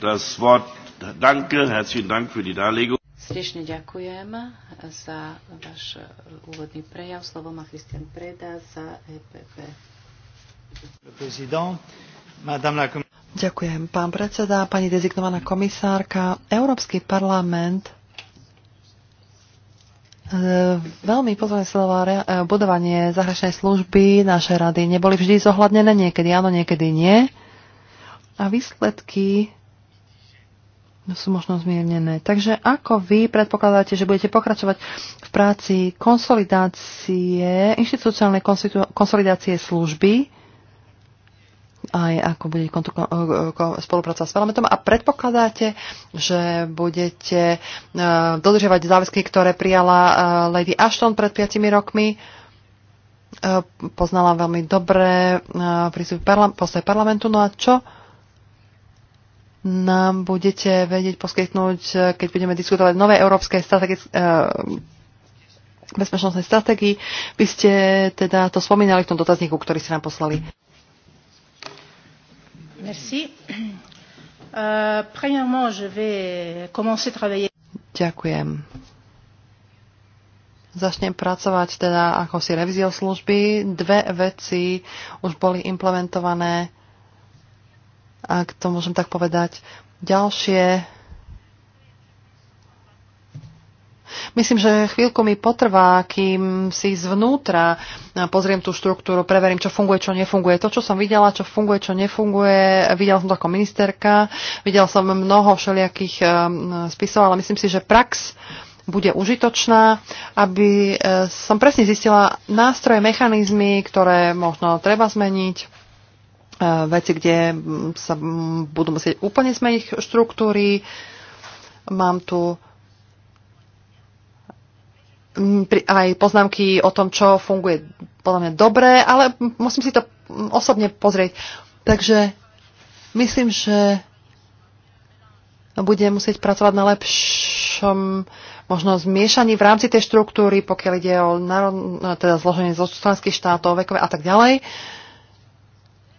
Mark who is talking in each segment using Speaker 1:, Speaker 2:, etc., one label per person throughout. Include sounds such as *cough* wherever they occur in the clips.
Speaker 1: das Wort. Danke, herzlichen Dank für die Darlegung. Srdečne ďakujem za váš úvodný prejav. Slovo má
Speaker 2: Christian Preda za EPP.
Speaker 3: Ďakujem, pán predseda, pani dezignovaná komisárka. Európsky parlament e, Veľmi pozorne sledovala e, budovanie zahraničnej služby. Naše rady neboli vždy zohľadnené, niekedy áno, niekedy nie. A výsledky sú možno zmiernené. Takže ako vy predpokladáte, že budete pokračovať v práci konsolidácie, inštitucionálnej konsolidácie služby, aj ako bude spolupráca s parlamentom a predpokladáte, že budete e, dodržiavať záväzky, ktoré prijala e, Lady Ashton pred 5 rokmi e, poznala veľmi dobré postoj parlamentu. No a čo nám budete vedieť poskytnúť, eh, keď budeme diskutovať nové európske eh, strategie, bezpečnostnej strategii. Vy ste teda to spomínali v tom dotazníku, ktorý ste nám poslali.
Speaker 2: Merci. Euh, premièrement, je vais commencer travailler.
Speaker 3: Ďakujem. Začnem pracovať teda ako si revíziou služby. Dve veci už boli implementované ak to môžem tak povedať. Ďalšie. Myslím, že chvíľku mi potrvá, kým si zvnútra pozriem tú štruktúru, preverím, čo funguje, čo nefunguje. To, čo som videla, čo funguje, čo nefunguje, videla som to ako ministerka, videla som mnoho všelijakých e, spisov, ale myslím si, že prax bude užitočná, aby e, som presne zistila nástroje, mechanizmy, ktoré možno treba zmeniť Eh, veci, kde sa budú musieť úplne zmeniť štruktúry. Mám tu mm, aj poznámky o tom, čo funguje podľa mňa dobre, ale musím si to mm, osobne pozrieť. Takže myslím, že bude musieť pracovať na lepšom možno zmiešaní v rámci tej štruktúry, pokiaľ ide o národ, teda zloženie zo štátov, vekové a tak ďalej. Uh,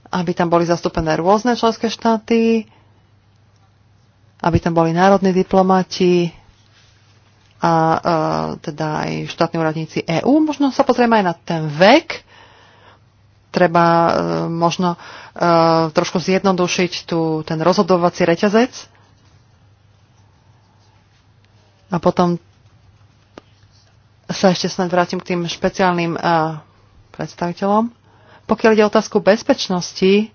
Speaker 3: aby tam boli zastúpené rôzne členské štáty, aby tam boli národní diplomati a e, teda aj štátni úradníci EÚ. Možno sa pozrieme aj na ten vek. Treba e, možno e, trošku zjednodušiť tu ten rozhodovací reťazec. A potom sa ešte snad vrátim k tým špeciálnym e, predstaviteľom. Pokiaľ ide otázku bezpečnosti,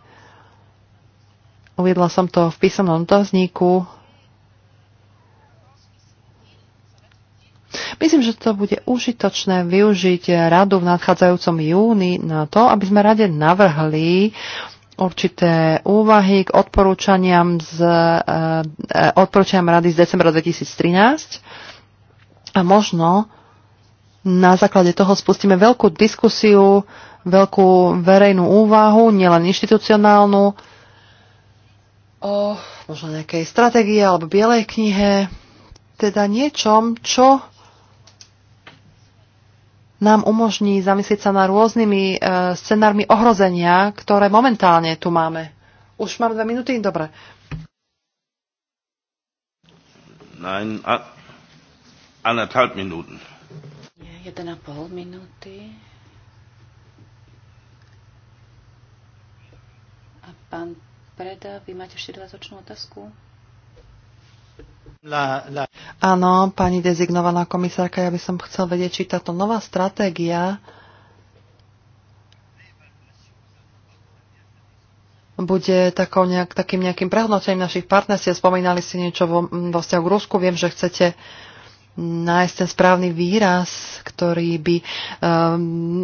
Speaker 3: uviedla som to v písomnom dotazníku. Myslím, že to bude užitočné využiť radu v nadchádzajúcom júni na to, aby sme rade navrhli určité úvahy k odporúčaniam, z, e, e, odporúčaniam rady z decembra 2013 a možno na základe toho spustíme veľkú diskusiu veľkú verejnú úvahu, nielen inštitucionálnu, o možno nejakej stratégie alebo bielej knihe, teda niečom, čo nám umožní zamyslieť sa na rôznymi e, scenármi ohrozenia, ktoré momentálne tu máme. Už mám dve minúty? Dobre.
Speaker 2: Nein, a, anderthalb Minuten.
Speaker 1: Nie, jeden a pol minúty. Pán Preda, vy máte ešte dodatočnú otázku?
Speaker 3: La, la. Áno, pani dezignovaná komisárka, ja by som chcel vedieť, či táto nová stratégia bude takou nejak, takým nejakým prehodnotením našich partnerstiev. Spomínali ste niečo vo, vo vzťahu k Rusku. Viem, že chcete uh, nájsť ten správny výraz, ktorý by um,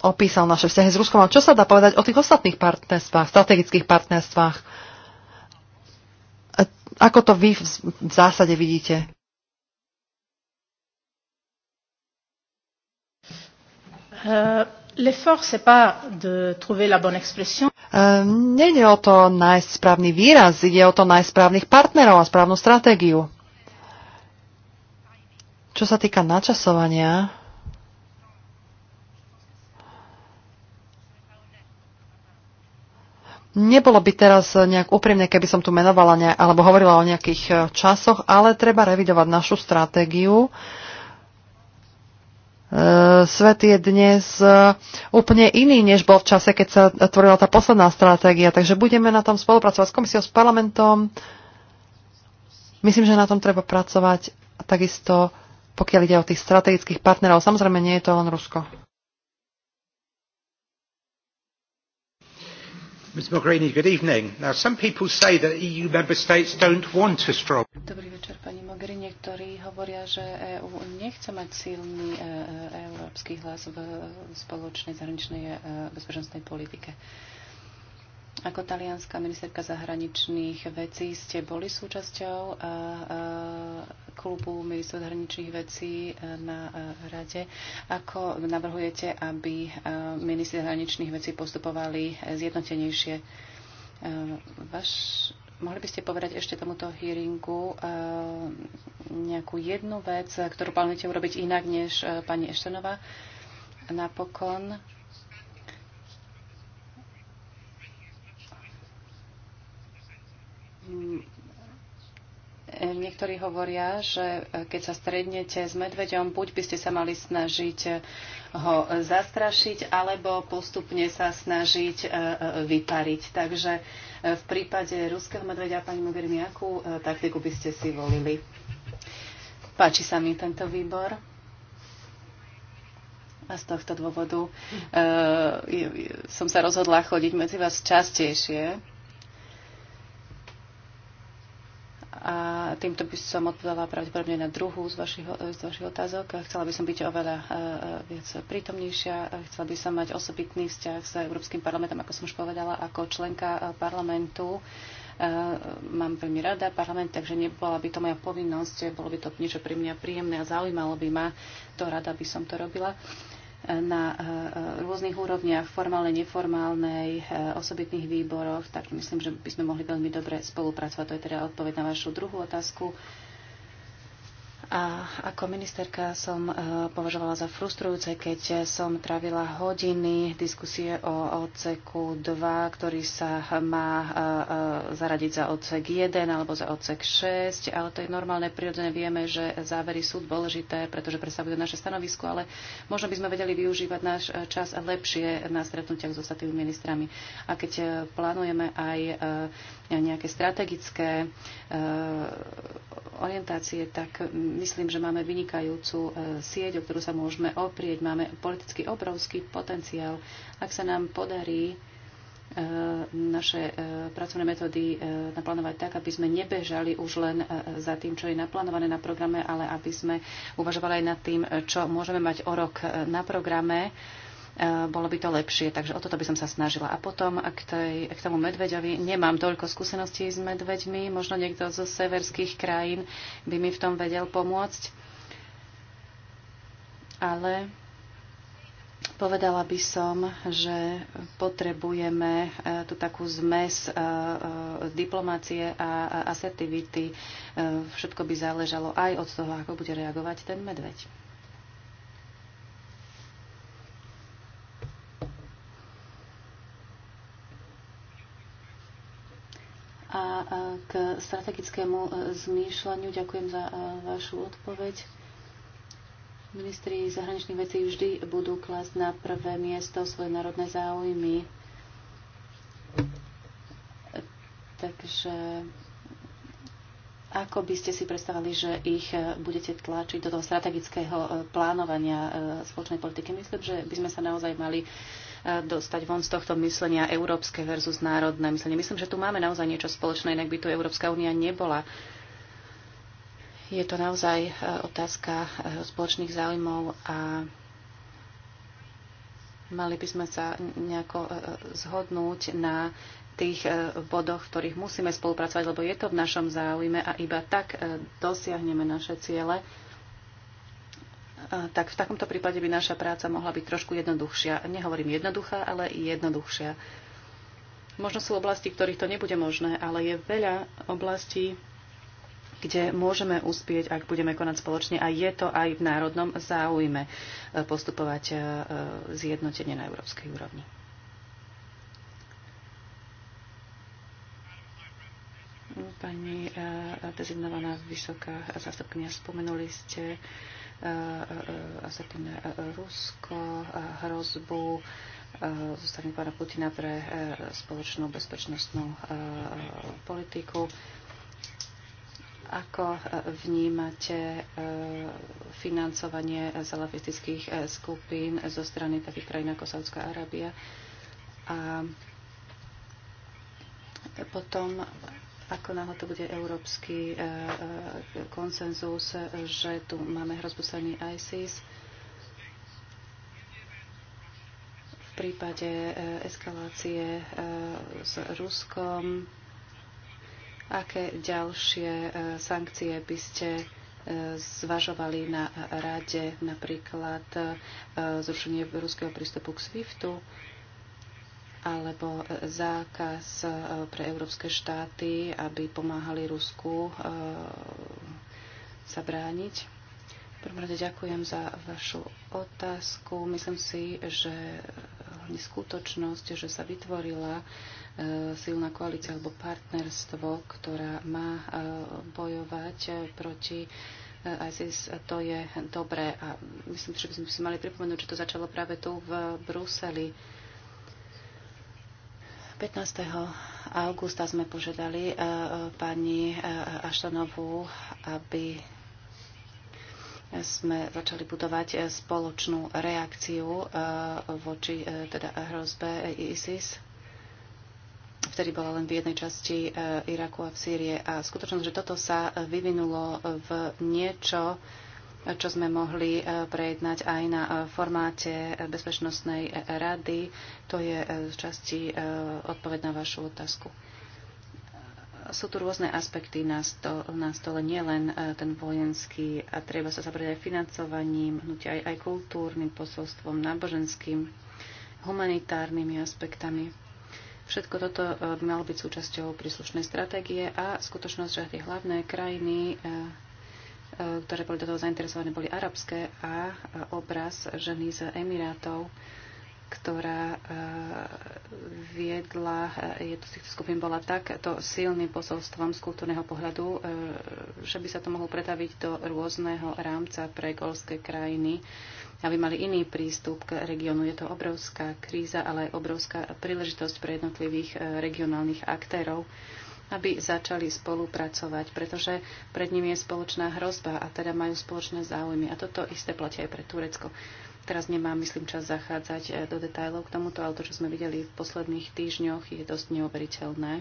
Speaker 3: opísal naše vzťahy s Ruskom. A čo sa dá povedať o tých ostatných partnerstvách, strategických partnerstvách? Ako to vy v zásade vidíte?
Speaker 2: Uh, je euh,
Speaker 3: nejde o to nájsť správny výraz, ide o to nájsť správnych partnerov a správnu stratégiu. Čo sa týka načasovania, Nebolo by teraz nejak úprimne, keby som tu menovala ne, alebo hovorila o nejakých e, časoch, ale treba revidovať našu stratégiu. E, svet je dnes e, úplne iný, než bol v čase, keď sa tvorila tá posledná stratégia. Takže budeme na tom spolupracovať s komisiou, s parlamentom. Myslím, že na tom treba pracovať takisto pokiaľ ide o tých strategických partnerov. Samozrejme, nie je to len Rusko.
Speaker 2: Ms. Mogherini, good evening. Now, some people say that EU member states don't want a strong...
Speaker 1: Dobrý večer, pani Mogherini. Niektorí hovoria, že EU nechce mať silný e, e, európsky hlas v spoločnej zahraničnej e, bezpečnostnej politike. E, ako talianská ministerka zahraničných vecí ste boli súčasťou klubu ministrov zahraničných vecí na rade. Ako navrhujete, aby ministri zahraničných vecí postupovali zjednotenejšie? Vaš, mohli by ste povedať ešte tomuto hearingu nejakú jednu vec, ktorú plánujete urobiť inak než pani Eštenová? Napokon Mm, niektorí hovoria, že e, keď sa strednete s medveďom, buď by ste sa mali snažiť e, ho zastrašiť, alebo postupne sa snažiť e, vypariť. Takže v prípade ruského medveďa, pani Mogherini, akú taktiku by ste si volili? Páči sa mi tento výbor. A z tohto dôvodu som sa rozhodla chodiť medzi vás častejšie A týmto by som odpovedala pravdepodobne na druhú z vašich, z vašich otázok. Chcela by som byť oveľa e, e, viac prítomnejšia. Chcela by som mať osobitný vzťah s Európskym parlamentom, ako som už povedala, ako členka e, parlamentu. Mám veľmi rada parlament, takže nebola by to moja povinnosť, bolo by to niečo pre mňa príjemné a zaujímalo by ma to, rada by som to robila na eh, rôznych úrovniach, formálnej, neformálnej, eh, osobitných výboroch, tak myslím, že by sme mohli veľmi dobre spolupracovať. To je teda odpoveď na vašu druhú otázku. A ako ministerka som e, považovala za frustrujúce, keď som trávila hodiny diskusie o odseku 2, ktorý sa má e, e, zaradiť za odsek 1 alebo za odsek 6, ale to je normálne, prirodzene vieme, že závery sú dôležité, pretože predstavujú naše stanovisko, ale možno by sme vedeli využívať náš čas lepšie na stretnutiach s ostatnými ministrami. A keď plánujeme aj nejaké strategické e, orientácie, tak myslím, že máme vynikajúcu e, sieť, o ktorú sa môžeme oprieť. Máme politicky obrovský potenciál. Ak sa nám podarí e, naše pracovné metódy naplánovať tak, aby sme nebežali už len za tým, čo je naplánované na programe, ale aby sme uvažovali aj nad tým, čo môžeme mať o rok na programe Eh, bolo by to lepšie. Takže o toto by som sa snažila. A potom k, tej, k tomu medveďovi nemám toľko skúseností s medveďmi. Možno niekto zo severských krajín by mi v tom vedel pomôcť. Ale povedala by som, že potrebujeme eh, tu takú zmes eh, diplomácie a asertivity. Všetko by záležalo aj od toho, ako bude reagovať ten medveď. A k strategickému e, zmýšľaniu ďakujem za e, vašu odpoveď. Ministri zahraničných vecí vždy budú klasť na prvé miesto svoje národné záujmy. Takže ako by ste si predstavali, že ich e, budete tlačiť do toho strategického plánovania spoločnej politiky? Myslím, že by sme sa naozaj mali uh, dostať von z tohto myslenia európske versus národné myslenie. Myslím, že tu máme naozaj niečo spoločné, inak by tu Európska únia nebola. Je to naozaj e, otázka e, spoločných záujmov a mali by sme sa nejako e, zhodnúť na tých bodoch, v ktorých musíme spolupracovať, lebo je to v našom záujme a iba tak dosiahneme naše ciele tak v takomto prípade by naša práca mohla byť trošku jednoduchšia. Nehovorím jednoduchá, ale i jednoduchšia. Možno sú oblasti, ktorých to nebude možné, ale je veľa oblastí, kde môžeme uspieť, ak budeme konať spoločne a je to aj v národnom záujme e, postupovať e, zjednotenie na európskej úrovni. Pani eh, dezignovaná vysoká zástupkynia, spomenuli ste eh, eh, asertívne Rusko, hrozbu zo strany pána Putina pre spoločnú bezpečnostnú politiku. Ako vnímate financovanie zalafistických skupín zo strany takých krajín ako Saudská Arábia? A potom ako náhle to bude európsky e, e, konsenzus, e, že tu máme hrozbu ISIS. V prípade eskalácie s Ruskom, aké ďalšie sankcie by ste zvažovali na rade, napríklad zrušenie ruského prístupu k SWIFTu? alebo zákaz e, pre európske štáty, aby pomáhali Rusku e, sa brániť. V prvom rade ďakujem za vašu otázku. Myslím si, že skutočnosť, že sa vytvorila e, silná koalícia alebo partnerstvo, ktorá má bojovať proti ISIS, to je dobré. A myslím, že by sme si mali pripomenúť, že to začalo práve tu v Bruseli 15. augusta sme požiadali e, pani e, Aštanovú, aby sme začali budovať e, spoločnú reakciu voči teda hrozbe ISIS. Vtedy bola len v jednej časti Iraku a v Sýrie. A skutočnosť, že toto sa vyvinulo v niečo, čo sme mohli e, prejednať aj na e, formáte e, Bezpečnostnej rady. To je z časti odpoveď na vašu otázku. Sú tu rôzne aspekty na, sto, na stole, nielen ten vojenský, a treba sa zabrať aj financovaním, hnutia aj, aj kultúrnym posolstvom, náboženským, humanitárnymi aspektami. Všetko toto by malo byť súčasťou príslušnej stratégie a skutočnosť, že tie hlavné krajiny Eh, ktoré boli do toho zainteresované, boli arabské a eh, obraz ženy z Emirátov, ktorá eh, viedla to z týchto skupín, bola takto silným posolstvom z kultúrneho pohľadu, že by sa to mohlo pretaviť do rôzneho rámca pre golské krajiny, aby mali iný prístup k regiónu. Je to obrovská kríza, ale aj obrovská príležitosť pre jednotlivých regionálnych aktérov aby začali spolupracovať, pretože pred nimi je spoločná hrozba a teda majú spoločné záujmy. A toto isté platí aj pre Turecko. Teraz nemám, myslím, čas zachádzať eh, do detajlov k tomuto, ale to, čo sme videli v posledných týždňoch, je dosť neoveriteľné.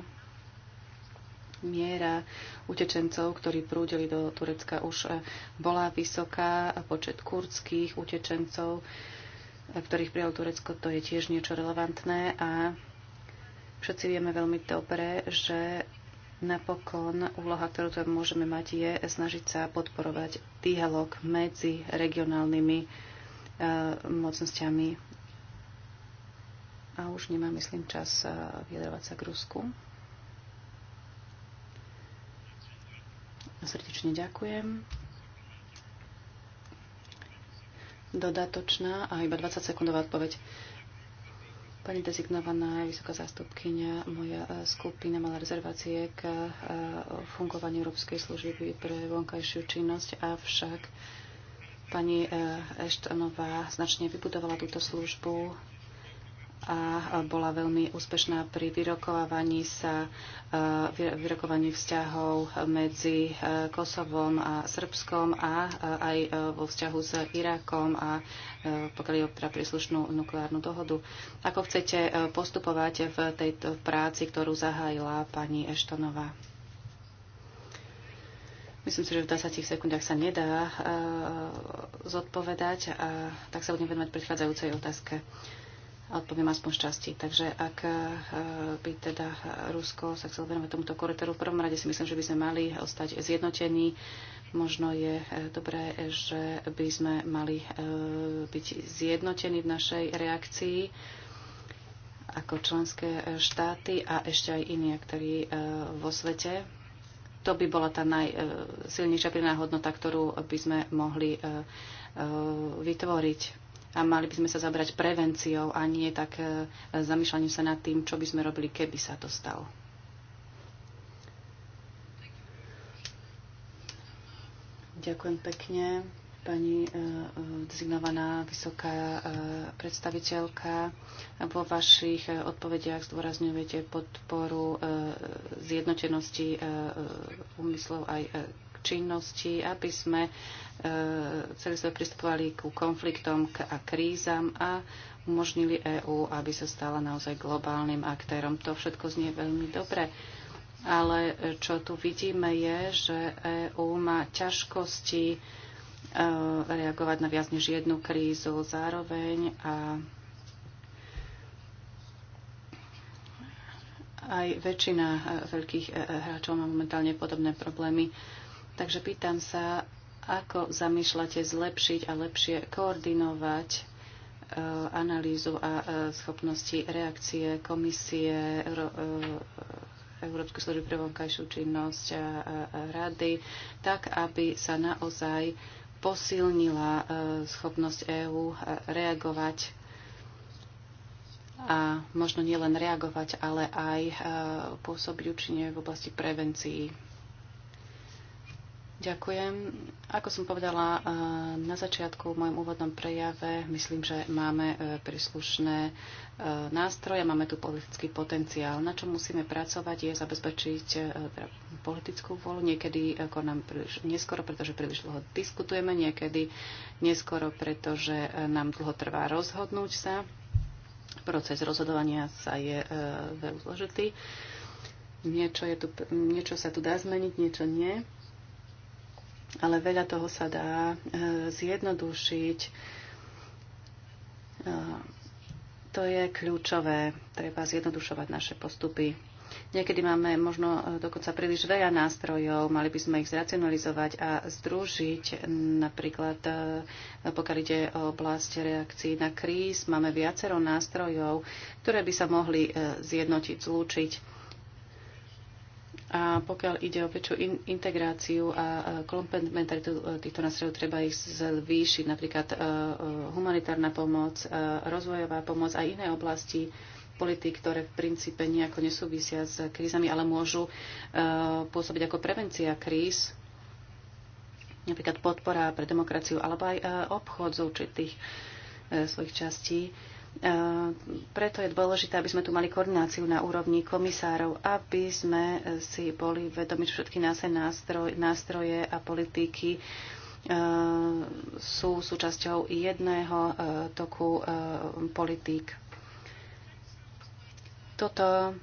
Speaker 1: Miera utečencov, ktorí prúdili do Turecka, už eh, bola vysoká. Počet kurdských utečencov, eh, ktorých prijal Turecko, to je tiež niečo relevantné. A Všetci vieme veľmi dobre, že napokon úloha, ktorú tu môžeme mať, je snažiť sa podporovať dialog medzi regionálnymi e, mocnosťami. A už nemá, myslím, čas e, vyjadrovať sa k Rusku. Srdečne ďakujem. Dodatočná a iba 20-sekundová odpoveď. Pani dezignovaná vysoká zástupkynia, moja e, skupina mala rezervácie k e, fungovaniu Európskej služby pre vonkajšiu činnosť, avšak pani e, Eštonová značne vybudovala túto službu a bola veľmi úspešná pri vyrokovávaní sa e, vyrokovaní vzťahov medzi e, Kosovom a Srbskom a e, aj vo vzťahu s Irakom a pokiaľ je teda príslušnú nukleárnu dohodu. Ako chcete postupovať v tejto práci, ktorú zahájila pani Eštonová? Myslím si, že v 20 sekundách sa nedá zodpovedať, a tak sa budem venovať predchádzajúcej otázke odpoviem aspoň šťastí. Takže ak eh, by teda Rusko sa chcel venovať tomuto koritoru, v prvom rade si myslím, že by sme mali ostať zjednotení. Možno je eh, dobré, že by sme mali eh, byť zjednotení v našej reakcii ako členské štáty a ešte aj iní aktéri vo svete. To by bola tá najsilnejšia pridaná hodnota, ktorú by sme mohli vytvoriť a mali by sme sa zabrať prevenciou a nie tak e, zamýšľaním sa nad tým, čo by sme robili, keby sa to stalo. Ďakujem pekne, pani e, e, dezignovaná vysoká predstaviteľka. Vo vašich odpovediach zdôrazňujete podporu zjednotenosti úmyslov aj činností, aby sme e, celý svet pristupovali ku konfliktom a krízam a umožnili EÚ, aby sa stala naozaj globálnym aktérom. To všetko znie veľmi dobre. Ale e, čo tu vidíme je, že EÚ má ťažkosti e, reagovať na viac než jednu krízu zároveň a aj väčšina veľkých hráčov má momentálne podobné problémy. Takže pýtam sa, ako zamýšľate zlepšiť a lepšie koordinovať e, analýzu a e, schopnosti reakcie komisie e, Európskej služby pre vonkajšiu činnosť a rady, tak aby sa naozaj posilnila schopnosť EÚ reagovať a možno nielen reagovať, ale aj pôsobiť účinne v oblasti prevencií Ďakujem. Ako som povedala eh, na začiatku v mojom úvodnom prejave, myslím, že máme eh, príslušné eh, nástroje, máme tu politický potenciál. Na čo musíme pracovať je zabezpečiť teda politickú vôľu. Niekedy nám príliš neskoro, pretože príliš dlho diskutujeme, niekedy neskoro, pretože nám dlho trvá rozhodnúť sa. Proces rozhodovania sa je veľmi zložitý. Niečo, je tu, niečo sa tu dá zmeniť, niečo nie ale veľa toho sa dá e, zjednodušiť. E, to je kľúčové. Treba zjednodušovať naše postupy. Niekedy máme možno e, dokonca príliš veľa nástrojov, mali by sme ich zracionalizovať a združiť. Napríklad, pokiaľ ide o oblasť reakcií na kríz, máme viacero nástrojov, ktoré by sa mohli zjednotiť, zlúčiť. A pokiaľ ide o väčšiu in, integráciu a komplementaritu e, týchto nástrojov, treba ich zvýšiť, napríklad e, e, humanitárna pomoc, rozvojová pomoc a iné oblasti politik, ktoré v princípe nejako nesúvisia s krízami, ale môžu pôsobiť ako prevencia kríz, napríklad podpora pre demokraciu alebo aj obchod z určitých svojich častí E, preto je dôležité, aby sme tu mali koordináciu na úrovni komisárov, aby sme si boli vedomi, že všetky naše nástroj, nástroje a politiky e, sú súčasťou jedného e, toku politík. Toto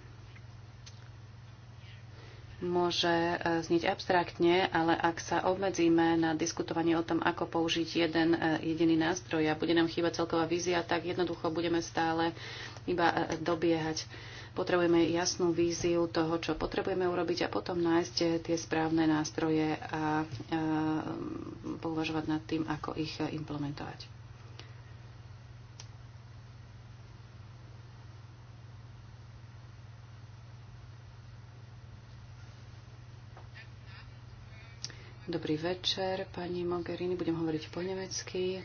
Speaker 1: môže e, znieť abstraktne, ale ak sa obmedzíme na diskutovanie o tom, ako použiť jeden e, jediný nástroj a bude nám chýbať celková vízia, tak jednoducho budeme stále iba e, dobiehať. Potrebujeme jasnú víziu toho, čo potrebujeme urobiť a potom nájsť tie správne nástroje a pouvažovať nad tým, ako ich implementovať. Dobrý večer, pani Mogherini. Budem hovoriť po nemecky.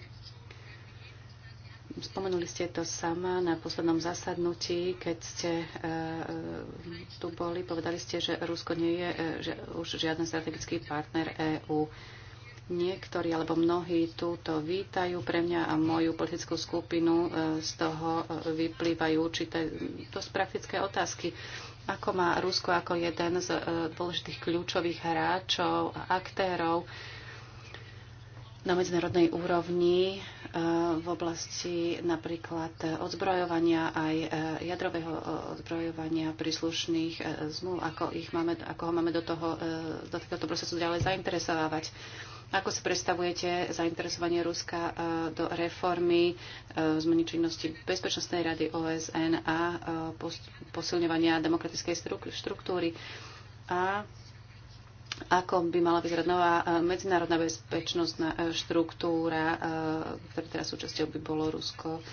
Speaker 1: Spomenuli ste to sama na poslednom zasadnutí, keď ste e, e tu boli. Povedali ste, že Rusko nie je e, že už žiadny strategický partner EÚ. Niektorí alebo mnohí túto vítajú pre mňa a moju politickú skupinu. E, z toho e, vyplývajú určité dosť praktické otázky ako má Rusko ako jeden z e, dôležitých kľúčových hráčov a aktérov na medzinárodnej úrovni e, v oblasti napríklad odzbrojovania aj e, jadrového odzbrojovania príslušných zmluv, ako, ich máme, ako ho máme do, toho, do takéhoto procesu ďalej zainteresovávať. Ako si predstavujete zainteresovanie Ruska e, do reformy e, zmeny činnosti Bezpečnostnej rady OSN a e, posilňovania demokratickej štruktúry? A ako by mala vyzerať nová medzinárodná bezpečnostná štruktúra, ktorá teraz súčasťou by bolo Rusko?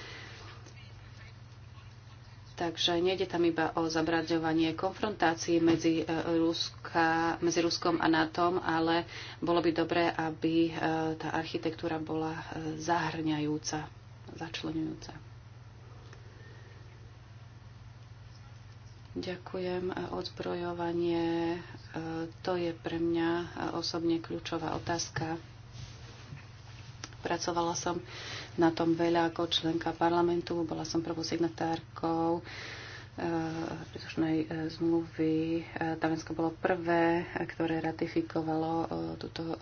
Speaker 1: Takže nejde tam iba o zabraďovanie konfrontácií medzi, e, Ruska, medzi Ruskom a NATO, ale bolo by dobré, aby e, tá architektúra bola e, zahrňajúca, začlenujúca. Ďakujem. Odzbrojovanie, to je pre mňa osobne kľúčová otázka. Pracovala som na tom veľa ako členka parlamentu, bola som prvou signatárkou eh, príslušnej eh, zmluvy. Eh, Tavensko bolo prvé, ktoré ratifikovalo túto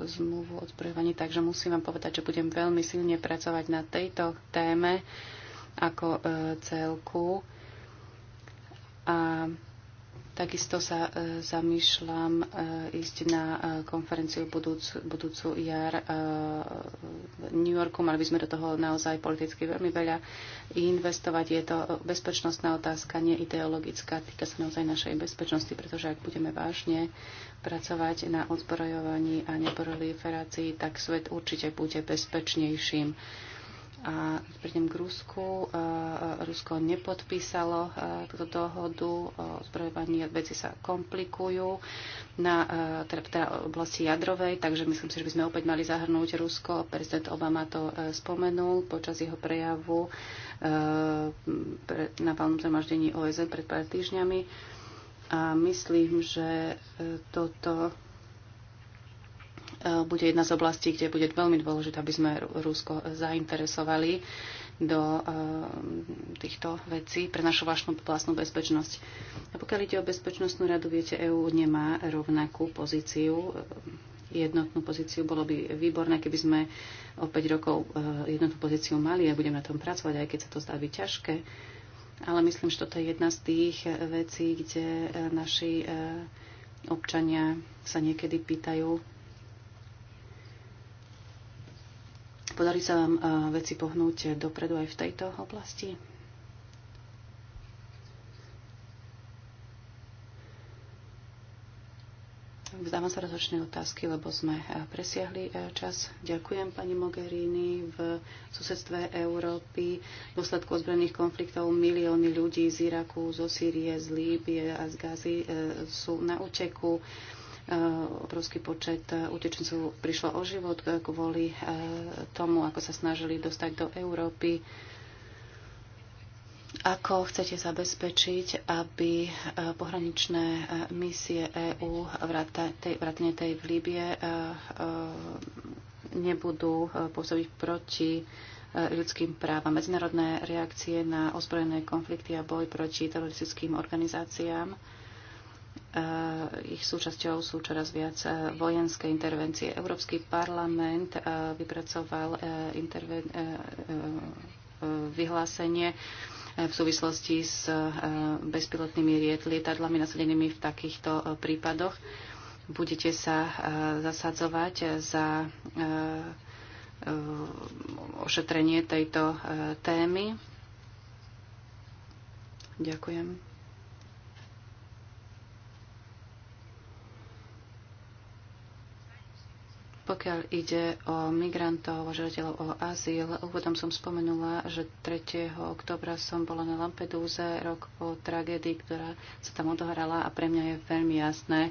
Speaker 1: zmluvu o zbrojovaní, takže musím vám povedať, že budem veľmi silne pracovať na tejto téme ako celku. A Takisto sa e, zamýšľam e, ísť na e, konferenciu budúc, budúcu jar e, v New Yorku. Mali by sme do toho naozaj politicky veľmi veľa investovať. Je to bezpečnostná otázka, nie ideologická. Týka sa naozaj našej bezpečnosti, pretože ak budeme vážne pracovať na odzbrojovaní a neproliferácii, tak svet určite bude bezpečnejším. A prídem k Rusku. Rusko nepodpísalo túto dohodu o zbrojovaní. Veci sa komplikujú na teda, teda oblasti jadrovej, takže myslím si, že by sme opäť mali zahrnúť Rusko. Prezident Obama to e, spomenul počas jeho prejavu e, na valnom zhromaždení OSN pred pár týždňami. A myslím, že e, toto Eh, bude jedna z oblastí, kde bude veľmi dôležité, aby sme Rusko zainteresovali do eh, týchto vecí pre našu vlastnú, vlastnú bezpečnosť. A pokiaľ ide o bezpečnostnú radu, viete, EÚ nemá rovnakú pozíciu eh, jednotnú pozíciu. Bolo by výborné, keby sme o 5 rokov jednotnú pozíciu mali a budeme budem na tom pracovať, aj keď sa to zdá byť ťažké. Ale myslím, že toto je jedna z tých vecí, kde naši občania sa niekedy pýtajú, Podarí sa vám eh, veci pohnúť dopredu aj v tejto oblasti? Vzdávam sa rozhočné otázky, lebo sme eh, presiahli eh, čas. Ďakujem pani Mogherini. V susedstve Európy v dôsledku ozbrojených konfliktov milióny ľudí z Iraku, zo Sýrie, z Líbie a z Gazy sú na uteku. Eh, obrovský počet eh, utečencov prišlo o život eh, kvôli tomu, ako sa snažili dostať do Európy. Ako chcete zabezpečiť, aby pohraničné misie EÚ vrátane tej v Líbie nebudú pôsobiť proti ľudským právam. Medzinárodné reakcie na ozbrojené konflikty a boj proti teroristickým organizáciám Eh, ich súčasťou sú čoraz viac eh, vojenské intervencie. Európsky parlament eh, vypracoval interven- vyhlásenie v súvislosti s bezpilotnými lietadlami nasadenými v takýchto prípadoch. Budete sa zasadzovať za ošetrenie tejto témy. Ďakujem. Pokiaľ ide o migrantov, o žiadateľov o azyl, úvodom som spomenula, že 3. oktobra som bola na Lampedúze, rok po tragédii, ktorá sa tam odohrala a pre mňa je veľmi jasné,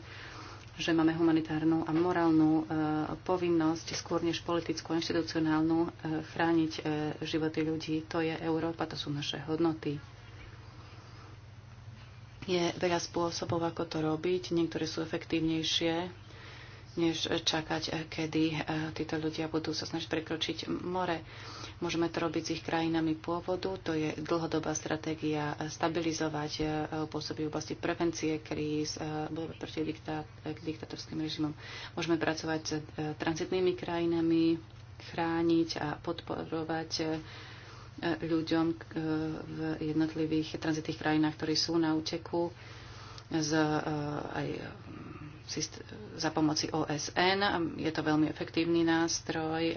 Speaker 1: že máme humanitárnu a morálnu e, povinnosť, skôr než politickú a inštitucionálnu, e, chrániť e, životy ľudí. To je Európa, to sú naše hodnoty. Je veľa spôsobov, ako to robiť. Niektoré sú efektívnejšie, než čakať, eh, kedy eh, títo ľudia budú sa snažiť prekročiť more. Môžeme to robiť s ich krajinami pôvodu, to je dlhodobá stratégia eh, stabilizovať pôsoby v oblasti prevencie kríz, bojovať proti diktát, diktatorským režimom. Môžeme pracovať s transitnými krajinami, chrániť a podporovať ľuďom v jednotlivých tranzitných krajinách, ktorí sú na úteku z aj za pomoci OSN. Je to veľmi efektívny nástroj. E,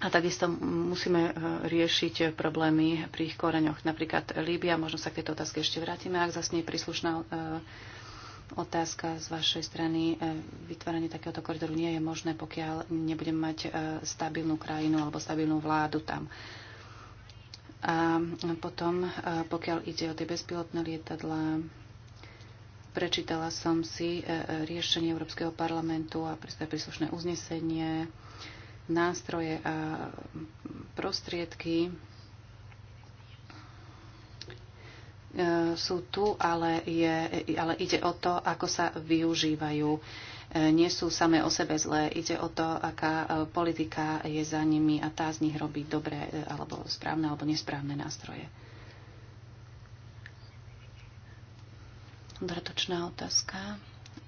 Speaker 1: a takisto musíme e, riešiť problémy pri ich koreňoch. Napríklad Líbia, možno sa k tejto otázke ešte vrátime, ak zasnie príslušná e, otázka z vašej strany. Vytváranie takéhoto koridoru nie je možné, pokiaľ nebudeme mať stabilnú krajinu alebo stabilnú vládu tam. A potom, pokiaľ ide o tie bezpilotné lietadla, Prečítala som si e, e, riešenie Európskeho parlamentu a príslušné uznesenie, nástroje a prostriedky. E, sú tu, ale, je, ale ide o to, ako sa využívajú nie sú samé o sebe zlé. Ide o to, aká politika je za nimi a tá z nich robí dobré alebo správne alebo nesprávne nástroje. Dodatočná otázka.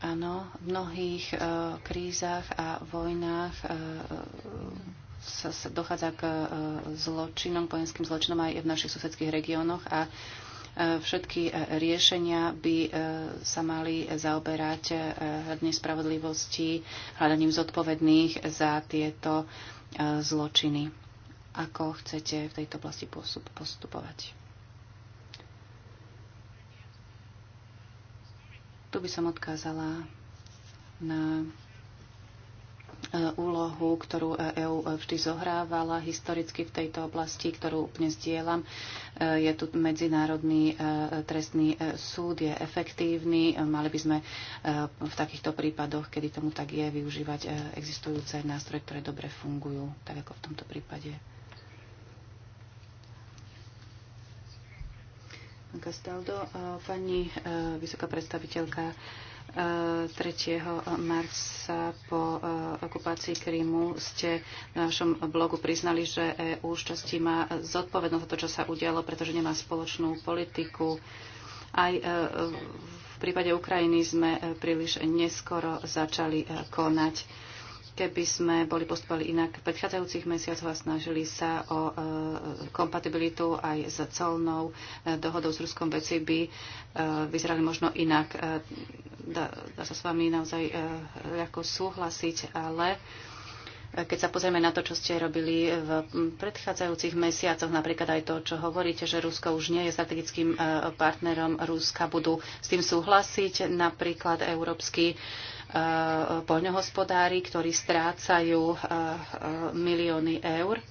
Speaker 1: Áno, v mnohých e, krízach a vojnách e, e sa, sa dochádza k e, zločinom, vojenským zločinom aj v našich susedských regiónoch a e, všetky e, riešenia by e, sa mali zaoberať e, hľadne spravodlivosti, hľadaním zodpovedných za tieto e, zločiny. Ako chcete v tejto oblasti postupovať? Tu by som odkázala na e, úlohu, ktorú EÚ e vždy zohrávala historicky v tejto oblasti, ktorú úplne zdieľam. E, je tu Medzinárodný trestný súd, je efektívny. Mali by sme v takýchto prípadoch, kedy tomu tak je, využívať existujúce nástroje, ktoré dobre fungujú, tak ako v tomto prípade. Castaldo, pani e, vysoká predstaviteľka 3. E, marca po e, okupácii Krymu ste na vašom blogu priznali, že EU šťastí má zodpovednosť za to, čo sa udialo, pretože nemá spoločnú politiku. Aj v prípade Ukrajiny sme príliš neskoro začali konať keby sme boli postupovali inak v predchádzajúcich mesiacoch a snažili sa o e, kompatibilitu aj s celnou e, dohodou s Ruskom veci by e, vyzerali možno inak. Dá, dá sa s vami naozaj ľahko súhlasiť, ale keď sa pozrieme na to, čo ste robili v predchádzajúcich mesiacoch, napríklad aj to, čo hovoríte, že Rusko už nie je strategickým partnerom Ruska, budú s tým súhlasiť napríklad Európsky Eh, poľnohospodári, ktorí strácajú eh, eh, milióny eur.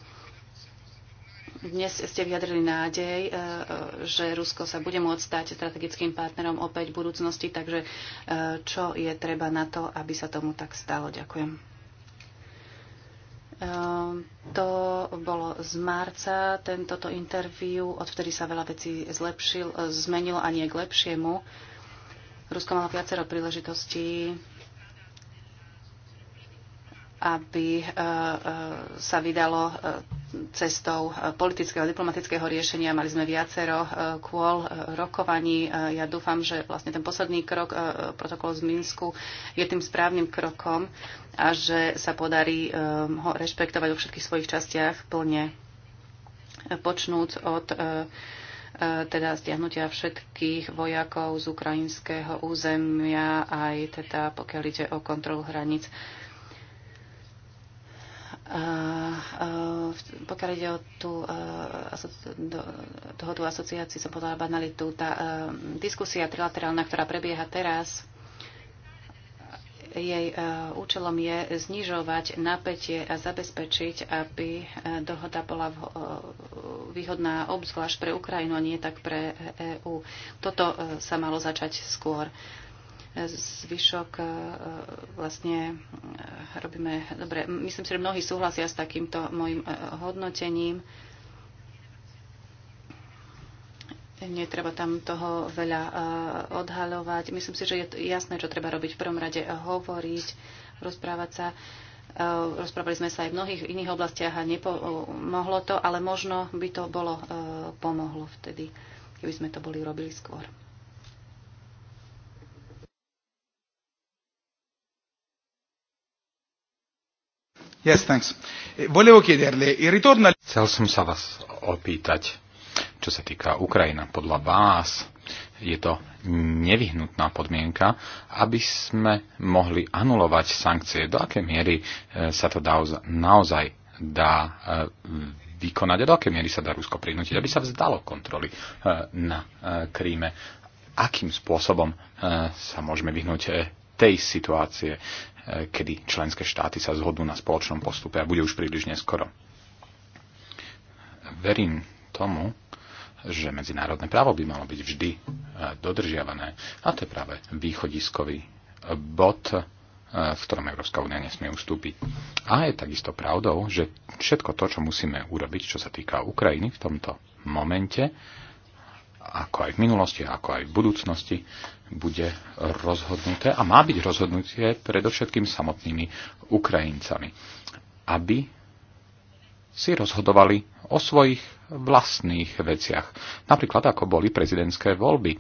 Speaker 1: Dnes ste vyjadrili nádej, že Rusko sa bude môcť stať strategickým partnerom opäť v budúcnosti, takže čo je treba na to, aby sa tomu tak stalo? Ďakujem. To bolo z marca, tento interviu, odvtedy sa veľa vecí zlepšil, zmenilo a nie k lepšiemu. Rusko malo viacero príležitostí aby e, e, sa vydalo e, cestou politického a diplomatického riešenia. Mali sme viacero kôl rokovaní. Ja dúfam, že vlastne ten posledný krok, protokol z Minsku, je tým správnym krokom a že sa podarí ho rešpektovať vo všetkých svojich častiach plne. počnúť od teda stiahnutia všetkých vojakov z ukrajinského územia, aj teda pokiaľ ide o kontrolu hraníc a, eh, a eh, pokiaľ ide o tú eh, a, do, dohodu asociácií, som povedala banalitu, tá uh, diskusia trilaterálna, ktorá prebieha teraz, jej účelom je znižovať napätie a zabezpečiť, aby dohoda bola výhodná obzvlášť pre Ukrajinu a nie tak pre EÚ. E Toto sa malo začať skôr zvyšok e, vlastne e, robíme dobre. Myslím si, že mnohí súhlasia s takýmto môjim e, hodnotením. Netreba tam toho veľa odhaľovať. Myslím si, že je jasné, čo treba robiť. V prvom rade hovoriť, rozprávať sa. Rozprávali sme sa aj v mnohých iných oblastiach a nepomohlo to, ale možno by to bolo pomohlo vtedy, keby sme to boli robili skôr.
Speaker 4: Yes, thanks. Volevo chiederle, il ritorno... Chcel som sa vás opýtať, čo sa týka Ukrajina. Podľa vás je to nevyhnutná podmienka, aby sme mohli anulovať sankcie. Do akej miery e, sa to dá, naozaj dá e, vykonať a do akej miery sa dá Rusko prinútiť, aby sa vzdalo kontroly e, na Kríme. Akým spôsobom sa môžeme vyhnúť tej situácie, kedy členské štáty sa zhodnú na spoločnom postupe a bude už príliš neskoro. Verím tomu, že medzinárodné právo by malo byť vždy e, dodržiavané. A to je práve východiskový e, bod, e, v ktorom Európska únia nesmie ustúpiť. A je takisto pravdou, že všetko to, čo musíme urobiť, čo sa týka Ukrajiny v tomto momente, ako aj v minulosti, ako aj v budúcnosti, bude rozhodnuté a má byť rozhodnutie predovšetkým samotnými Ukrajincami, aby si rozhodovali o svojich vlastných veciach. Napríklad ako boli prezidentské voľby eh,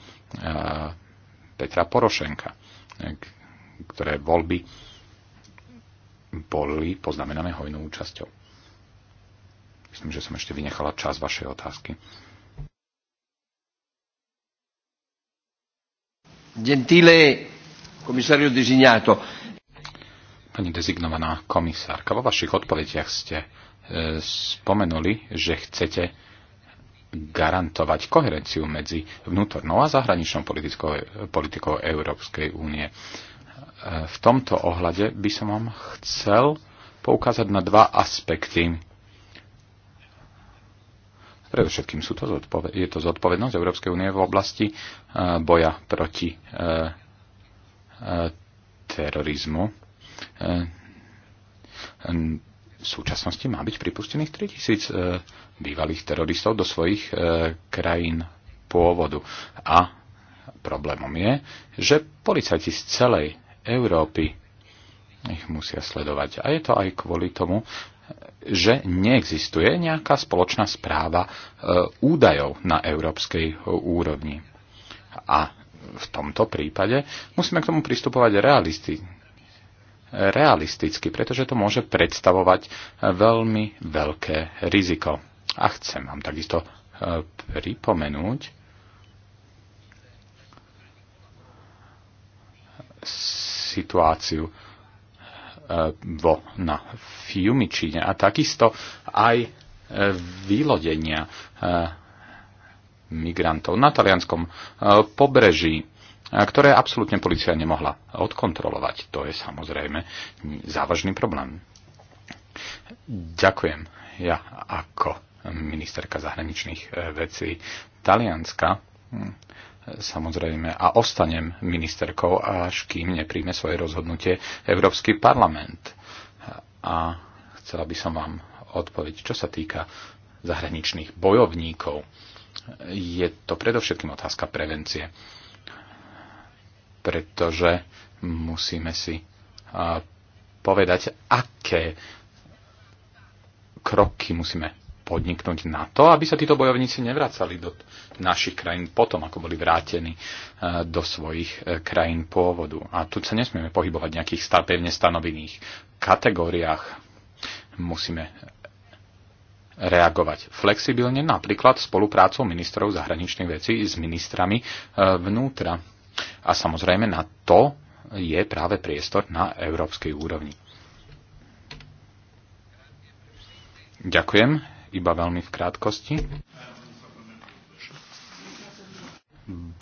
Speaker 4: Petra Porošenka, eh, ktoré voľby boli poznamenané hojnou účasťou. Myslím, že som ešte vynechala čas vašej otázky. Gentile komisario designato. Pani dezignovaná komisárka, vo vašich odpovediach ste e, spomenuli, že chcete garantovať koherenciu medzi vnútornou a zahraničnou politikou, politikou Európskej únie. E, v tomto ohľade by som vám chcel poukázať na dva aspekty. Predovšetkým sú to zodpoved- je to zodpovednosť Európskej únie v oblasti e, boja proti e, e, terorizmu. V súčasnosti má byť pripustených 3000 bývalých teroristov do svojich krajín pôvodu. A problémom je, že policajti z celej Európy ich musia sledovať. A je to aj kvôli tomu, že neexistuje nejaká spoločná správa e, údajov na európskej e, úrovni. A v tomto prípade musíme k tomu pristupovať realisti, realisticky, pretože to môže predstavovať e, veľmi veľké riziko. A chcem vám takisto pripomenúť situáciu Eh, vo, na Fiumičine a takisto aj eh, vylodenia eh, migrantov na talianskom pobreží, ktoré absolútne policia nemohla odkontrolovať. To je samozrejme závažný problém. Ďakujem. Ja ako ministerka zahraničných vecí Talianska hm, samozrejme a ostanem ministerkou, až kým nepríjme svoje rozhodnutie Európsky parlament. A chcela by som vám odpoveď, čo sa týka zahraničných bojovníkov. Je to predovšetkým otázka prevencie, pretože musíme si povedať, aké kroky musíme podniknúť na to, aby sa títo bojovníci nevracali do našich krajín potom, ako boli vrátení e, do svojich e, krajín pôvodu. A tu sa nesmieme pohybovať v nejakých pevne stanovených kategóriách. Musíme reagovať flexibilne, napríklad spoluprácou ministrov zahraničných vecí s ministrami e, vnútra. A samozrejme na to je práve priestor na európskej úrovni. Ďakujem iba veľmi v krátkosti.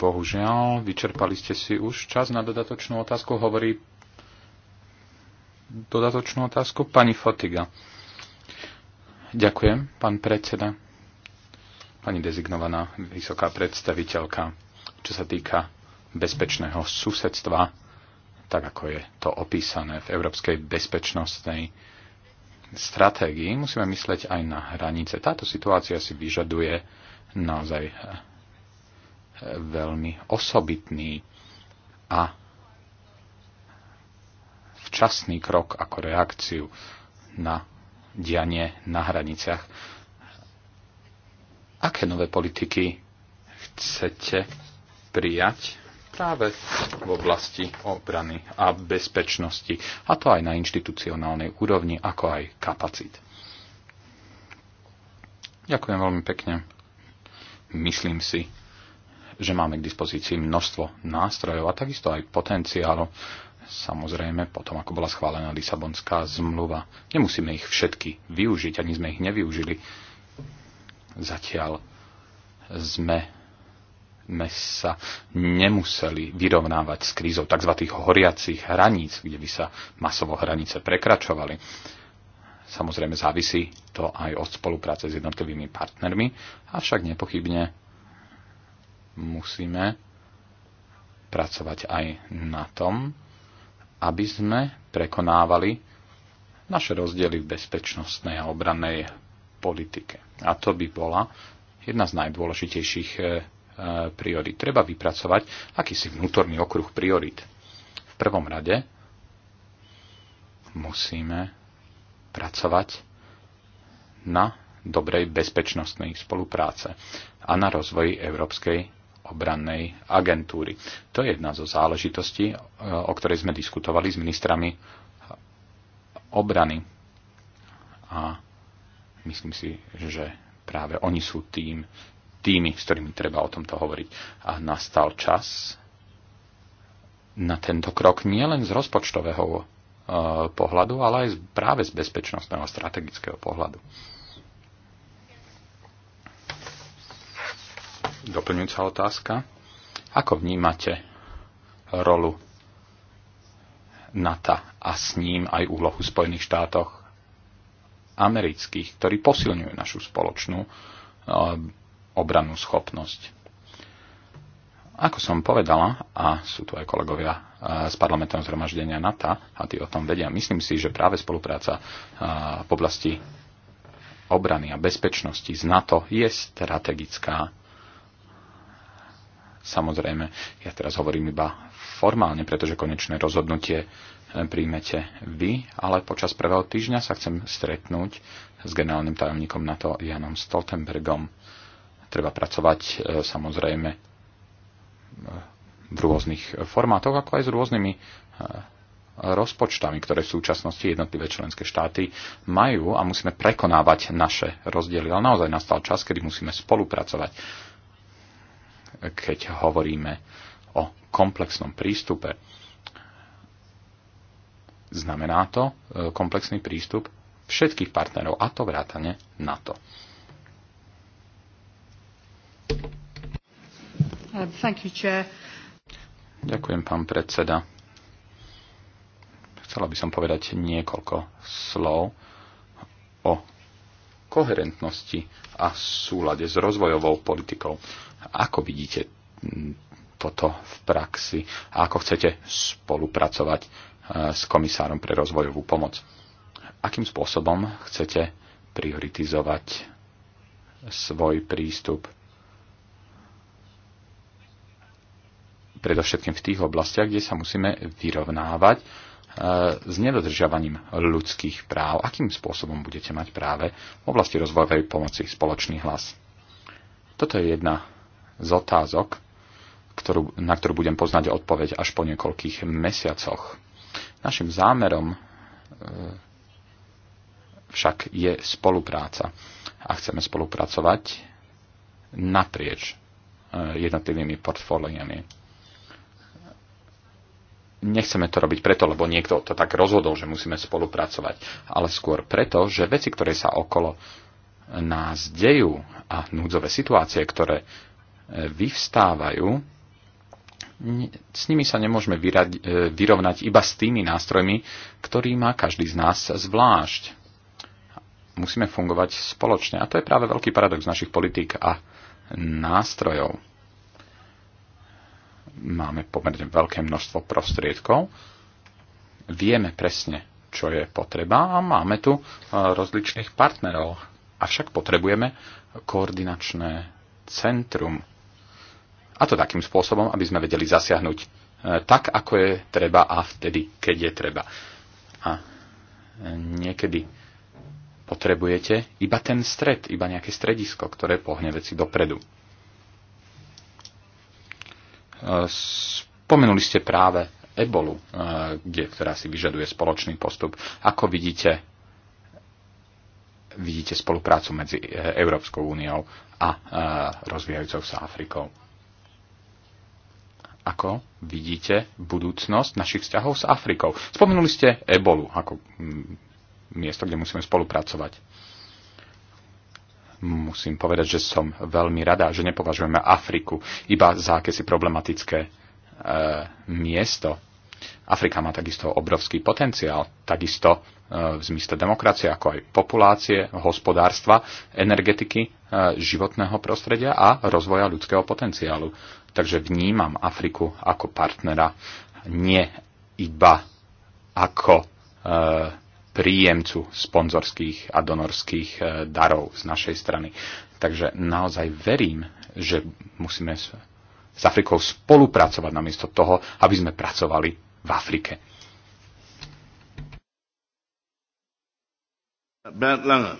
Speaker 4: Bohužiaľ, vyčerpali ste si už čas na dodatočnú otázku. Hovorí dodatočnú otázku pani Fotiga. Ďakujem, pán predseda. Pani dezignovaná vysoká predstaviteľka, čo sa týka bezpečného susedstva, tak ako je to opísané v Európskej bezpečnostnej stratégii musíme mysleť aj na hranice. Táto situácia si vyžaduje naozaj eh, veľmi osobitný a včasný krok ako reakciu na dianie na hraniciach. Aké nové politiky chcete prijať práve v oblasti obrany a bezpečnosti, a to aj na inštitucionálnej úrovni, ako aj kapacit. Ďakujem veľmi pekne. Myslím si, že máme k dispozícii množstvo nástrojov a takisto aj potenciálu. Samozrejme, potom ako bola schválená Lisabonská zmluva, nemusíme ich všetky využiť, ani sme ich nevyužili. Zatiaľ sme sme sa nemuseli vyrovnávať s krízou tzv. horiacich hraníc, kde by sa masovo hranice prekračovali. Samozrejme závisí to aj od spolupráce s jednotlivými partnermi, avšak nepochybne musíme pracovať aj na tom, aby sme prekonávali naše rozdiely v bezpečnostnej a obrannej politike. A to by bola jedna z najdôležitejších eh, E, priorit. Treba vypracovať akýsi vnútorný okruh priorit. V prvom rade musíme pracovať na dobrej bezpečnostnej spolupráce a na rozvoji Európskej obrannej agentúry. To je jedna zo záležitostí, e, o ktorej sme diskutovali s ministrami obrany. A myslím si, že práve oni sú tým, tými, s ktorými treba o tomto hovoriť. A nastal čas na tento krok nielen z rozpočtového e, pohľadu, ale aj práve z bezpečnostného strategického pohľadu. Doplňujúca otázka. Ako vnímate rolu NATO a s ním aj úlohu Spojených štátoch amerických, ktorí posilňujú našu spoločnú e, obranú schopnosť. Ako som povedala, a sú tu aj kolegovia e, z parlamentného zhromaždenia NATO a tí o tom vedia, myslím si, že práve spolupráca e, v oblasti obrany a bezpečnosti z NATO je strategická. Samozrejme, ja teraz hovorím iba formálne, pretože konečné rozhodnutie e, príjmete vy, ale počas prvého týždňa sa chcem stretnúť s generálnym tajomníkom NATO Janom Stoltenbergom Treba pracovať e, samozrejme e, v rôznych formátoch, ako aj s rôznymi e, rozpočtami, ktoré v súčasnosti jednotlivé členské štáty majú a musíme prekonávať naše rozdiely. Ale naozaj nastal čas, kedy musíme spolupracovať, keď hovoríme o komplexnom prístupe. Znamená to komplexný prístup všetkých partnerov, a to vrátane NATO. Ďakujem, pán predseda. Chcela by som povedať niekoľko slov o koherentnosti a súlade s rozvojovou politikou. Ako vidíte toto v praxi a ako chcete spolupracovať eh, s komisárom pre rozvojovú pomoc? Akým spôsobom chcete prioritizovať svoj prístup predovšetkým v tých oblastiach, kde sa musíme vyrovnávať e, s nedodržiavaním ľudských práv. Akým spôsobom budete mať práve v oblasti rozvojovej pomoci spoločný hlas? Toto je jedna z otázok, ktorú, na ktorú budem poznať odpoveď až po niekoľkých mesiacoch. Našim zámerom e, však je spolupráca a chceme spolupracovať naprieč e, jednotlivými portfóliami nechceme to robiť preto, lebo niekto to tak rozhodol, že musíme spolupracovať, ale skôr preto, že veci, ktoré sa okolo nás dejú a núdzové situácie, ktoré e, vyvstávajú, s nimi sa nemôžeme vyrať, e, vyrovnať iba s tými nástrojmi, ktorý má každý z nás zvlášť. Musíme fungovať spoločne. A to je práve veľký paradox našich politík a nástrojov máme pomerne veľké množstvo prostriedkov, vieme presne, čo je potreba a máme tu e, rozličných partnerov. Avšak potrebujeme koordinačné centrum. A to takým spôsobom, aby sme vedeli zasiahnuť e, tak, ako je treba a vtedy, keď je treba. A e, niekedy potrebujete iba ten stred, iba nejaké stredisko, ktoré pohne veci dopredu. Spomenuli ste práve ebolu, kde, ktorá si vyžaduje spoločný postup. Ako vidíte, vidíte spoluprácu medzi e, Európskou úniou a e, rozvíjajúcou sa Afrikou? Ako vidíte budúcnosť našich vzťahov s Afrikou? Spomenuli ste ebolu ako miesto, kde musíme spolupracovať musím povedať, že som veľmi rada, že nepovažujeme Afriku iba za akési problematické e, miesto. Afrika má takisto obrovský potenciál, takisto e, v zmysle demokracie, ako aj populácie, hospodárstva, energetiky, e, životného prostredia a rozvoja ľudského potenciálu. Takže vnímam Afriku ako partnera, nie iba ako e, príjemcu sponzorských a donorských e, darov z našej strany. Takže naozaj verím, že musíme s Afrikou spolupracovať namiesto toho, aby sme pracovali v Afrike. Lange.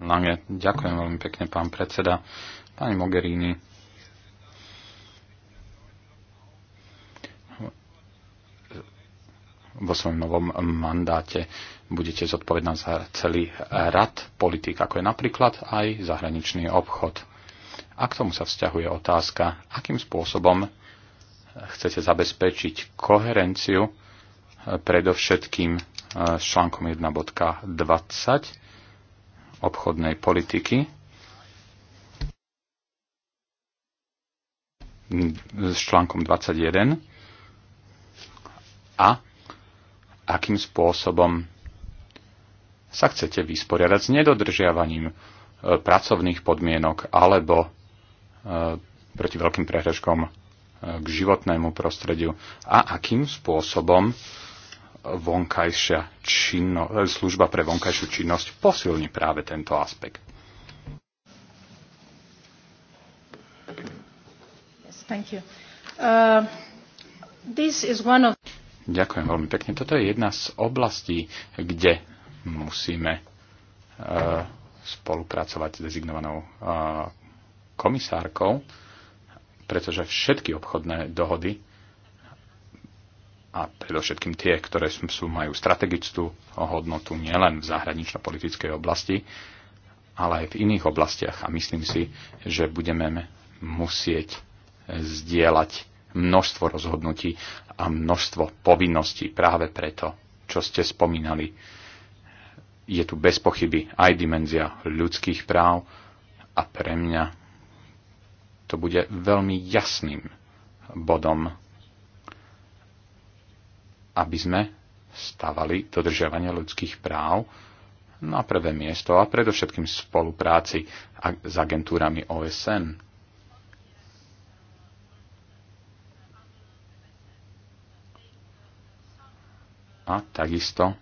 Speaker 4: Lange, ďakujem veľmi pekne, pán predseda. Pani Mogherini, vo svojom novom mandáte budete zodpovedná za celý rad politik, ako je napríklad aj zahraničný obchod. A k tomu sa vzťahuje otázka, akým spôsobom chcete zabezpečiť koherenciu predovšetkým e, s článkom 1.20 obchodnej politiky, s článkom 21 a akým spôsobom sa chcete vysporiadať s nedodržiavaním e, pracovných podmienok alebo e, proti veľkým prehražkom e, k životnému prostrediu a akým spôsobom vonkajšia činno, služba pre vonkajšiu činnosť posilní práve tento aspekt.
Speaker 2: Yes, thank you. Uh, this is one of...
Speaker 4: Ďakujem veľmi pekne. Toto je jedna z oblastí, kde musíme e, spolupracovať s dezignovanou e, komisárkou, pretože všetky obchodné dohody a predovšetkým tie, ktoré sú, majú strategickú hodnotu nielen v zahranično-politickej oblasti, ale aj v iných oblastiach. A myslím si, že budeme musieť zdieľať množstvo rozhodnutí a množstvo povinností práve preto, čo ste spomínali. Je tu bez pochyby aj dimenzia ľudských práv a pre mňa to bude veľmi jasným bodom, aby sme stavali dodržiavanie ľudských práv na prvé miesto a predovšetkým spolupráci s agentúrami OSN A takisto,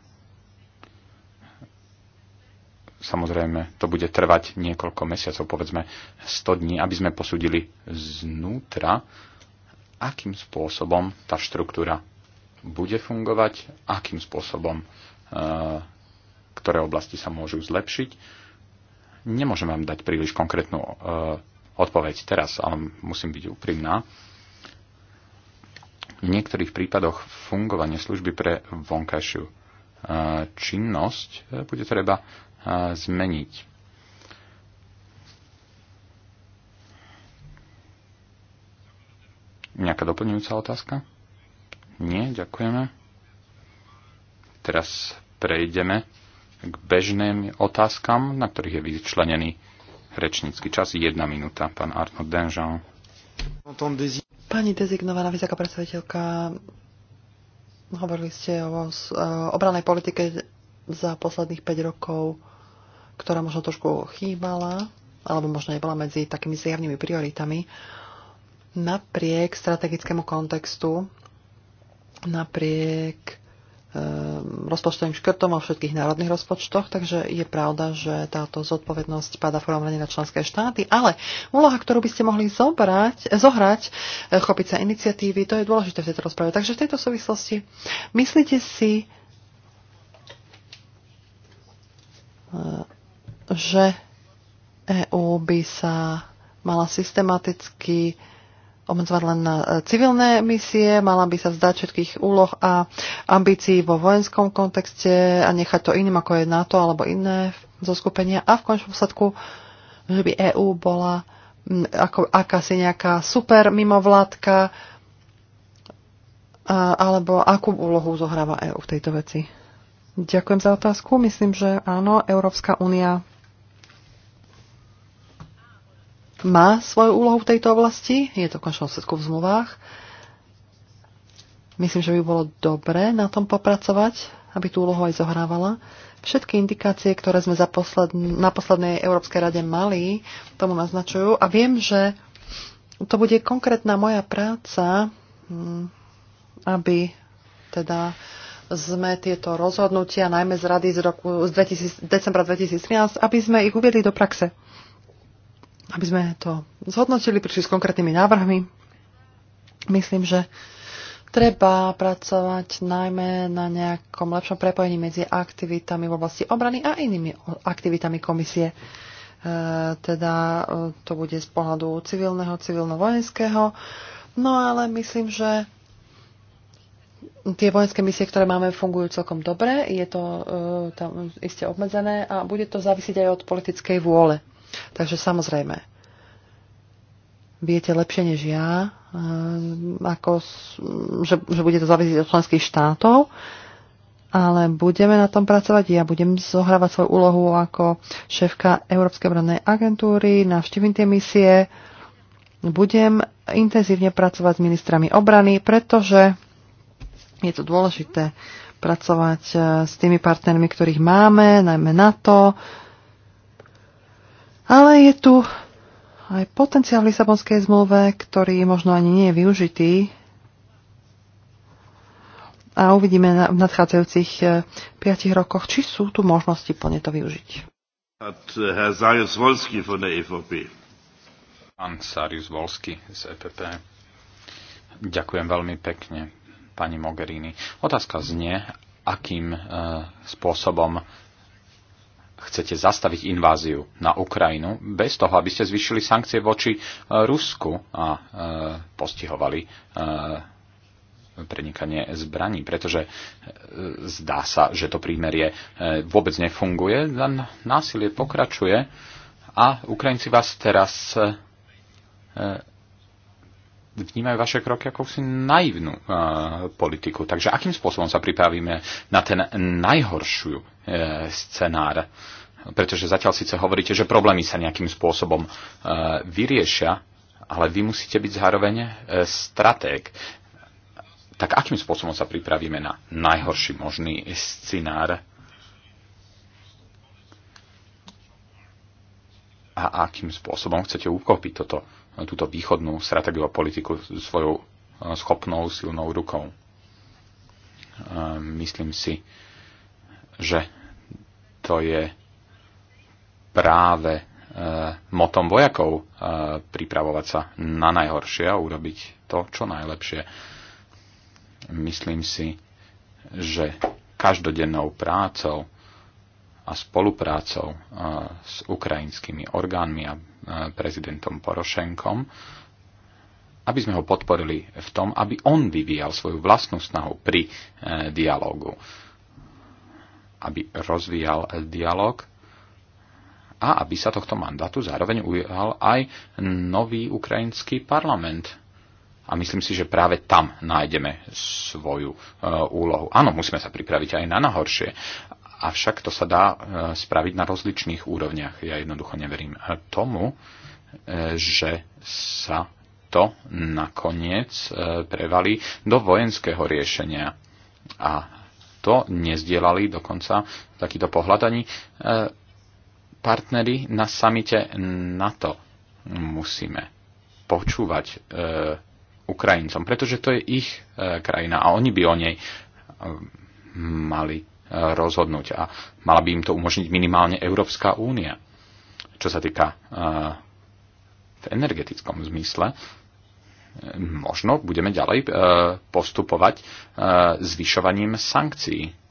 Speaker 4: samozrejme, to bude trvať niekoľko mesiacov, povedzme 100 dní, aby sme posúdili znútra, akým spôsobom tá štruktúra bude fungovať, akým spôsobom, e, ktoré oblasti sa môžu zlepšiť. Nemôžem vám dať príliš konkrétnu e, odpoveď teraz, ale musím byť úprimná. V niektorých prípadoch fungovanie služby pre vonkajšiu e, činnosť e, bude treba e, zmeniť. Nejaká doplňujúca otázka? Nie, ďakujeme. Teraz prejdeme k bežným otázkam, na ktorých je vyčlenený rečnícky čas. Jedna minúta, pán Arnaud Denžan.
Speaker 3: Pani dezignovaná vysoká predstaviteľka, hovorili ste o e, obranej politike za posledných 5 rokov, ktorá možno trošku chýbala, alebo možno nebola medzi takými zjavnými prioritami. Napriek strategickému kontextu, napriek Ehm, rozpočtovým škrtom vo všetkých národných rozpočtoch, takže je pravda, že táto zodpovednosť páda v prvom rade na členské štáty, ale úloha, ktorú by ste mohli zobrať, zohrať, e, chopiť sa iniciatívy, to je dôležité v tejto rozprave. Takže v tejto súvislosti myslíte si, e, že EÚ by sa mala systematicky obmedzovať len na e, civilné misie, mala by sa vzdať všetkých úloh a ambícií vo vojenskom kontexte a nechať to iným, ako je NATO alebo iné skupenia a v končnom sledku, že by EÚ bola ako, akási nejaká super mimovládka, a, alebo akú úlohu zohráva EÚ v tejto veci. Ďakujem za otázku. Myslím, že áno, Európska únia má svoju úlohu v tejto oblasti, je to v končnom v zmluvách. Myslím, že by bolo dobré na tom popracovať, aby tú úlohu aj zohrávala. Všetky indikácie, ktoré sme za posledn- na poslednej Európskej rade mali, tomu naznačujú. A viem, že to bude konkrétna moja práca, hm, aby teda sme tieto rozhodnutia, najmä z rady z, roku, z 2000, decembra 2013, aby sme ich uviedli do praxe aby sme to zhodnotili, prišli s konkrétnymi návrhmi. Myslím, že treba pracovať najmä na nejakom lepšom prepojení medzi aktivitami v oblasti obrany a inými aktivitami komisie. E, teda e, to bude z pohľadu civilného, civilno-vojenského. No ale myslím, že tie vojenské misie, ktoré máme, fungujú celkom dobre. Je to e, tam iste obmedzené a bude to závisieť aj od politickej vôle Takže samozrejme, viete lepšie než ja, eh, ako, že, že bude to závisieť od členských štátov, ale budeme na tom pracovať. Ja budem zohrávať svoju úlohu ako šéfka Európskej obrannej agentúry, navštívim tie misie, budem intenzívne pracovať s ministrami obrany, pretože je to dôležité pracovať eh, s tými partnermi, ktorých máme, najmä NATO, ale je tu aj potenciál v Lisabonskej zmluve, ktorý možno ani nie je využitý. A uvidíme v nadchádzajúcich e, piatich rokoch, či sú tu možnosti plne to využiť. E,
Speaker 4: e Pán Sarius Volsky z EPP. Ďakujem veľmi pekne, pani Mogherini. Otázka znie, akým spôsobom chcete zastaviť inváziu na Ukrajinu bez toho, aby ste zvyšili sankcie voči e, Rusku a e, postihovali e, prenikanie zbraní, pretože zdá sa, že to prímerie vôbec nefunguje, len násilie pokračuje a Ukrajinci vás teraz vnímajú vaše kroky ako si naivnú uh, politiku. Takže akým spôsobom sa pripravíme na ten najhoršiu uh, scenár? Pretože zatiaľ síce hovoríte, že problémy sa nejakým spôsobom uh, vyriešia, ale vy musíte byť zároveň uh, stratég. Tak akým spôsobom sa pripravíme na najhorší možný scenár? A akým spôsobom chcete ukopiť toto túto východnú stratégiu a politiku svojou e, schopnou, silnou rukou. E, myslím si, že to je práve e, motom vojakov pripravovať sa na najhoršie a urobiť to, čo najlepšie. Myslím si, že každodennou prácou a spoluprácou e, s ukrajinskými orgánmi a e, prezidentom Porošenkom, aby sme ho podporili v tom, aby on vyvíjal svoju vlastnú snahu pri e, dialogu. Aby rozvíjal dialog a aby sa tohto mandátu zároveň ujal aj nový ukrajinský parlament. A myslím si, že práve tam nájdeme svoju e, úlohu. Áno, musíme sa pripraviť aj na nahoršie, Avšak to sa dá e, spraviť na rozličných úrovniach. Ja jednoducho neverím e, tomu, e, že sa to nakoniec prevalí do vojenského riešenia. A to nezdielali dokonca takýto pohľad ani partnery na samite NATO. Musíme počúvať Ukrajincom, pretože to je ich krajina a oni by o nej mali rozhodnúť a mala by im to umožniť minimálne Európska únia. Čo sa týka e, v energetickom zmysle, možno budeme ďalej e, postupovať e, zvyšovaním sankcií.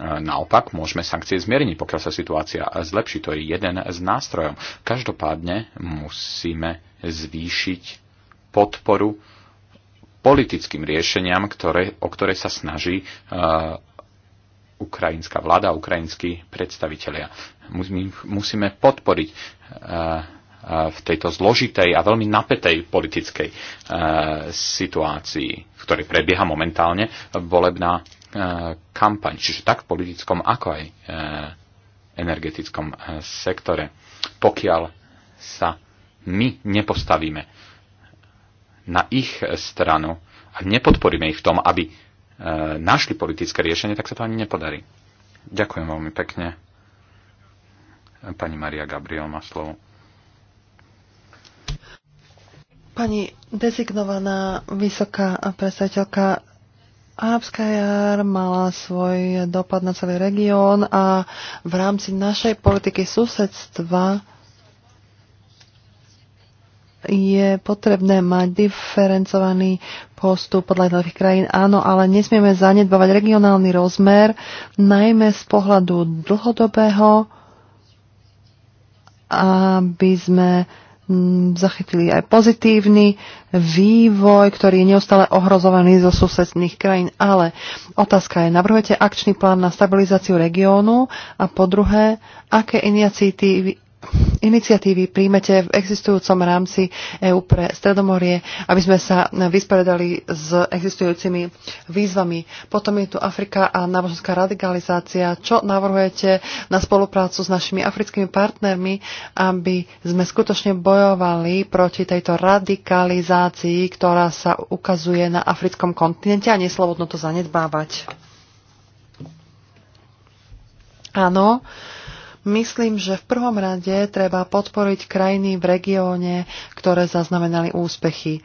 Speaker 4: Naopak, môžeme sankcie zmierniť, pokiaľ sa situácia zlepší. To je jeden z nástrojov. Každopádne musíme zvýšiť podporu politickým riešeniam, ktoré, o ktoré sa snaží ukrajinská vláda, ukrajinskí predstavitelia. Musíme podporiť eh, eh, v tejto zložitej a veľmi napetej politickej eh, situácii, v ktorej prebieha momentálne volebná kampaň, čiže tak v politickom, ako aj energetickom sektore. Pokiaľ sa my nepostavíme na ich stranu a nepodporíme ich v tom, aby E, našli politické riešenie, tak sa to ani nepodarí. Ďakujem veľmi pekne. Pani Maria Gabriel má slovo.
Speaker 3: Pani dezignovaná vysoká predstaviteľka Arabská jar mala svoj dopad na celý región a v rámci našej politiky susedstva je potrebné mať diferencovaný postup podľa jednotlivých krajín. Áno, ale nesmieme zanedbávať regionálny rozmer, najmä z pohľadu dlhodobého, aby sme mm, zachytili aj pozitívny vývoj, ktorý je neustále ohrozovaný zo susedných krajín. Ale otázka je, navrhujete akčný plán na stabilizáciu regiónu a po druhé, aké iniciatívy, iniciatívy príjmete v existujúcom rámci EÚ pre Stredomorie, aby sme sa vysporiadali s existujúcimi výzvami. Potom je tu Afrika a náboženská radikalizácia. Čo navrhujete na spoluprácu s našimi africkými partnermi, aby sme skutočne bojovali proti tejto radikalizácii, ktorá sa ukazuje na africkom kontinente a neslobodno to zanedbávať? Áno. Myslím, že v prvom rade treba podporiť krajiny v regióne, ktoré zaznamenali úspechy.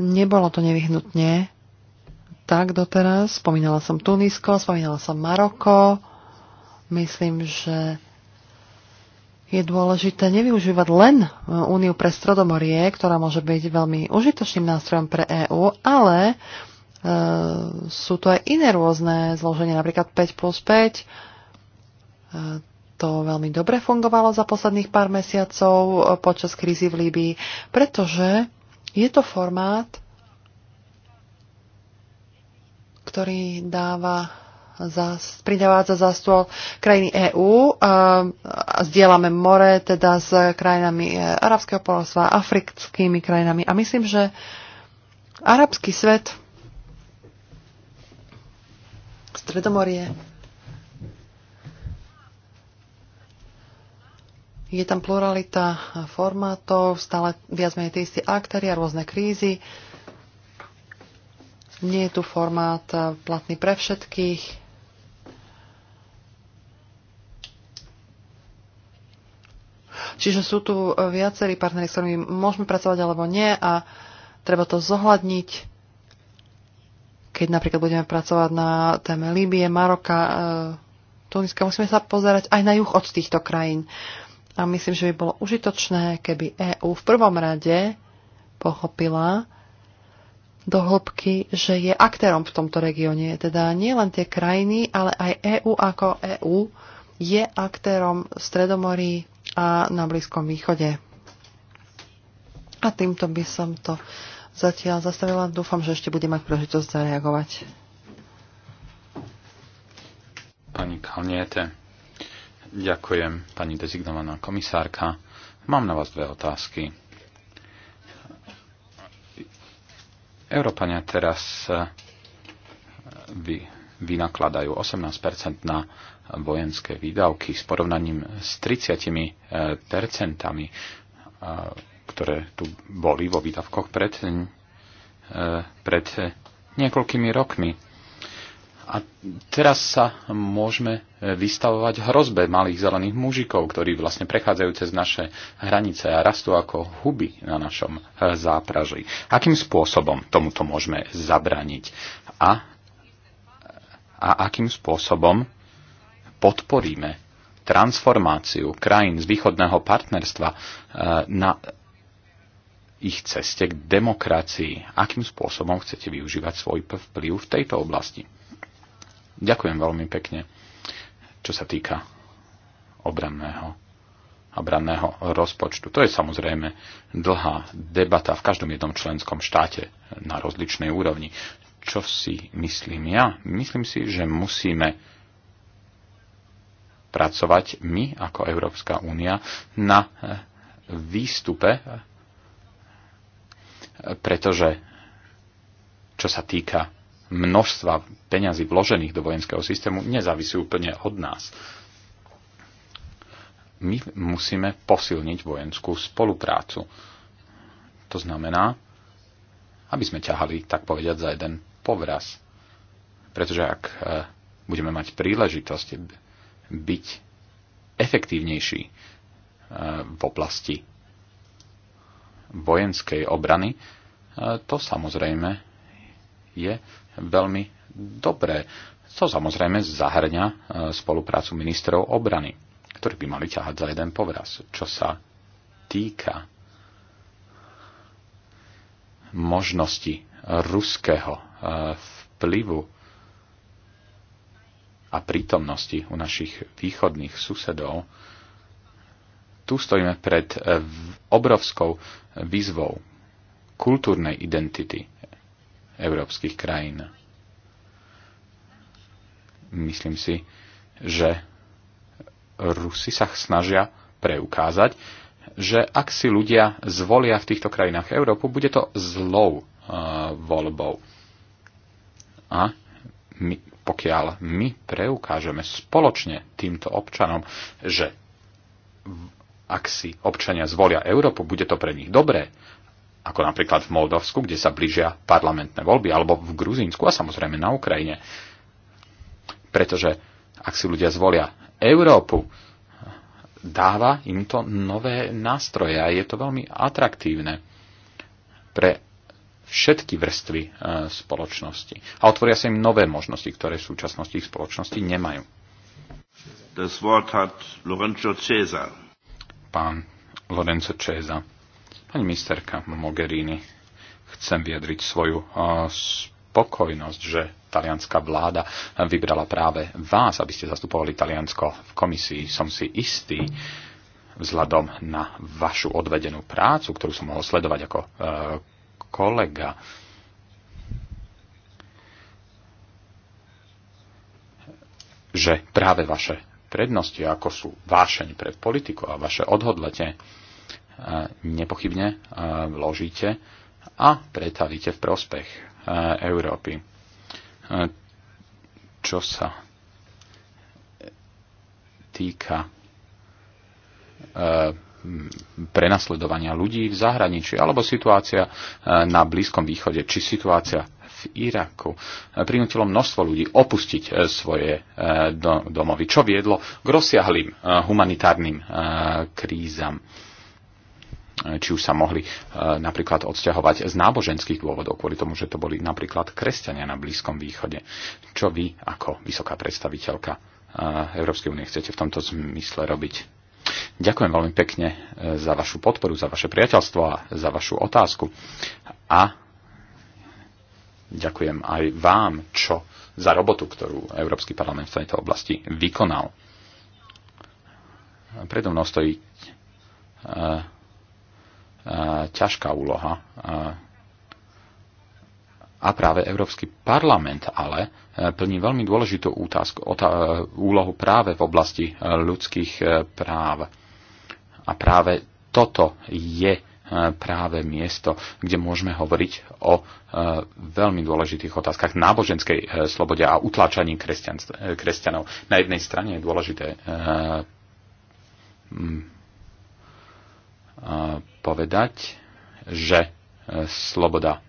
Speaker 3: Nebolo to nevyhnutne tak doteraz. Spomínala som Tunisko, spomínala som Maroko. Myslím, že je dôležité nevyužívať len e, Úniu pre Stredomorie, ktorá môže byť veľmi užitočným nástrojom pre EÚ, ale e, sú to aj iné rôzne zloženia, napríklad 5 plus 5, to veľmi dobre fungovalo za posledných pár mesiacov eh, počas krízy v Líbii, pretože je to formát, ktorý dáva za, pridávať za stôl krajiny EÚ. Eh, zdieľame more teda s krajinami eh, arabského polosva, africkými krajinami a myslím, že arabský svet, Stredomorie, Je tam pluralita formátov, stále viac menej tí istí aktéry a rôzne krízy. Nie je tu formát eh, platný pre všetkých. Čiže sú tu eh, viacerí partnery, s ktorými môžeme pracovať alebo nie a treba to zohľadniť. Keď napríklad budeme pracovať na téme Líbie, Maroka, eh, Tuniska, musíme sa pozerať aj na juh od týchto krajín. A myslím, že by bolo užitočné, keby EÚ v prvom rade pochopila do hĺbky, že je aktérom v tomto regióne. Teda nie len tie krajiny, ale aj EÚ ako EÚ je aktérom v Stredomorí a na Blízkom východe. A týmto by som to zatiaľ zastavila. Dúfam, že ešte bude mať príležitosť zareagovať.
Speaker 4: Pani Kalniete. Ďakujem, pani dezignovaná komisárka. Mám na vás dve otázky. Európania teraz eh, vy, vynakladajú 18 na vojenské výdavky s porovnaním s 30 eh, percentami, eh, ktoré tu boli vo výdavkoch pred, pred niekoľkými rokmi. A teraz sa môžeme vystavovať hrozbe malých zelených mužikov, ktorí vlastne prechádzajú cez naše hranice a rastú ako huby na našom e, zápraži. Akým spôsobom tomuto môžeme zabraniť? A, a akým spôsobom podporíme transformáciu krajín z východného partnerstva e, na ich ceste k demokracii? Akým spôsobom chcete využívať svoj vplyv v tejto oblasti? Ďakujem veľmi pekne, čo sa týka obranného obranného rozpočtu. To je samozrejme dlhá debata v každom jednom členskom štáte na rozličnej úrovni. Čo si myslím ja? Myslím si, že musíme pracovať my ako Európska únia na eh, výstupe, eh, pretože čo sa týka množstva peňazí vložených do vojenského systému nezávisí úplne od nás. My musíme posilniť vojenskú spoluprácu. To znamená, aby sme ťahali, tak povedať, za jeden povraz. Pretože ak e, budeme mať príležitosť byť efektívnejší e, v oblasti vojenskej obrany, e, to samozrejme je veľmi dobré. To samozrejme zahrňa e, spoluprácu ministrov obrany, ktorí by mali ťahať za jeden povraz, čo sa týka možnosti ruského e, vplyvu a prítomnosti u našich východných susedov, tu stojíme pred obrovskou výzvou kultúrnej identity európskych krajín. Myslím si, že Rusi sa snažia preukázať, že ak si ľudia zvolia v týchto krajinách Európu, bude to zlou uh, voľbou. A my, pokiaľ my preukážeme spoločne týmto občanom, že ak si občania zvolia Európu, bude to pre nich dobré, ako napríklad v Moldavsku, kde sa blížia parlamentné voľby, alebo v Gruzínsku a samozrejme na Ukrajine. Pretože ak si ľudia zvolia Európu, dáva im to nové nástroje a je to veľmi atraktívne pre všetky vrstvy e, spoločnosti. A otvoria sa im nové možnosti, ktoré v súčasnosti ich spoločnosti nemajú. Das Wort hat Lorenzo Cesar. Pán Lorenzo Cesar. Pani ministerka Mogherini, chcem vyjadriť svoju spokojnosť, že talianská vláda vybrala práve vás, aby ste zastupovali Taliansko v komisii. Som si istý, vzhľadom na vašu odvedenú prácu, ktorú som mohol sledovať ako e, kolega, že práve vaše prednosti, ako sú vášeň pre politiku a vaše odhodlete, nepochybne vložíte a pretavíte v prospech Európy. Čo sa týka prenasledovania ľudí v zahraničí alebo situácia na Blízkom východe či situácia v Iraku prinútilo množstvo ľudí opustiť e, svoje e, domovy, čo viedlo k rozsiahlým e, humanitárnym krízam E, či už sa mohli e, napríklad odsťahovať z náboženských dôvodov, kvôli tomu, že to boli napríklad kresťania na Blízkom východe. Čo vy ako vysoká predstaviteľka e, Európskej únie chcete v tomto zmysle robiť? Ďakujem veľmi pekne za vašu podporu, za vaše priateľstvo a za vašu otázku. A ďakujem aj vám, čo za robotu, ktorú Európsky parlament v tejto oblasti vykonal. Predo mnou stojí ťažká úloha. A práve Európsky parlament ale e, plní veľmi dôležitú útazku, e, úlohu práve v oblasti e, ľudských práv. A práve toto je práve miesto, kde môžeme hovoriť o veľmi dôležitých otázkach náboženskej slobode a utláčaní kresťanov. Na jednej strane je dôležité povedať, že e, sloboda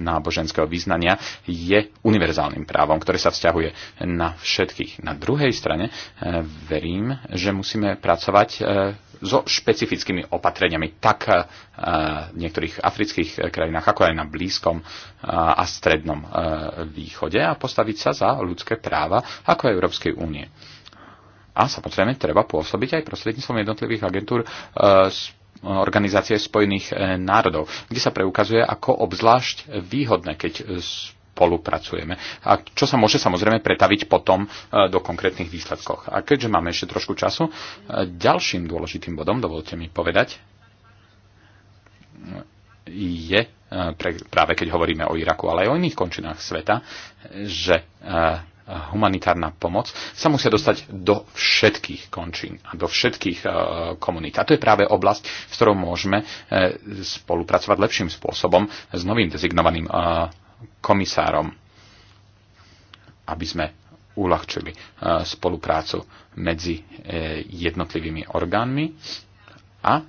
Speaker 4: náboženského význania je univerzálnym právom, ktoré sa vzťahuje na všetkých. Na druhej strane e, verím, že musíme pracovať e, so špecifickými opatreniami tak v niektorých afrických krajinách, ako aj na Blízkom a Strednom východe a postaviť sa za ľudské práva ako aj Európskej únie. A samozrejme, treba pôsobiť aj prostredníctvom jednotlivých agentúr e, Organizácie spojených e, národov, kde sa preukazuje ako obzvlášť výhodné, keď e, spolupracujeme. A čo sa môže samozrejme pretaviť potom do konkrétnych výsledkoch. A keďže máme ešte trošku času, ďalším dôležitým bodom, dovolte mi povedať, je, pre, práve keď hovoríme o Iraku, ale aj o iných končinách sveta, že humanitárna pomoc sa musia dostať do všetkých končín a do všetkých e, komunít. A to je práve oblasť, s ktorou môžeme e, spolupracovať lepším spôsobom s novým dezignovaným e, komisárom, aby sme uľahčili spoluprácu medzi jednotlivými orgánmi a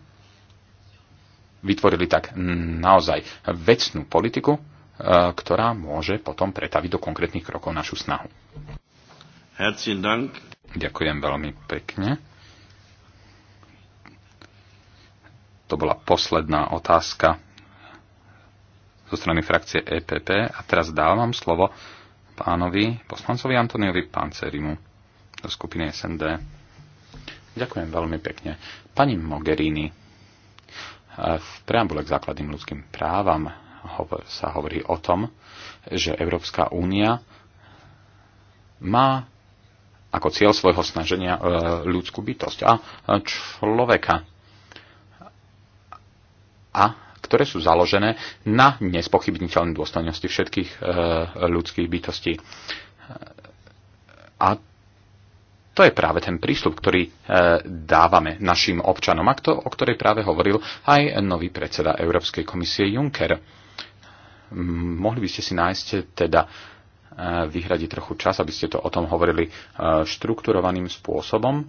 Speaker 4: vytvorili tak naozaj vecnú politiku, E, ktorá môže potom pretaviť do konkrétnych krokov našu snahu. Herzlichen Dank. Ďakujem veľmi pekne. To bola posledná otázka zo strany frakcie EPP. A teraz dávam slovo pánovi poslancovi Antoniovi Pancerimu do skupiny SND. Ďakujem veľmi pekne. Pani Mogherini, e, v preambule k základným ľudským právam sa hovorí o tom, že Európska únia má ako cieľ svojho snaženia e, ľudskú bytosť a človeka. A ktoré sú založené na nespochybniteľnej dôstojnosti všetkých e, ľudských bytostí. A to je práve ten prístup, ktorý e, dávame našim občanom, a to, o ktorej práve hovoril aj nový predseda Európskej komisie Juncker Mohli by ste si nájsť teda e, vyhradiť trochu čas, aby ste to o tom hovorili e, štrukturovaným spôsobom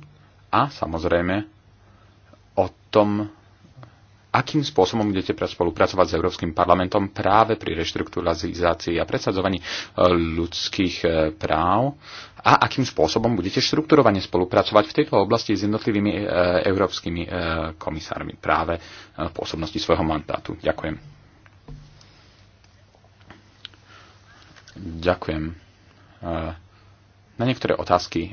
Speaker 4: a samozrejme o tom, akým spôsobom budete spolupracovať s Európskym parlamentom práve pri reštrukturalizácii a presadzovaní e, ľudských práv a akým spôsobom budete štrukturovane spolupracovať v tejto oblasti s jednotlivými európskymi komisármi práve v pôsobnosti svojho mandátu. Ďakujem. Ďakujem. Eh, na niektoré otázky eh,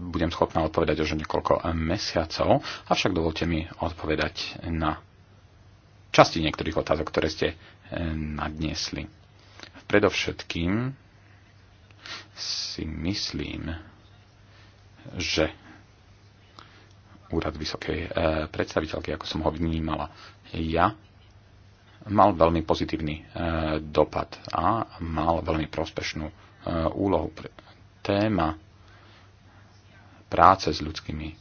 Speaker 4: budem schopná odpovedať už niekoľko mesiacov, avšak dovolte mi odpovedať na časti niektorých otázok, ktoré ste eh, nadniesli. Predovšetkým si myslím, že úrad vysokej predstaviteľky, ako som ho vnímala ja, mal veľmi pozitívny e, dopad a mal veľmi prospešnú e, úlohu. Téma práce s ľudskými e,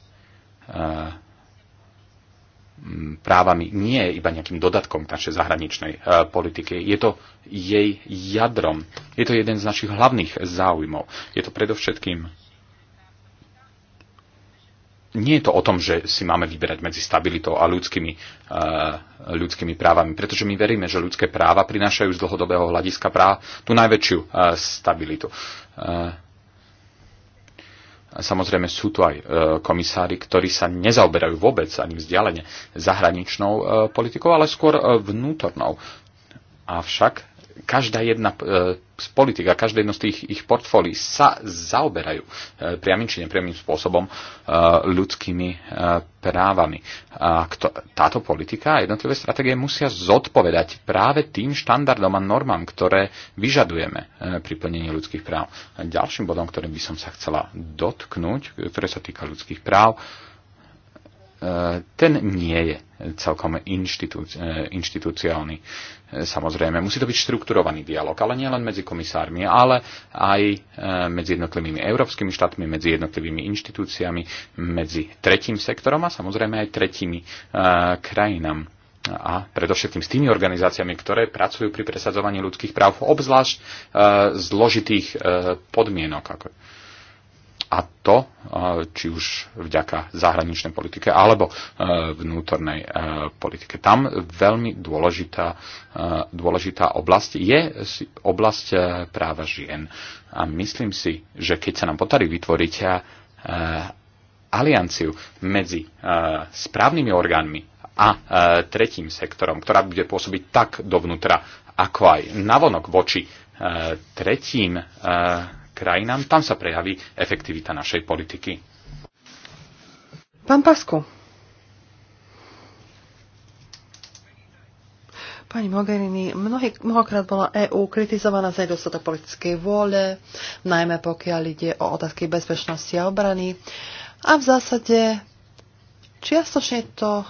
Speaker 4: právami nie je iba nejakým dodatkom k našej zahraničnej politike. Je to jej jadrom. Je to jeden z našich hlavných záujmov. Je to predovšetkým nie je to o tom, že si máme vyberať medzi stabilitou a ľudskými, eh, ľudskými právami, pretože my veríme, že ľudské práva prinášajú z dlhodobého hľadiska práv tú najväčšiu eh, stabilitu. Eh, samozrejme sú tu aj komisári, ktorí sa nezaoberajú vôbec ani vzdialene zahraničnou politikou, ale skôr vnútornou. Avšak každá jedna e, z politik a každé jedno z tých ich portfólií sa zaoberajú e, priamým či nepriamým spôsobom e, ľudskými právami. A táto politika a jednotlivé stratégie musia zodpovedať práve tým štandardom a normám, ktoré vyžadujeme pri plnení ľudských práv. A ďalším bodom, ktorým by som sa chcela dotknúť, ktoré sa týka ľudských práv, ten nie je celkom inštitúci- inštitúciálny. Samozrejme, musí to byť štrukturovaný dialog, ale nielen medzi komisármi, ale aj e, medzi jednotlivými európskymi štátmi, medzi jednotlivými inštitúciami, medzi tretím sektorom a samozrejme aj tretími e, krajinami a predovšetkým s tými organizáciami, ktoré pracujú pri presadzovaní ľudských práv obzvlášť e, zložitých e, podmienok. Ako, e, a to e, či už vďaka zahraničnej politike alebo e, vnútornej e, politike. Tam veľmi dôležitá, dôležitá oblasť je oblasť práva žien. A myslím si, že keď sa nám podarí vytvoriť alianciu medzi správnymi orgánmi a tretím sektorom, ktorá bude pôsobiť tak dovnútra, ako aj navonok voči tretím krajinám, tam sa prejaví efektivita našej politiky.
Speaker 3: Pán Pasko. Pani Mogherini, mnohý, mnohokrát bola EÚ kritizovaná za nedostatok politickej vôle, najmä pokiaľ ide o otázky bezpečnosti a obrany. A v zásade Čiastočne to e,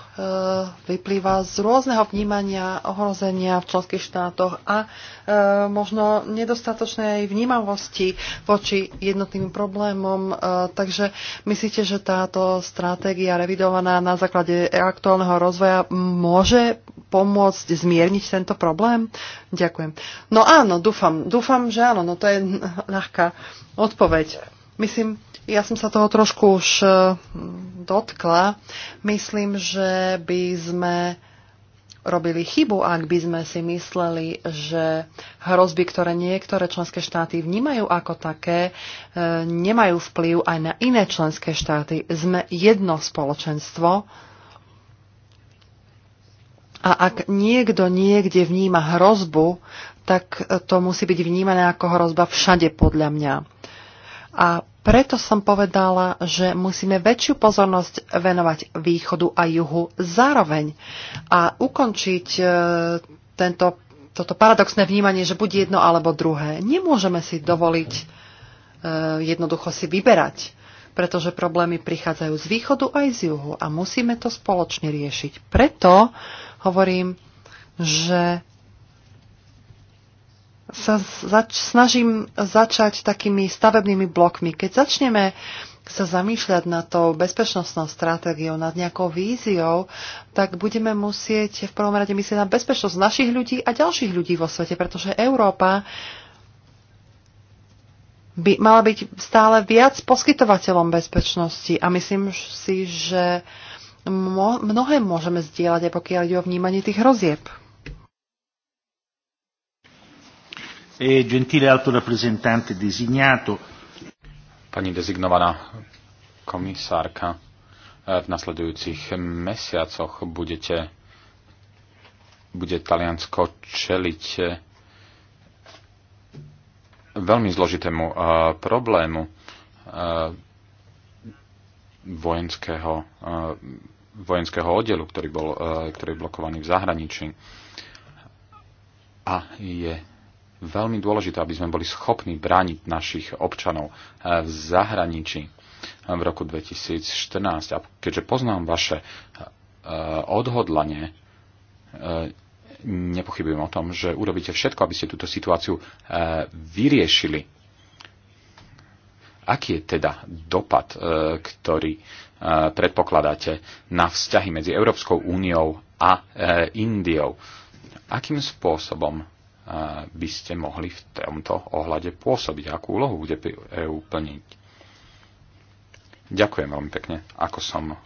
Speaker 3: vyplýva z rôzneho vnímania ohrozenia v členských štátoch a e, možno nedostatočnej vnímavosti voči jednotným problémom. E, takže myslíte, že táto stratégia revidovaná na základe aktuálneho rozvoja môže pomôcť zmierniť tento problém? Ďakujem. No áno, dúfam, dúfam, že áno, no to je ľahká odpoveď. Myslím, ja som sa toho trošku už e, dotkla. Myslím, že by sme robili chybu, ak by sme si mysleli, že hrozby, ktoré niektoré členské štáty vnímajú ako také, e, nemajú vplyv aj na iné členské štáty. Sme jedno spoločenstvo. A ak niekto niekde vníma hrozbu, tak to musí byť vnímané ako hrozba všade podľa mňa a preto som povedala, že musíme väčšiu pozornosť venovať východu a juhu zároveň a ukončiť e, tento, toto paradoxné vnímanie, že buď jedno alebo druhé. Nemôžeme si dovoliť e, jednoducho si vyberať, pretože problémy prichádzajú z východu aj z juhu a musíme to spoločne riešiť. Preto hovorím, že sa zač- snažím začať takými stavebnými blokmi. Keď začneme sa zamýšľať nad tou bezpečnostnou stratégiou, nad nejakou víziou, tak budeme musieť v prvom rade myslieť na bezpečnosť našich ľudí a ďalších ľudí vo svete, pretože Európa by mala byť stále viac poskytovateľom bezpečnosti a myslím si, že mnohé môžeme zdieľať aj pokiaľ ide o vnímanie tých hrozieb.
Speaker 4: E gentile alto rappresentante designato. Pani dezignovaná komisárka, eh, v nasledujúcich mesiacoch budete, bude Taliansko čeliť eh, veľmi zložitému eh, problému vojenského, vojenského oddelu, ktorý bol, ktorý je blokovaný v zahraničí. A je veľmi dôležité, aby sme boli schopní brániť našich občanov eh, v zahraničí eh, v roku 2014. A keďže poznám vaše eh, odhodlanie, nepochybujem o tom, že urobíte všetko, aby ste túto situáciu vyriešili. Aký je teda dopad, ktorý predpokladáte na vzťahy medzi Európskou úniou a Indiou? Akým spôsobom by ste mohli v tomto ohľade pôsobiť? Akú úlohu bude EU plniť? Ďakujem veľmi pekne. Ako som e,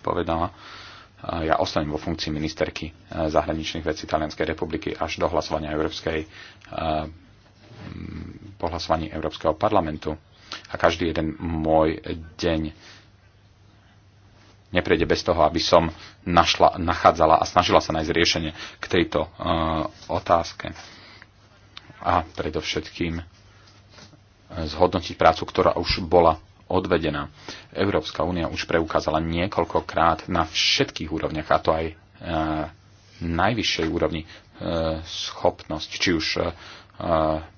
Speaker 4: povedala, e, ja ostanem vo funkcii ministerky e, zahraničných vecí Talianskej republiky až do hlasovania Európskej po hlasovaní Európskeho parlamentu. A každý jeden môj deň neprejde bez toho, aby som našla, nachádzala a snažila sa nájsť riešenie k tejto uh, otázke. A predovšetkým e, zhodnotiť prácu, ktorá už bola odvedená. Európska únia už preukázala niekoľkokrát na všetkých úrovniach, a to aj e, najvyššej úrovni, e, schopnosť, či už e, e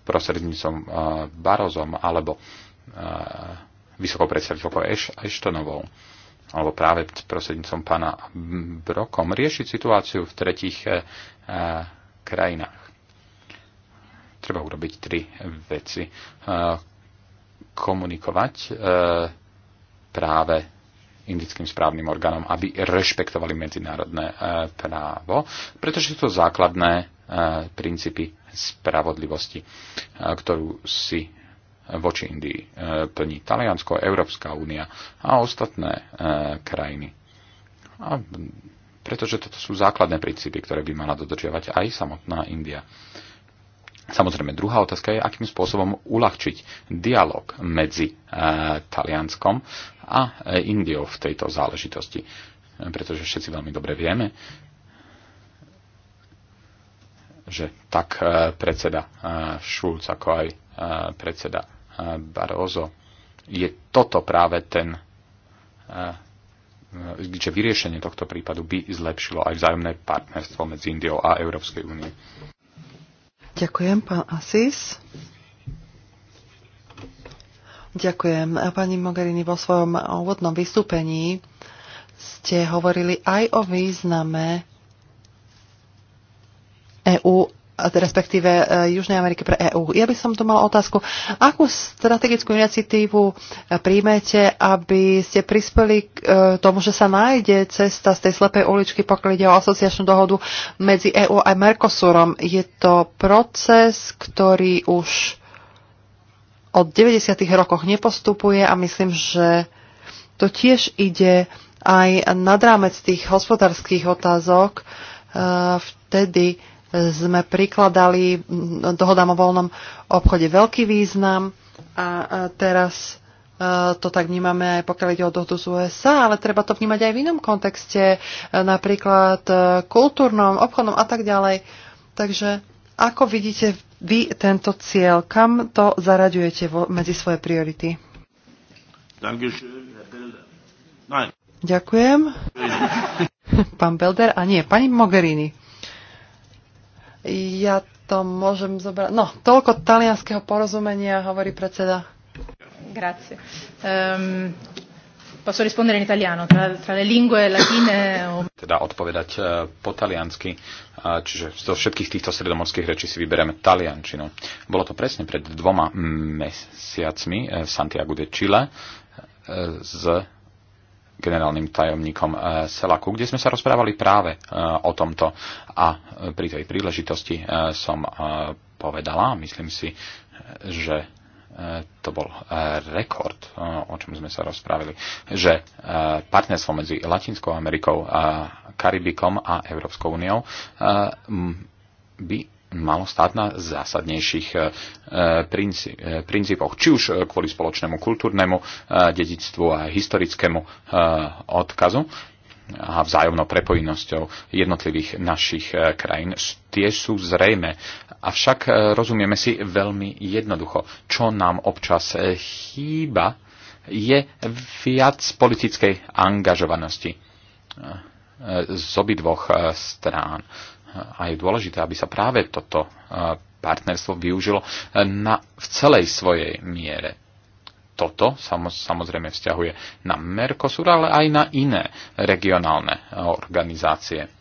Speaker 4: prostrednícom e, Barozom alebo e, vysokou predstaviteľkou Eštonovou. Eš, alebo práve prosednícom pána Brokom, riešiť situáciu v tretich eh, eh, krajinách. Treba urobiť tri veci. Eh, komunikovať práve indickým správnym orgánom, aby rešpektovali medzinárodné právo, pretože sú to základné princípy spravodlivosti, ktorú si voči Indii e, plní Taliansko, Európska únia a ostatné e, krajiny. A pretože toto sú základné princípy, ktoré by mala dodržiavať aj samotná India. Samozrejme, druhá otázka je, akým spôsobom uľahčiť dialog medzi e, Talianskom a Indiou v tejto záležitosti. pretože všetci veľmi dobre vieme, že tak predseda Šulc, ako aj predseda Barozo, Je toto práve ten, e, že vyriešenie tohto prípadu by zlepšilo aj vzájomné partnerstvo medzi Indiou a Európskej únie.
Speaker 3: Ďakujem, pán Asis. Ďakujem. Pani Mogherini, vo svojom úvodnom vystúpení ste hovorili aj o význame EÚ E, respektíve e, Južnej Ameriky pre EÚ. Ja by som tu mal otázku, akú strategickú iniciatívu e, príjmete, aby ste prispeli k tomu, že sa nájde cesta z tej slepej uličky, pokiaľ ide o asociačnú dohodu medzi EÚ a Mercosurom. Je to proces, ktorý už od 90. rokoch nepostupuje a myslím, že to tiež ide aj nad rámec tých hospodárskych otázok. Vtedy sme prikladali dohodám o voľnom obchode veľký význam a teraz e, to tak vnímame aj pokiaľ ide o dohodu z USA, ale treba to vnímať aj v inom kontexte, e, napríklad e, kultúrnom, obchodnom a tak ďalej. Takže ako vidíte vy tento cieľ? Kam to zaraďujete medzi svoje priority? Ďakujem. *laughs* Pán Belder a nie, pani Mogherini. Ja to môžem zobrať. No, toľko talianského porozumenia, hovorí predseda.
Speaker 2: Grazie. Um, posso rispondere in italiano, tra, tra le lingue latine...
Speaker 4: O... Teda odpovedať eh, po taliansky, eh, čiže zo všetkých týchto stredomorských rečí si vyberieme taliančinu. Bolo to presne pred dvoma mesiacmi eh, v Santiago de Chile z generálnym tajomníkom eh, Selaku, kde sme sa rozprávali práve eh, o tomto. A eh, pri tej príležitosti som povedala, myslím si, že to bol rekord, o čom sme sa rozprávili, že partnerstvo medzi Latinskou Amerikou, Karibikom a Európskou úniou by malo stáť na zásadnejších e, e, princípoch, či už kvôli spoločnému kultúrnemu e, dedictvu a historickému odkazu a vzájomnou prepojenosťou jednotlivých našich krajín. Tie sú zrejme, avšak rozumieme si veľmi jednoducho, čo nám občas chýba, je viac politickej angažovanosti z obidvoch strán a je dôležité, aby sa práve toto e, partnerstvo využilo e, na, v celej svojej miere. Toto samozrejme vzťahuje na Mercosur, ale aj na iné regionálne e, organizácie.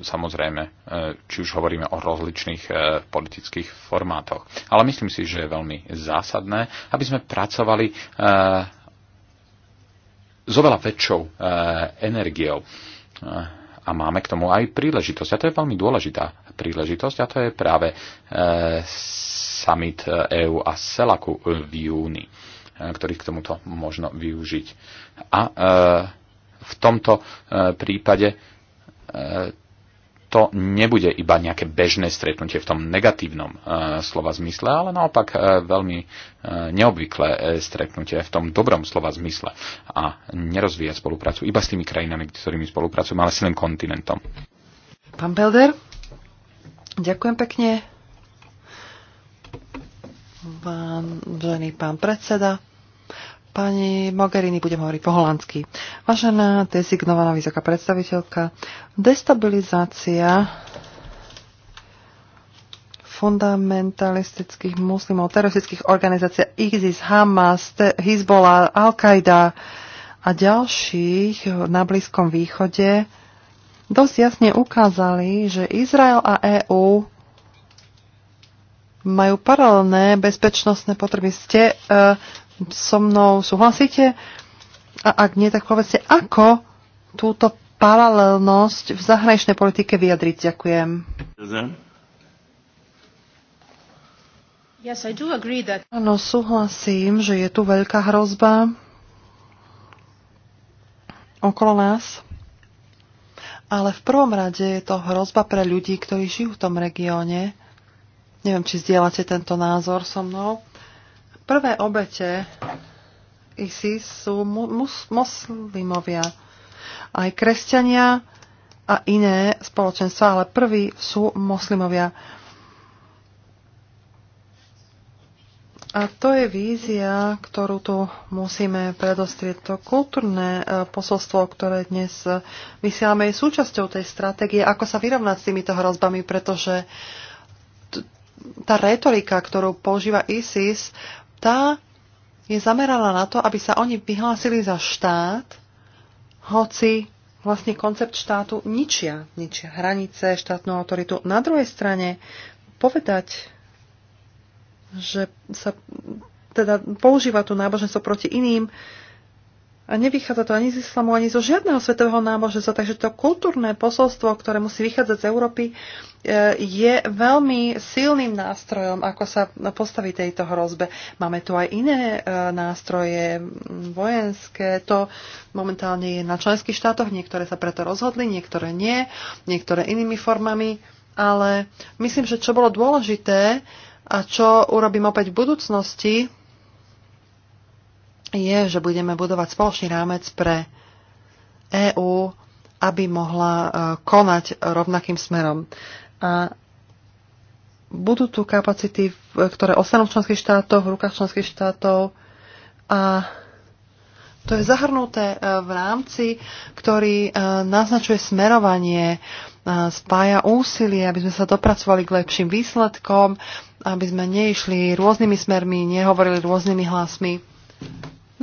Speaker 4: Samozrejme, či už hovoríme o rozličných politických formátoch. Ale myslím si, že je veľmi zásadné, aby sme pracovali s oveľa väčšou energiou a máme k tomu aj príležitosť. A to je veľmi dôležitá príležitosť a to je práve e, summit EU e a Selaku v júni, e, ktorý k tomuto možno využiť. A e, v tomto e, prípade e, to nebude iba nejaké bežné stretnutie v tom negatívnom e, slova zmysle, ale naopak e, veľmi e, neobvyklé e, stretnutie v tom dobrom slova zmysle a nerozvíja spoluprácu iba s tými krajinami, s ktorými spolupracujeme, ale s celým kontinentom.
Speaker 3: Pán Belder, ďakujem pekne. Vážený pán predseda, Pani Mogherini, budem hovoriť po holandsky. Vážená dezignovaná vysoká predstaviteľka, destabilizácia fundamentalistických muslimov, teroristických organizácií ISIS, Hamas, Hezbollah, Al-Qaida a ďalších na Blízkom východe dosť jasne ukázali, že Izrael a EÚ majú paralelné bezpečnostné potreby. Ste uh, so mnou súhlasíte? A ak nie, tak povedzte, ako túto paralelnosť v zahraničnej politike vyjadriť. Ďakujem. Áno, súhlasím, že je tu veľká hrozba okolo nás. Ale v prvom rade je to hrozba pre ľudí, ktorí žijú v tom regióne. Neviem, či zdieľate tento názor so mnou. Prvé obete ISIS sú mus, moslimovia, aj kresťania a iné spoločenstva, ale prví sú moslimovia. A to je vízia, ktorú tu musíme predostrieť. To kultúrne e, posolstvo, ktoré dnes e, vysielame, je súčasťou tej stratégie, ako sa vyrovnať s týmito hrozbami, pretože tá retorika, ktorú používa ISIS, tá je zamerala na to, aby sa oni vyhlásili za štát, hoci vlastne koncept štátu ničia, ničia hranice, štátnu autoritu. Na druhej strane povedať, že sa teda používa tu náboženstvo proti iným a nevychádza to ani z islamu, ani zo žiadneho svetového náboženstva, takže to kultúrne posolstvo, ktoré musí vychádzať z Európy, e, je veľmi silným nástrojom, ako sa postaví tejto hrozbe. Máme tu aj iné e, nástroje vojenské, to momentálne je na členských štátoch, niektoré sa preto rozhodli, niektoré nie, niektoré inými formami, ale myslím, že čo bolo dôležité a čo urobím opäť v budúcnosti, je, že budeme budovať spoločný rámec pre EÚ, aby mohla e, konať rovnakým smerom. A budú tu kapacity, ktoré ostanú v členských štátoch, v rukách členských štátov a to je zahrnuté e, v rámci, ktorý e, naznačuje smerovanie, spája úsilie, aby sme sa dopracovali k lepším výsledkom, aby sme neišli rôznymi smermi, nehovorili rôznymi hlasmi.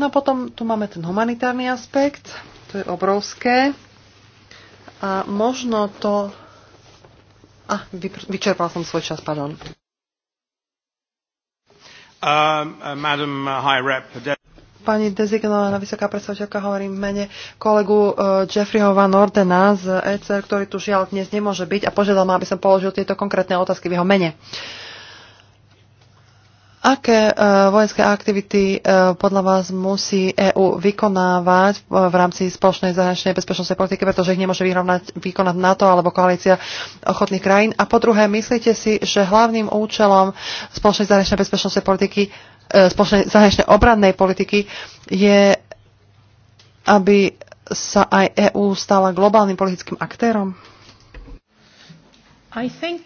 Speaker 3: No a potom tu máme ten humanitárny aspekt, to je obrovské. A možno to... A, vyčerpal som svoj čas, pardon.
Speaker 2: Um, uh,
Speaker 3: Pani dezignovaná vysoká predstaviteľka hovorí v mene kolegu uh, Jeffreyho Van Ordena z ECR, ktorý tu žiaľ dnes nemôže byť a požiadal ma, aby som položil tieto konkrétne otázky v jeho mene. Uh, Aké e, vojenské aktivity e, podľa vás musí EÚ vykonávať e, v rámci spoločnej zahraničnej bezpečnostnej politiky, pretože ich nemôže vyrovnať, vykonať NATO alebo koalícia ochotných krajín? A po druhé, myslíte si, že hlavným účelom spoločnej zahraničnej bezpečnostnej politiky, spoločnej zahraničnej obrannej politiky je, aby sa aj EÚ stala globálnym politickým aktérom? I think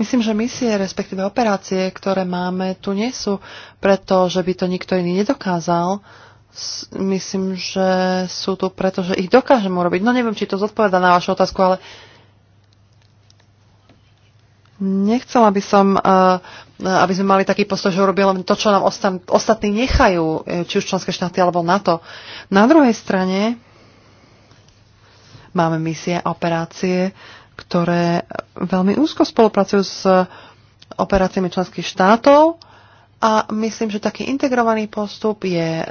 Speaker 3: Myslím, že misie, respektíve operácie, ktoré máme, tu nie sú preto, že by to nikto iný nedokázal. Myslím, že sú tu preto, že ich dokážem urobiť. No neviem, či to zodpoveda na vašu otázku, ale Nechcela by som, eh, aby sme mali taký postoj, že urobíme len to, čo nám ostatní nechajú, eh, či už členské štáty alebo NATO. Na druhej strane máme misie, operácie, ktoré veľmi úzko spolupracujú s operáciami členských štátov a myslím, že taký integrovaný postup je e,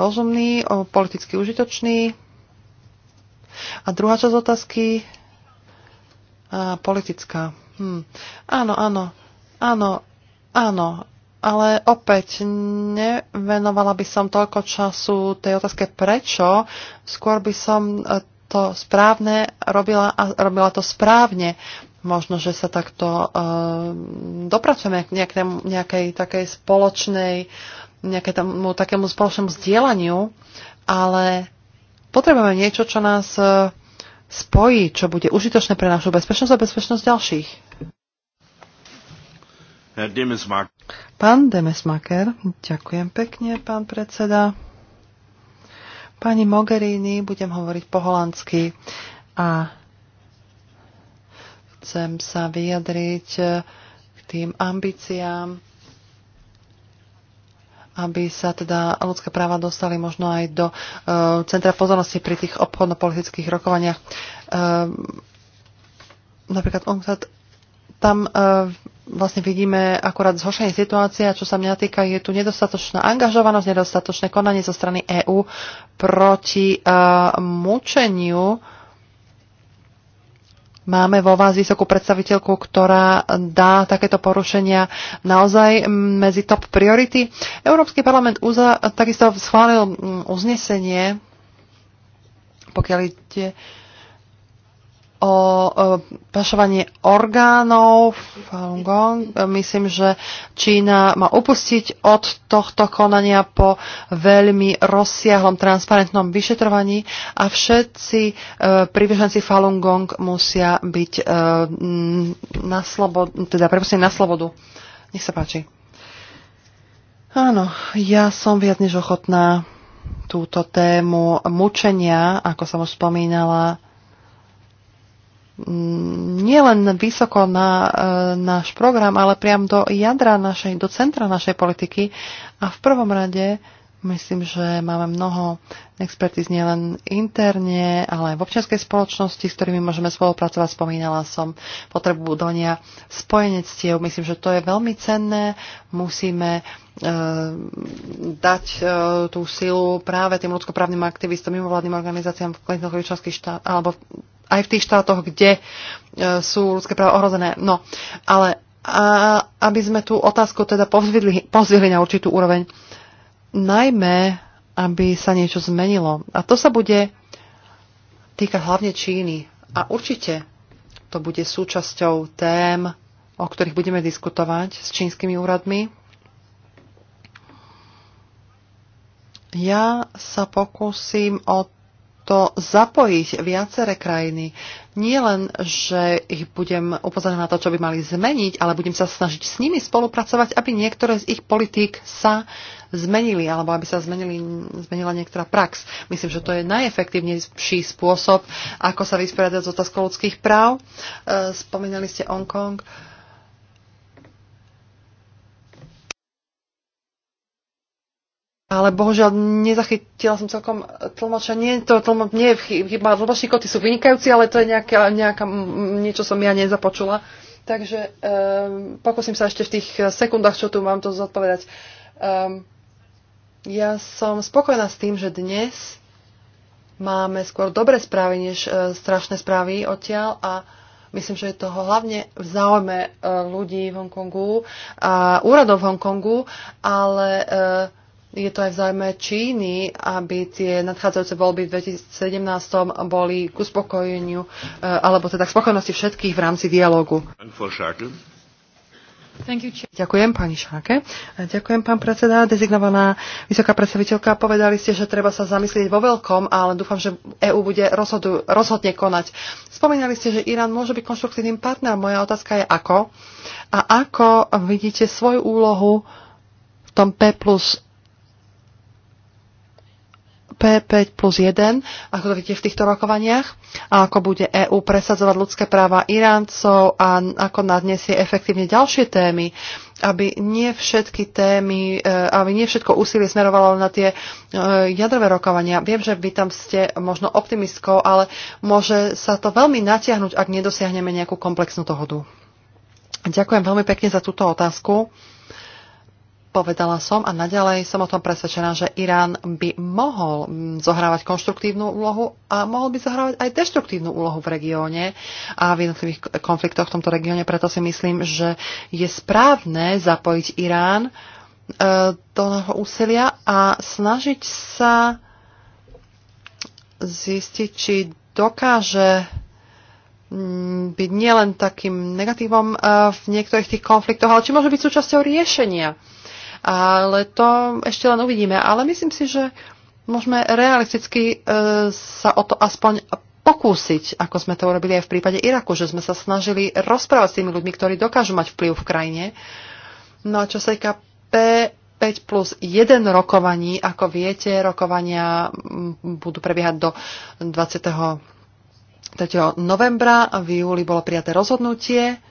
Speaker 3: rozumný, politicky užitočný. A druhá časť otázky, a e, politická. Hm. Áno, áno, áno, áno, ale opäť nevenovala by som toľko času tej otázke prečo, skôr by som e, to správne, robila, a robila to správne. Možno, že sa takto e, dopracujeme k nejakému, nejakej takej spoločnej, nejakému takému spoločnému vzdielaniu, ale potrebujeme niečo, čo nás e, spojí, čo bude užitočné pre našu bezpečnosť a bezpečnosť ďalších. Pán Demesmaker, ďakujem pekne, pán predseda. Pani Mogherini, budem hovoriť po holandsky a chcem sa vyjadriť k tým ambíciám, aby sa teda ľudské práva dostali možno aj do uh, centra pozornosti pri tých obchodno-politických rokovaniach. Uh, napríklad UNCTAD tam uh, vlastne vidíme akorát zhoršenie situácie a čo sa mňa týka, je tu nedostatočná angažovanosť, nedostatočné konanie zo strany EÚ proti uh, mučeniu. Máme vo vás vysokú predstaviteľku, ktorá dá takéto porušenia naozaj medzi top priority. Európsky parlament uza, takisto schválil mm, uznesenie, pokiaľ ide uh, o pašovanie orgánov Falun Gong. Myslím, že Čína má upustiť od tohto konania po veľmi rozsiahlom transparentnom vyšetrovaní a všetci e, príbeženci Falun Gong musia byť e, na slobodu, teda prepustení na slobodu. Nech sa páči. Áno, ja som viac než ochotná túto tému mučenia, ako som už spomínala, Mm, nielen vysoko na e, náš program, ale priam do jadra našej, do centra našej politiky. A v prvom rade myslím, že máme mnoho expertíz nielen interne, ale aj v občianskej spoločnosti, s ktorými môžeme spolupracovať. Spomínala som potrebu budovania spojenectiev. Myslím, že to je veľmi cenné. Musíme e, dať e, tú silu práve tým ľudskoprávnym aktivistom, mimovládnym organizáciám v členských štát, alebo aj v tých štátoch, kde e, sú ľudské práva ohrozené. No, ale a, aby sme tú otázku teda pozvihli, na určitú úroveň, najmä, aby sa niečo zmenilo. A to sa bude týka hlavne Číny. A určite to bude súčasťou tém, o ktorých budeme diskutovať s čínskymi úradmi. Ja sa pokúsim o to zapojiť viaceré krajiny. Nie len, že ich budem upozorňovať na to, čo by mali zmeniť, ale budem sa snažiť s nimi spolupracovať, aby niektoré z ich politík sa zmenili, alebo aby sa zmenili, zmenila niektorá prax. Myslím, že to je najefektívnejší spôsob, ako sa vysporiadať s otázkou ľudských práv. E, spomínali ste Hongkong. Kong ale bohužiaľ nezachytila som celkom e, tlmoča. Nie, to tlmo, nie je chyba. Tlmočníkov koty sú vynikajúci, ale to je nejaká, nejaká, niečo som ja nezapočula. Takže um, pokúsim sa ešte v tých e, sekundách, čo tu mám to zodpovedať. Um, ja som spokojná s tým, že dnes máme skôr dobré správy, než uh, strašné správy odtiaľ a myslím, že je toho hlavne v záujme uh, ľudí v Hongkongu a úradov v Hongkongu, ale uh, je to aj v zájme Číny, aby tie nadchádzajúce voľby v 2017 boli k uspokojeniu, e, alebo teda k spokojnosti všetkých v rámci dialogu.
Speaker 2: You,
Speaker 3: Ďakujem, pani Šáke. E, ďakujem, pán predseda. Dezignovaná vysoká predstaviteľka, povedali ste, že treba sa zamyslieť vo veľkom, ale dúfam, že EÚ bude rozhodu, rozhodne konať. Spomínali ste, že Irán môže byť konštruktívnym partnerom. Moja otázka je ako. A ako vidíte svoju úlohu v tom P plus P5 plus 1, ako to vidíte v týchto rokovaniach, a ako bude EÚ presadzovať ľudské práva Iráncov a ako nadnesie efektívne ďalšie témy, aby nie všetky témy, e, aby nie všetko úsilie smerovalo na tie e, jadrové rokovania. Viem, že vy tam ste možno optimistkou, ale môže sa to veľmi natiahnuť, ak nedosiahneme nejakú komplexnú dohodu. Ďakujem veľmi pekne za túto otázku. Povedala som a naďalej som o tom presvedčená, že Irán by mohol mm, zohrávať konštruktívnu úlohu a mohol by zohrávať aj deštruktívnu úlohu v regióne a v jednotlivých konfliktoch v tomto regióne. Preto si myslím, že je správne zapojiť Irán e, do nášho úsilia a snažiť sa zistiť, či dokáže mm, byť nielen takým negatívom e, v niektorých tých konfliktoch, ale či môže byť súčasťou riešenia ale to ešte len uvidíme. Ale myslím si, že môžeme realisticky e, sa o to aspoň pokúsiť, ako sme to urobili aj v prípade Iraku, že sme sa snažili rozprávať s tými ľuďmi, ktorí dokážu mať vplyv v krajine. No a čo sa týka P5 plus 1 rokovaní, ako viete, rokovania budú prebiehať do 20. 3. novembra. V júli bolo prijaté rozhodnutie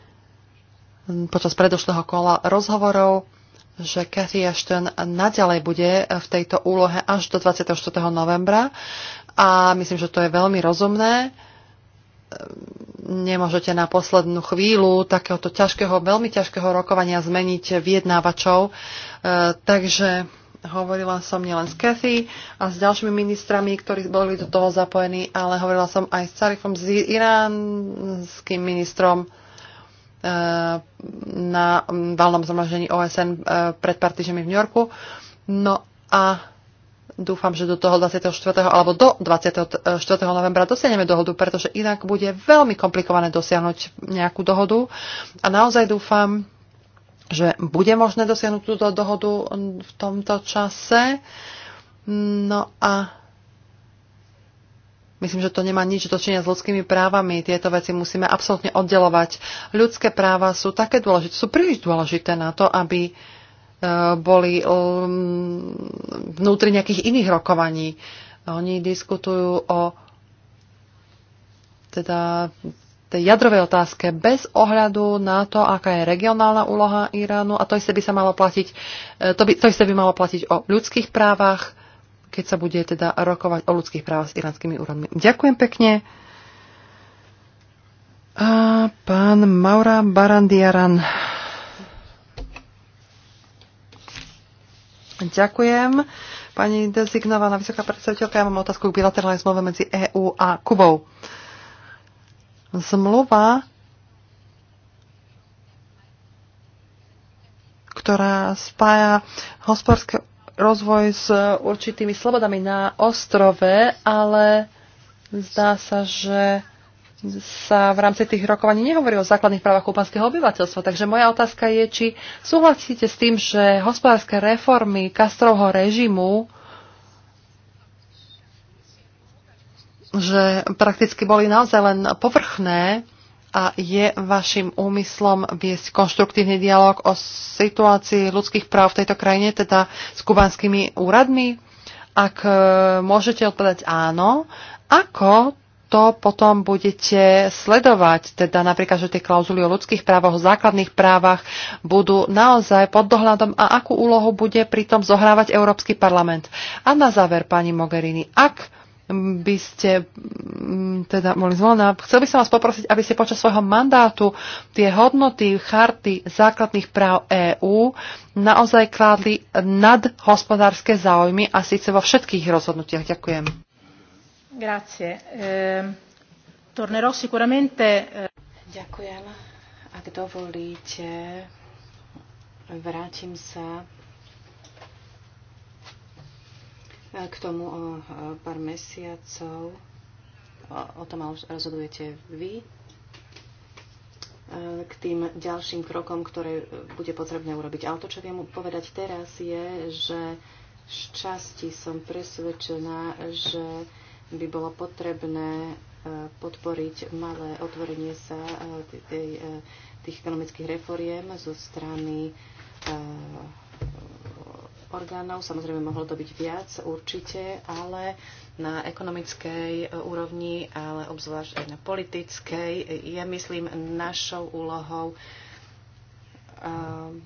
Speaker 3: počas predošlého kola rozhovorov že Cathy Ashton naďalej bude v tejto úlohe až do 24. novembra a myslím, že to je veľmi rozumné. Ehm, nemôžete na poslednú chvíľu takéhoto ťažkého, veľmi ťažkého rokovania zmeniť vyjednávačov. Ehm, takže hovorila som nielen s Cathy a s ďalšími ministrami, ktorí boli do toho zapojení, ale hovorila som aj s Sarifom, s iránským ministrom Eh, na mm, valnom zhromaždení OSN eh, pred pár týždňami v New Yorku. No a dúfam, že do toho 24. alebo do 24. novembra dosiahneme dohodu, pretože inak bude veľmi komplikované dosiahnuť nejakú dohodu. A naozaj dúfam, že bude možné dosiahnuť túto dohodu v tomto čase. No a Myslím, že to nemá nič dočenia s ľudskými právami. Tieto veci musíme absolútne oddelovať. Ľudské práva sú také dôležité, sú príliš dôležité na to, aby e, boli mm, vnútri nejakých iných rokovaní. Oni diskutujú o teda tej jadrovej otázke bez ohľadu na to, aká je regionálna úloha Iránu a to isté by sa malo platiť, e, to, by, to isté by malo platiť o ľudských právach, keď sa bude teda rokovať o ľudských právach s iránskymi úradmi. Ďakujem pekne. A pán Maura Barandiaran. Ďakujem. Pani dezignovaná vysoká predstaviteľka, ja mám otázku k bilaterálnej zmluve medzi EÚ a Kubou. Zmluva, ktorá spája hospodárske rozvoj s určitými slobodami na ostrove, ale zdá sa, že sa v rámci tých rokovaní nehovorí o základných právach kubanského obyvateľstva. Takže moja otázka je, či súhlasíte s tým, že hospodárske reformy Castrovho režimu že prakticky boli naozaj len povrchné a je vašim úmyslom viesť konštruktívny dialog o situácii ľudských práv v tejto krajine, teda s kubanskými úradmi? Ak e, môžete odpovedať áno, ako to potom budete sledovať, teda napríklad, že tie klauzuly o ľudských právoch, o základných právach budú naozaj pod dohľadom a akú úlohu bude pritom zohrávať Európsky parlament. A na záver, pani Mogherini, ak by ste mm, teda boli zvolená. Chcel by som vás poprosiť, aby ste počas svojho mandátu tie hodnoty charty základných práv EÚ naozaj kládli nad hospodárske záujmy a síce vo všetkých rozhodnutiach. Ďakujem.
Speaker 2: Grazie. E, tornerò sicuramente... Eh, Ďakujem. Ak dovolíte, vrátim sa
Speaker 1: K tomu o pár mesiacov o tom rozhodujete vy e, k tým ďalším krokom, ktoré bude potrebné urobiť. Ale to, čo viem povedať teraz, je, že z časti som presvedčená, že by bolo potrebné e, podporiť malé otvorenie sa e, tých ekonomických reforiem zo strany orgánov. Samozrejme, mohlo to byť viac určite, ale na ekonomickej e, úrovni, ale obzvlášť aj na politickej, je, myslím, našou úlohou ehm,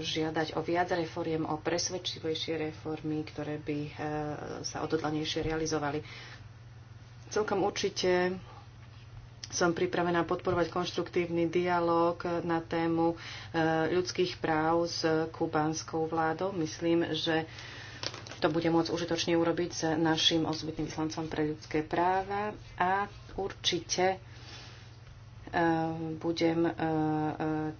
Speaker 1: žiadať o viac reforiem, o presvedčivejšie reformy, ktoré by e, sa odhodlanejšie realizovali. Celkom určite som pripravená podporovať konštruktívny dialog na tému e, ľudských práv s kubánskou vládou. Myslím, že to bude môcť užitočne urobiť s našim osobitným vyslancom pre ľudské práva a určite e, budem e,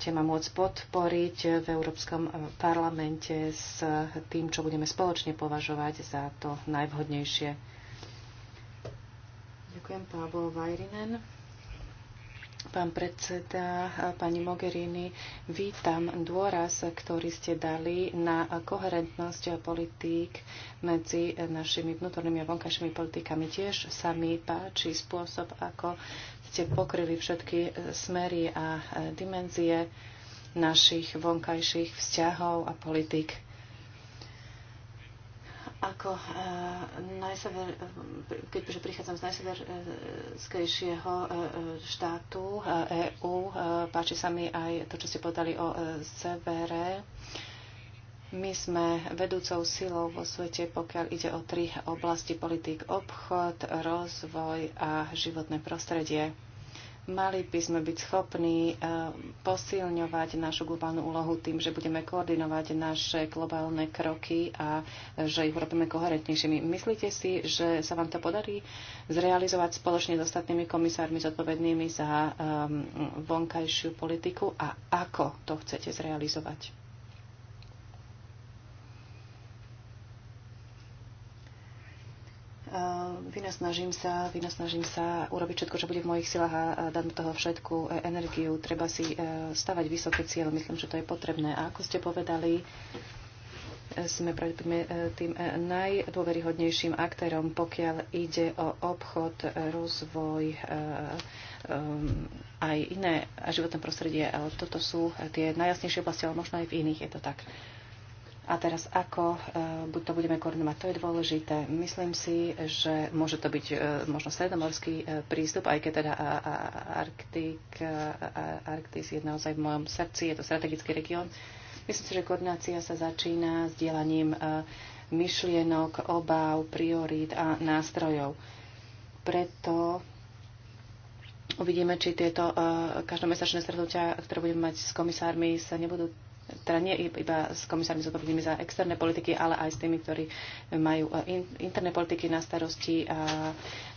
Speaker 1: téma môcť podporiť v Európskom parlamente s tým, čo budeme spoločne považovať za to najvhodnejšie. Ďakujem Pavlo Vajrinen. Pán predseda, pani Mogherini, vítam dôraz, ktorý ste dali na koherentnosť politík medzi našimi vnútornými a vonkajšími politikami. Tiež sa mi páči spôsob, ako ste pokryli všetky smery a dimenzie našich vonkajších vzťahov a politík ako eh, najsever, eh, keďže prichádzam z najseverskejšieho eh, štátu EÚ, e páči sa mi aj to, čo ste povedali o severe. My sme vedúcou silou vo svete, pokiaľ ide o tri oblasti politik, obchod, rozvoj a životné prostredie. Mali by sme byť schopní eh, posilňovať našu globálnu úlohu tým, že budeme koordinovať naše globálne kroky a eh, že ich urobíme koherentnejšími. Myslíte si, že sa vám to podarí zrealizovať spoločne s ostatnými komisármi zodpovednými za ehm, vonkajšiu politiku a ako to chcete zrealizovať? Ehm, vynasnažím sa, vynasnažím sa urobiť všetko, čo bude v mojich silách a dať do toho všetku e, energiu. Treba si e, stavať vysoké cieľe, myslím, že to je potrebné. A ako ste povedali, e, sme pravdepodobne tým najdôveryhodnejším aktérom, pokiaľ ide o obchod, rozvoj, aj iné životné prostredie. Ale toto sú tie najjasnejšie oblasti, ale možno aj v iných je to tak. A teraz ako e, buď to budeme koordinovať, to je dôležité. Myslím si, že môže to byť e, možno stredomorský e, prístup, aj keď teda Arktik, Arktis je naozaj v mojom srdci, je to strategický región. Myslím si, že koordinácia sa začína s dielaním myšlienok, obáv, priorít a nástrojov. Preto uvidíme, či tieto každomesačné stretnutia, ktoré budeme mať s komisármi, sa nebudú teda nie iba s komisármi zodpovednými za externé politiky, ale aj s tými, ktorí majú e, in, interné politiky na starosti, a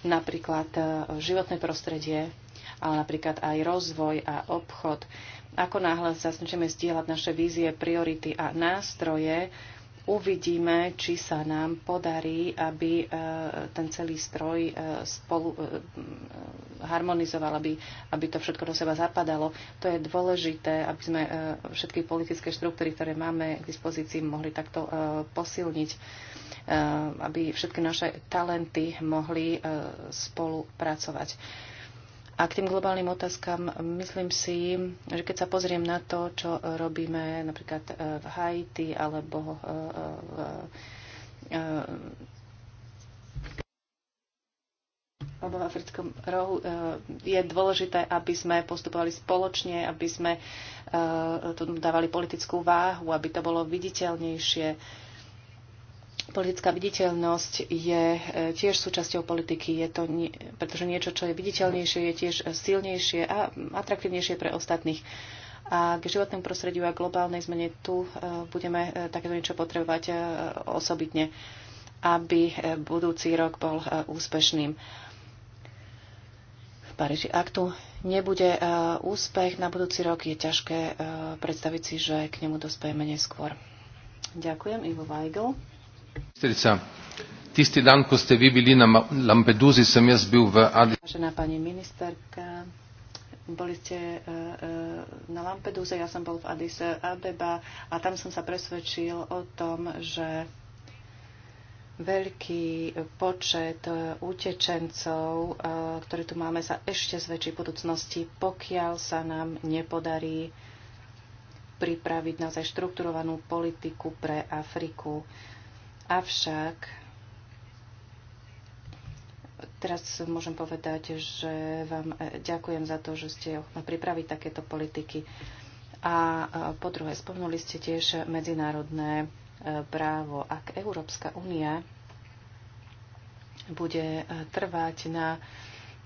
Speaker 1: napríklad e, životné prostredie, ale napríklad aj rozvoj a obchod. Ako náhle sa snažíme zdieľať naše vízie, priority a nástroje, uvidíme, či sa nám podarí, aby e, ten celý stroj e, spolu e, harmonizoval, aby, aby to všetko do seba zapadalo. To je dôležité, aby sme všetky politické štruktúry, ktoré máme k dispozícii, mohli takto posilniť, aby všetky naše talenty mohli spolupracovať. A k tým globálnym otázkam myslím si, že keď sa pozriem na to, čo robíme napríklad e, v Haiti alebo e, e, v, alebo v africkom rohu, je dôležité, aby sme postupovali spoločne, aby sme to dávali politickú váhu, aby to bolo viditeľnejšie Politická viditeľnosť je e, tiež súčasťou politiky, je to, pretože niečo, čo je viditeľnejšie, je tiež silnejšie a atraktívnejšie pre ostatných. A k životnému prostrediu a globálnej zmene tu e, budeme e, takéto niečo potrebovať osobitne, aby budúci rok bol úspešným. V Paríži. Ak tu nebude úspech na budúci rok, je ťažké predstaviť si, že k nemu dospejeme neskôr. Ďakujem, Ivo Weigl
Speaker 4: tisti dan, ko ste vi bili na Lampeduzi, sem jaz bil v Adi.
Speaker 1: Vážená pani ministerka, boli ste e, e, na Lampeduze, ja som bol v Addis Abeba a tam som sa presvedčil o tom, že veľký počet e, utečencov, ktorý tu máme, sa ešte zväčší v budúcnosti, pokiaľ sa nám nepodarí pripraviť naozaj zaštrukturovanú politiku pre Afriku. Avšak teraz môžem povedať, že vám e, ďakujem za to, že ste ochotná pripraviť takéto politiky. A e, po druhé, spomnuli ste tiež medzinárodné e, právo. Ak Európska únia bude trvať na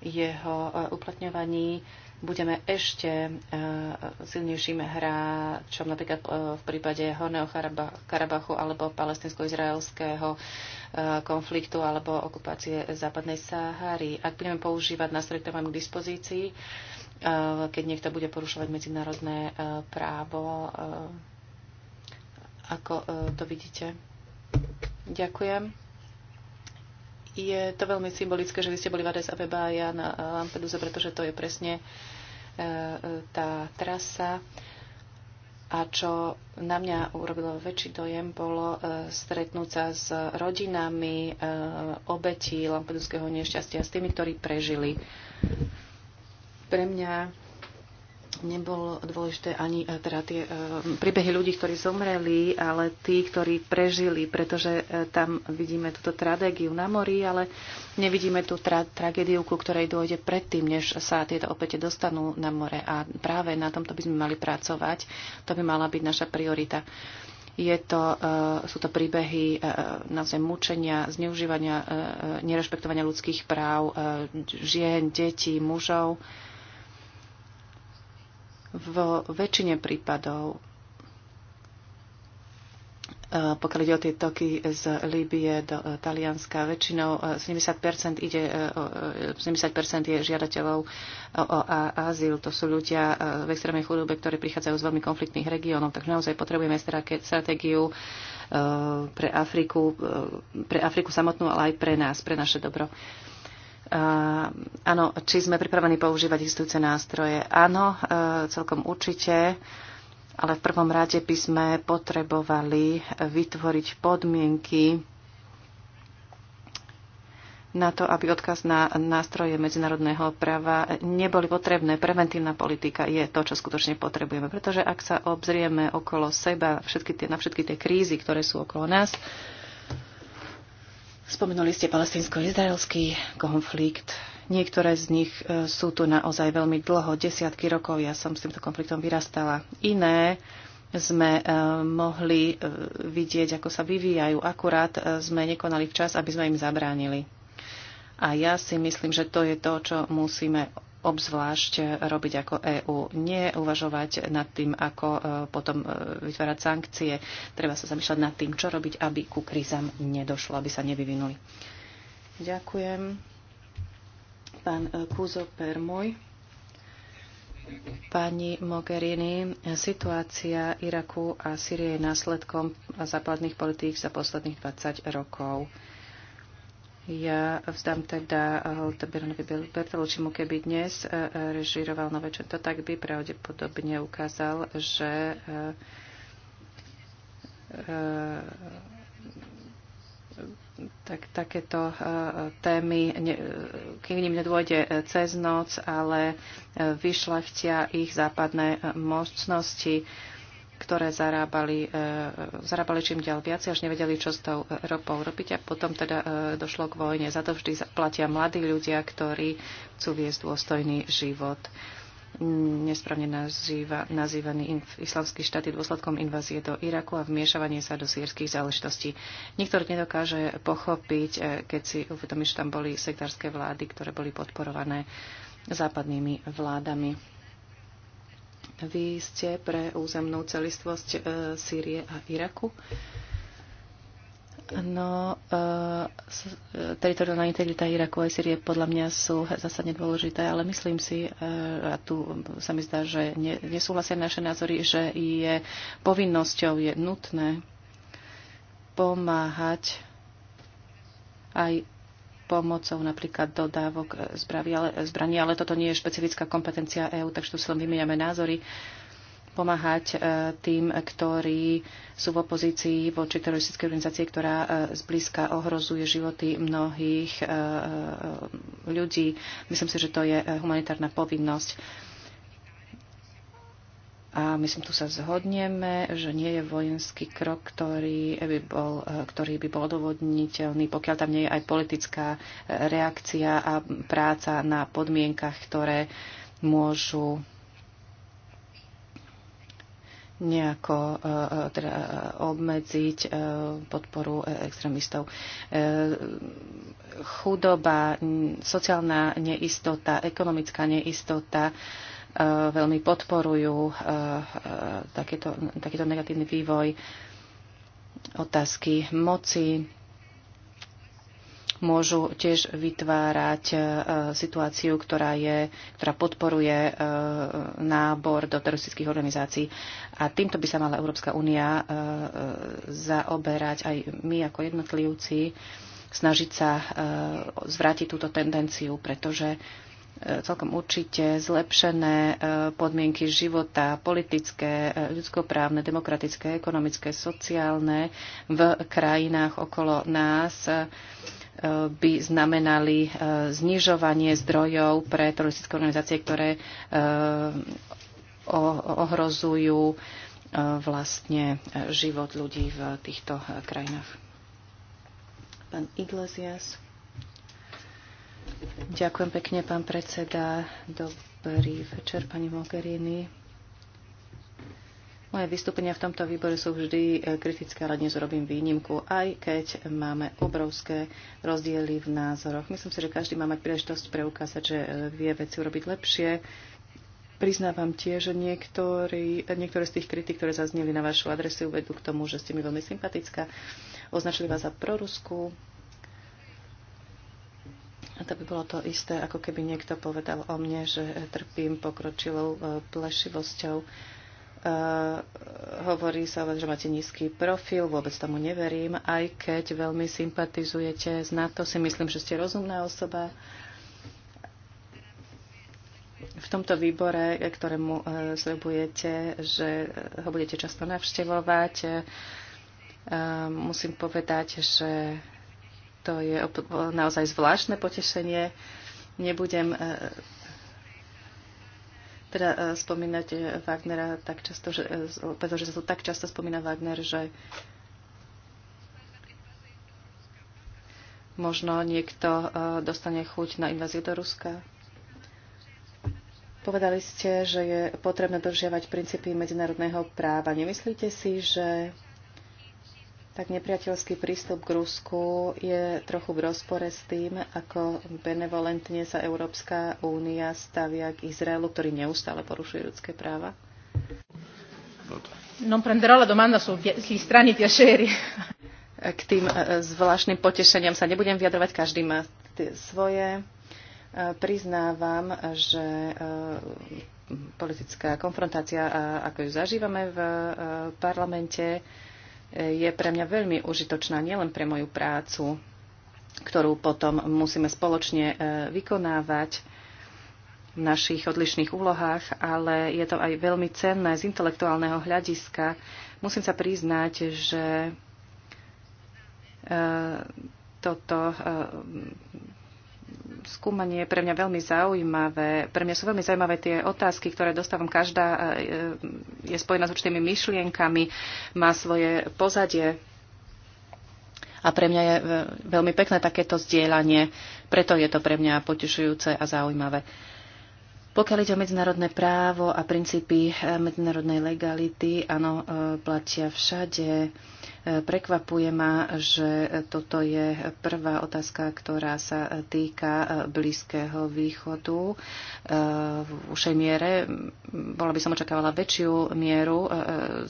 Speaker 1: jeho uplatňovaní, budeme ešte e, silnejším hráčom, napríklad e, v prípade Horného Karabachu alebo palestinsko-izraelského e, konfliktu alebo okupácie západnej Sahary. Ak budeme používať nástroje, ktoré máme k dispozícii, keď niekto bude porušovať medzinárodné právo, ako to vidíte. Ďakujem je to veľmi symbolické, že vy ste boli v Addis Abeba a ja na Lampeduze, pretože to je presne e, tá trasa. A čo na mňa urobilo väčší dojem, bolo e, stretnúť sa s rodinami e, obetí lampeduského nešťastia, s tými, ktorí prežili. Pre mňa nebolo dôležité ani e, teda tie e, príbehy ľudí, ktorí zomreli, ale tí, ktorí prežili, pretože e, tam vidíme túto tragédiu na mori, ale nevidíme tú tra- tragédiu, ku ktorej dôjde predtým, než sa tieto opäte dostanú na more. A práve na tomto by sme mali pracovať. To by mala byť naša priorita. Je to, sú to príbehy naozaj mučenia, zneužívania, nerešpektovania ľudských práv žien, detí, mužov. Vo väčšine prípadov, e, pokiaľ ide o tie toky z Líbie do e, Talianska, väčšinou 70%, e, ide, 70% je žiadateľov o azyl. To sú ľudia v extrémnej chudobe, ktorí prichádzajú z veľmi konfliktných regiónov. Takže naozaj potrebujeme stratégiu pre Afriku, pre Afriku samotnú, ale aj pre nás, pre naše dobro. Uh, áno, či sme pripravení používať existujúce nástroje. Áno, e, celkom určite, ale v prvom rade by sme potrebovali e, vytvoriť podmienky na to, aby odkaz na nástroje medzinárodného práva neboli potrebné. Preventívna politika je to, čo skutočne potrebujeme, pretože ak sa obzrieme okolo seba všetky tie, na všetky tie krízy, ktoré sú okolo nás, uh, Spomenuli ste palestínsko-izraelský konflikt. Niektoré z nich e, sú tu naozaj veľmi dlho, desiatky rokov. Ja som s týmto konfliktom vyrastala. Iné sme e, mohli e, vidieť, ako sa vyvíjajú. Akurát sme nekonali včas, aby sme im zabránili. A ja si myslím, že to je to, čo musíme obzvlášť robiť ako EÚ. Nie uvažovať nad tým, ako e, potom e, vytvárať sankcie. Treba sa zamýšľať nad tým, čo robiť, aby ku krízam nedošlo, aby sa nevyvinuli. Ďakujem. Pán e, Kúzo Permoj. Pani Mogherini, situácia Iraku a Syrie je následkom západných politík za posledných 20 rokov. Ja vzdám teda Taberonovi Bertolučimu, keby dnes e, e, režíroval nové večer, to tak by pravdepodobne ukázal, že e, tak, takéto témy, keď k ním nedôjde cez noc, ale vyšlachtia ich západné mocnosti ktoré zarábali, e, zarábali čím ďal viac, až nevedeli, čo s tou ropou robiť a potom teda e, došlo k vojne. Za to vždy platia mladí ľudia, ktorí chcú viesť dôstojný život. Mm, nesprávne nazýva, nazývaný islamský štát je dôsledkom invázie do Iraku a vmiešavanie sa do sírskych záležitostí. Niektorý nedokáže pochopiť, e, keď si uvedomí, že tam boli sektárske vlády, ktoré boli podporované západnými vládami. Vy ste pre územnú celistvosť e, Sýrie a Iraku. No, e, e, teritoriálna integrita Iraku a Sýrie podľa mňa sú zásadne dôležité, ale myslím si, e, a tu sa mi zdá, že ne, nesúhlasia naše názory, že je povinnosťou, je nutné pomáhať aj pomocou napríklad dodávok e, zbraní, ale, e, zbraní, ale toto nie je špecifická kompetencia EÚ, takže tu si len vymieňame názory pomáhať e, tým, ktorí sú v opozícii voči teroristickej organizácii, ktorá zblízka ohrozuje životy mnohých ľudí. Myslím si, že to je humanitárna povinnosť a myslím, tu sa zhodneme, že nie je vojenský krok, ktorý by bol, e, ktorý by bol odôvodniteľný, pokiaľ tam nie je aj politická e, reakcia a práca na podmienkach, ktoré môžu nejako e, teda obmedziť podporu extrémistov. Chudoba, sociálna neistota, ekonomická neistota, Eh, veľmi podporujú eh, eh, takýto, takýto negatívny vývoj otázky moci môžu tiež vytvárať situáciu, ktorá, je, ktorá podporuje nábor do teroristických organizácií. A týmto by sa mala Európska únia zaoberať aj my ako jednotlivci, snažiť sa zvrátiť túto tendenciu, pretože E, celkom určite zlepšené e, podmienky života, politické, e, ľudskoprávne, demokratické, ekonomické, sociálne v krajinách okolo nás by znamenali znižovanie zdrojov pre teroristické organizácie, ktoré ohrozujú vlastne život ľudí v týchto krajinách. Pán Iglesias. Ďakujem pekne, pán predseda. Dobrý večer, pani Mogherini. Moje vystúpenia v tomto výbore sú vždy e, kritické, ale dnes robím výnimku, aj keď máme obrovské rozdiely v názoroch. Myslím si, že každý má mať príležitosť preukázať, že e, vie veci urobiť lepšie. Priznávam tie, že niektorí, e, niektoré z tých kritik, ktoré zazneli na vašu adresu, vedú k tomu, že ste mi veľmi sympatická. Označili vás za proruskú, a to by bolo to isté, ako keby niekto povedal o mne, že trpím pokročilou e, plešivosťou. E, hovorí sa o vás, že máte nízky profil, vôbec tomu neverím, aj keď veľmi sympatizujete s NATO, si myslím, že ste rozumná osoba. V tomto výbore, e, ktorému uh, že ho budete často navštevovať, musím povedať, že to je naozaj zvláštne potešenie. Nebudem e, teda e, spomínať e, Wagnera tak často, že, pretože sa tu tak často spomína Wagner, že možno niekto dostane chuť na inváziu do Ruska. Povedali ste, že je potrebné dodržiavať princípy medzinárodného práva. Nemyslíte si, že tak nepriateľský prístup k Rusku je trochu v rozpore s tým, ako benevolentne sa Európska únia stavia k Izraelu, ktorý neustále porušuje ľudské práva?
Speaker 2: Non prenderò la domanda sugli strani piaceri. K tým e,
Speaker 1: zvláštnym potešeniam sa nebudem vyjadrovať, každý má svoje. E, priznávam, že e, politická konfrontácia, ako ju zažívame v parlamente, je pre mňa veľmi užitočná nielen pre moju prácu, ktorú potom musíme spoločne e, vykonávať v našich odlišných úlohách, ale je to aj veľmi cenné z intelektuálneho hľadiska. Musím sa priznať, že e, toto e, skúmanie je pre mňa veľmi zaujímavé. Pre mňa sú veľmi zaujímavé tie otázky, ktoré dostávam. Každá e, e, je spojená s určitými myšlienkami, má svoje pozadie. A pre mňa je e, veľmi pekné takéto zdieľanie, preto je to pre mňa potešujúce a zaujímavé. Pokiaľ ide o medzinárodné právo a princípy eh, medzinárodnej legality, áno, eh, platia všade. Eh, prekvapuje ma, že toto je prvá otázka, ktorá sa týka Blízkeho východu. V ušej miere, bola by som očakávala väčšiu mieru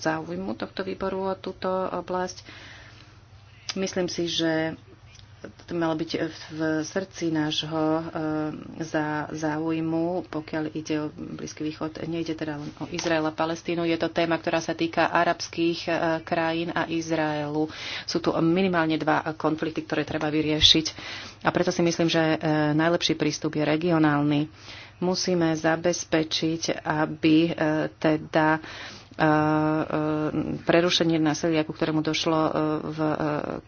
Speaker 1: záujmu tohto výboru o túto oblasť. Myslím si, že to malo byť v srdci nášho eh, za záujmu, pokiaľ ide o Blízky východ. Nejde teda len o Izrael a Palestínu, je to téma, ktorá sa týka arabských eh, krajín a Izraelu. Sú tu minimálne dva konflikty, ktoré treba vyriešiť. A preto si myslím, že eh, najlepší prístup je regionálny. Musíme zabezpečiť, aby teda prerušenie násilia, ku ktorému došlo e, v e,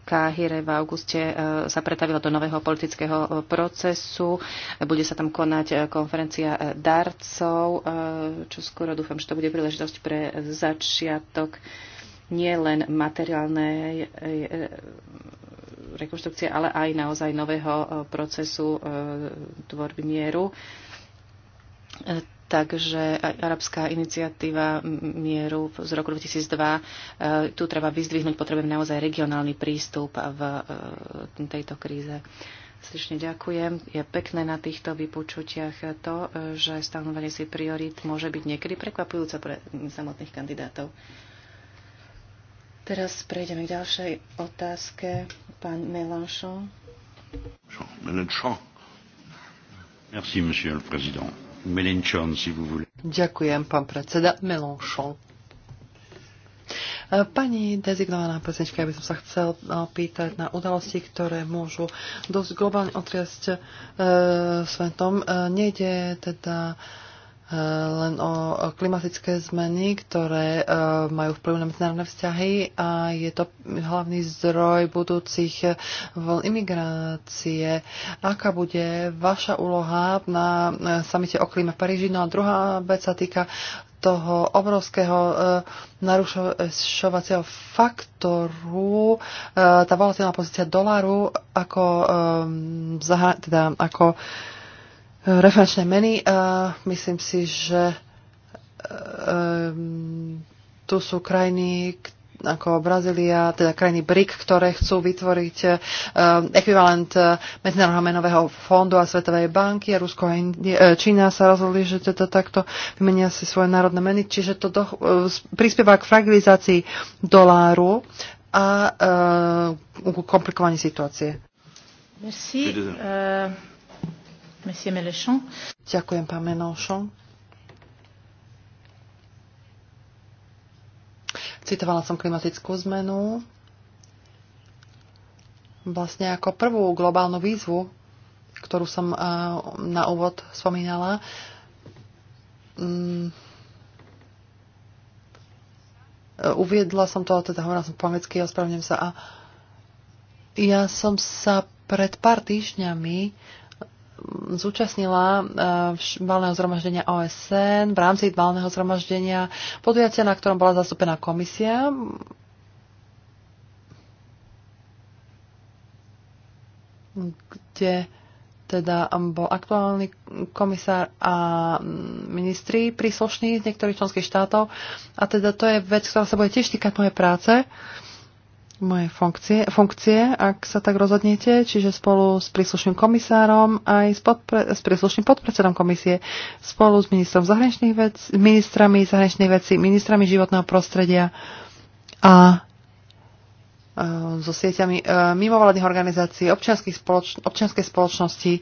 Speaker 1: Káhire v auguste, e, sa pretavilo do nového politického procesu. Bude sa tam konať konferencia darcov, čo skoro dúfam, že to bude príležitosť pre začiatok nie len materiálnej rekonštrukcie, ale aj naozaj nového procesu tvorby mieru Takže arabská iniciatíva mieru z roku 2002, e, tu treba vyzdvihnúť, potrebujem naozaj regionálny prístup v e, tejto kríze. Slične ďakujem. Je pekné na týchto vypočutiach to, e, že stanovanie si priorít môže byť niekedy prekvapujúce pre samotných kandidátov. Teraz prejdeme k ďalšej otázke. Pán Mélenchon.
Speaker 4: Mélenchon. Merci, monsieur le président. Mélenchon, si vous voulez.
Speaker 3: Ďakujem, pán predseda Mélenchon. Pani dezignovaná predsednička, ja by som sa chcel no, pýtať na udalosti, ktoré môžu dosť globálne otriasť e, svetom. E, nejde teda e, Eh, len o klimatické zmeny, ktoré eh, majú vplyv na medzinárodné vzťahy a je to hlavný zdroj budúcich eh, vln imigrácie. Aká bude vaša úloha na samite o klíme v Paríži? No a druhá vec sa týka toho obrovského e, narušovacieho faktoru, e, tá volatilná pozícia dolaru ako, e, zahra- teda ako e, referenčné meny. A myslím si, že e, tu sú krajiny ako Brazília, teda krajiny BRIC, ktoré chcú vytvoriť e, ekvivalent e, Medzinárodného menového fondu a Svetovej banky. A Rusko a Indie, Čína sa rozhodli, že teda takto vymenia si svoje národné meny, čiže to do, prispieva k fragilizácii doláru a uh, komplikovaní situácie.
Speaker 2: Merci. Uh... Monsieur Mélenchon. Ďakujem, pán Mélenchon.
Speaker 3: Citovala som klimatickú zmenu vlastne ako prvú globálnu výzvu, ktorú som eh, na úvod spomínala. Mm, uviedla som to, teda hovorila som po anglicky, ospravedlňujem sa. A ja som sa pred pár týždňami zúčastnila eh, valného zhromaždenia OSN v rámci valného zhromaždenia podujatia, na ktorom bola zastúpená komisia. kde teda bol aktuálny komisár a ministri príslušní z niektorých členských štátov. A teda to je vec, ktorá sa bude tiež týkať mojej práce. Uh, moje funkcie, funkcie, ak sa tak rozhodnete, čiže spolu s príslušným komisárom aj s, podpre, s príslušným podpredsedom komisie, spolu s ministrom zahraničných vec, ministrami zahraničných vecí, ministrami životného prostredia a e, so sieťami e, mimovládnych organizácií, občianskej spoloč, občianskej spoločnosti,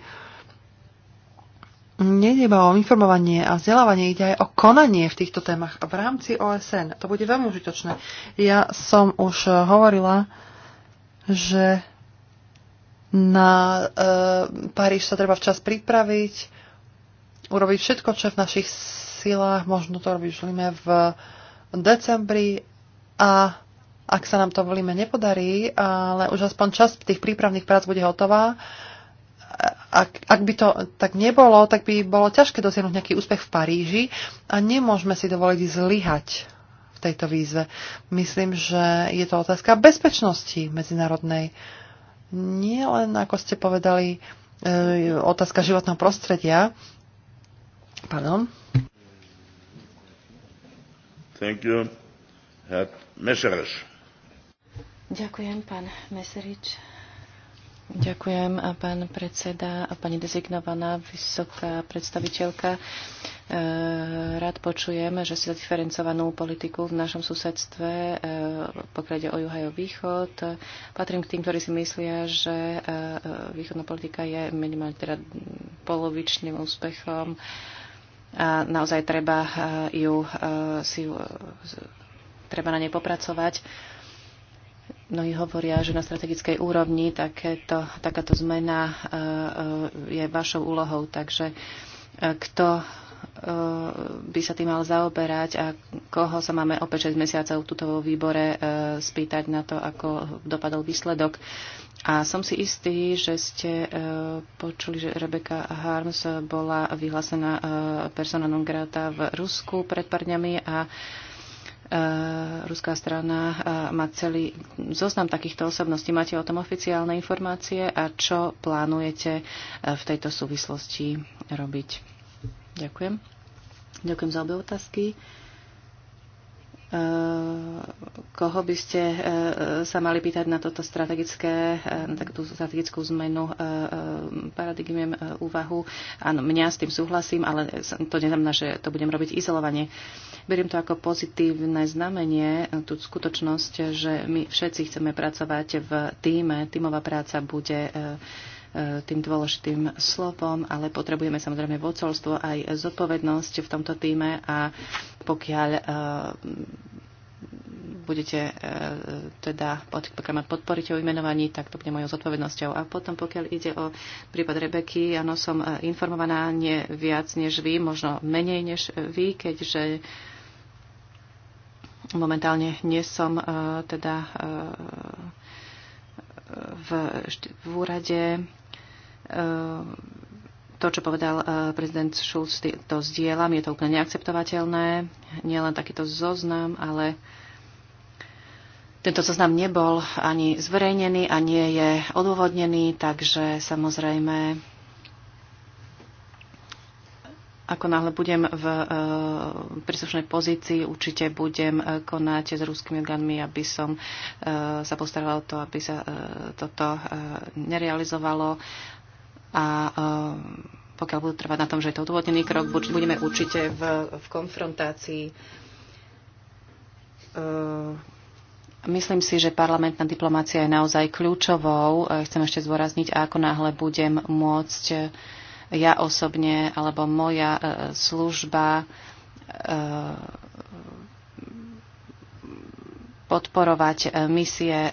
Speaker 3: Nejde iba o informovanie a vzdelávanie, ide aj o konanie v týchto témach v rámci OSN. To bude veľmi užitočné. Ja som už eh, hovorila, že na e, Paríž sa treba včas pripraviť, urobiť všetko, čo je v našich silách, možno to robiť v v decembri a ak sa nám to volíme, nepodarí, ale už aspoň časť tých prípravných prác bude hotová, ak, ak by to tak nebolo, tak by bolo ťažké dosiahnuť nejaký úspech v Paríži a nemôžeme si dovoliť zlyhať v tejto výzve. Myslím, že je to otázka bezpečnosti medzinárodnej. Nie len, ako ste povedali, e, otázka životného prostredia. Pardon.
Speaker 2: Thank you.
Speaker 1: Ďakujem, pán Meserič. Ďakujem, pán predseda a pani dezignovaná vysoká predstaviteľka. E, rád počujem, že si za diferencovanú politiku v našom susedstve, e, pokiaľ ide o juh a o východ, patrím k tým, ktorí si myslia, že e, východná politika je minimálne teda polovičným úspechom a naozaj treba ju, si, treba na nej popracovať. Mnohí hovoria, že na strategickej úrovni takéto, takáto zmena e, e, je vašou úlohou, takže e, kto by sa tým mal zaoberať a koho sa máme opäť 6 mesiacov tuto vo výbore spýtať na to, ako dopadol výsledok. A som si istý, že ste počuli, že Rebecca Harms bola vyhlásená persona non grata v Rusku pred pár dňami a Eh, ruská strana eh, má celý zoznam takýchto osobností. Máte o tom oficiálne informácie a čo plánujete eh, v tejto súvislosti robiť? Ďakujem. Ďakujem za obe otázky. Eh, koho by ste eh, sa mali pýtať na toto strategické, na eh, takú strategickú zmenu paradigmiem úvahu. Áno, mňa s tým súhlasím, ale to neznamená, že to budem robiť izolovanie. Beriem to ako pozitívne znamenie, tú skutočnosť, že my všetci chceme pracovať v týme. Tímová práca bude tým dôležitým slovom, ale potrebujeme samozrejme vocolstvo aj zodpovednosť v tomto týme a pokiaľ eh, budete eh, teda, pokiaľ ma podporíte o vymenovaní, tak to bude mojou zodpovednosťou. A potom, pokiaľ ide o prípad Rebeky, áno, som eh, informovaná nie viac než vy, možno menej než vy, keďže momentálne nie som teda v, v úrade e, to, čo povedal e, prezident Schulz, to zdieľam, je to úplne neakceptovateľné. Nielen takýto zoznam, ale tento zoznam nebol ani zverejnený a nie je odôvodnený, takže samozrejme ako náhle budem v e, príslušnej pozícii, určite budem e, konať s ruskými orgánmi, aby som e, sa postarala o to, aby sa toto nerealizovalo. A pokiaľ budú trvať na tom, že je to odvodnený krok, budeme určite v, v konfrontácii. Myslím si, že parlamentná diplomácia je naozaj kľúčovou. Chcem ešte zvorazniť, ako náhle budem môcť ja osobne alebo moja e, služba e, podporovať e, misie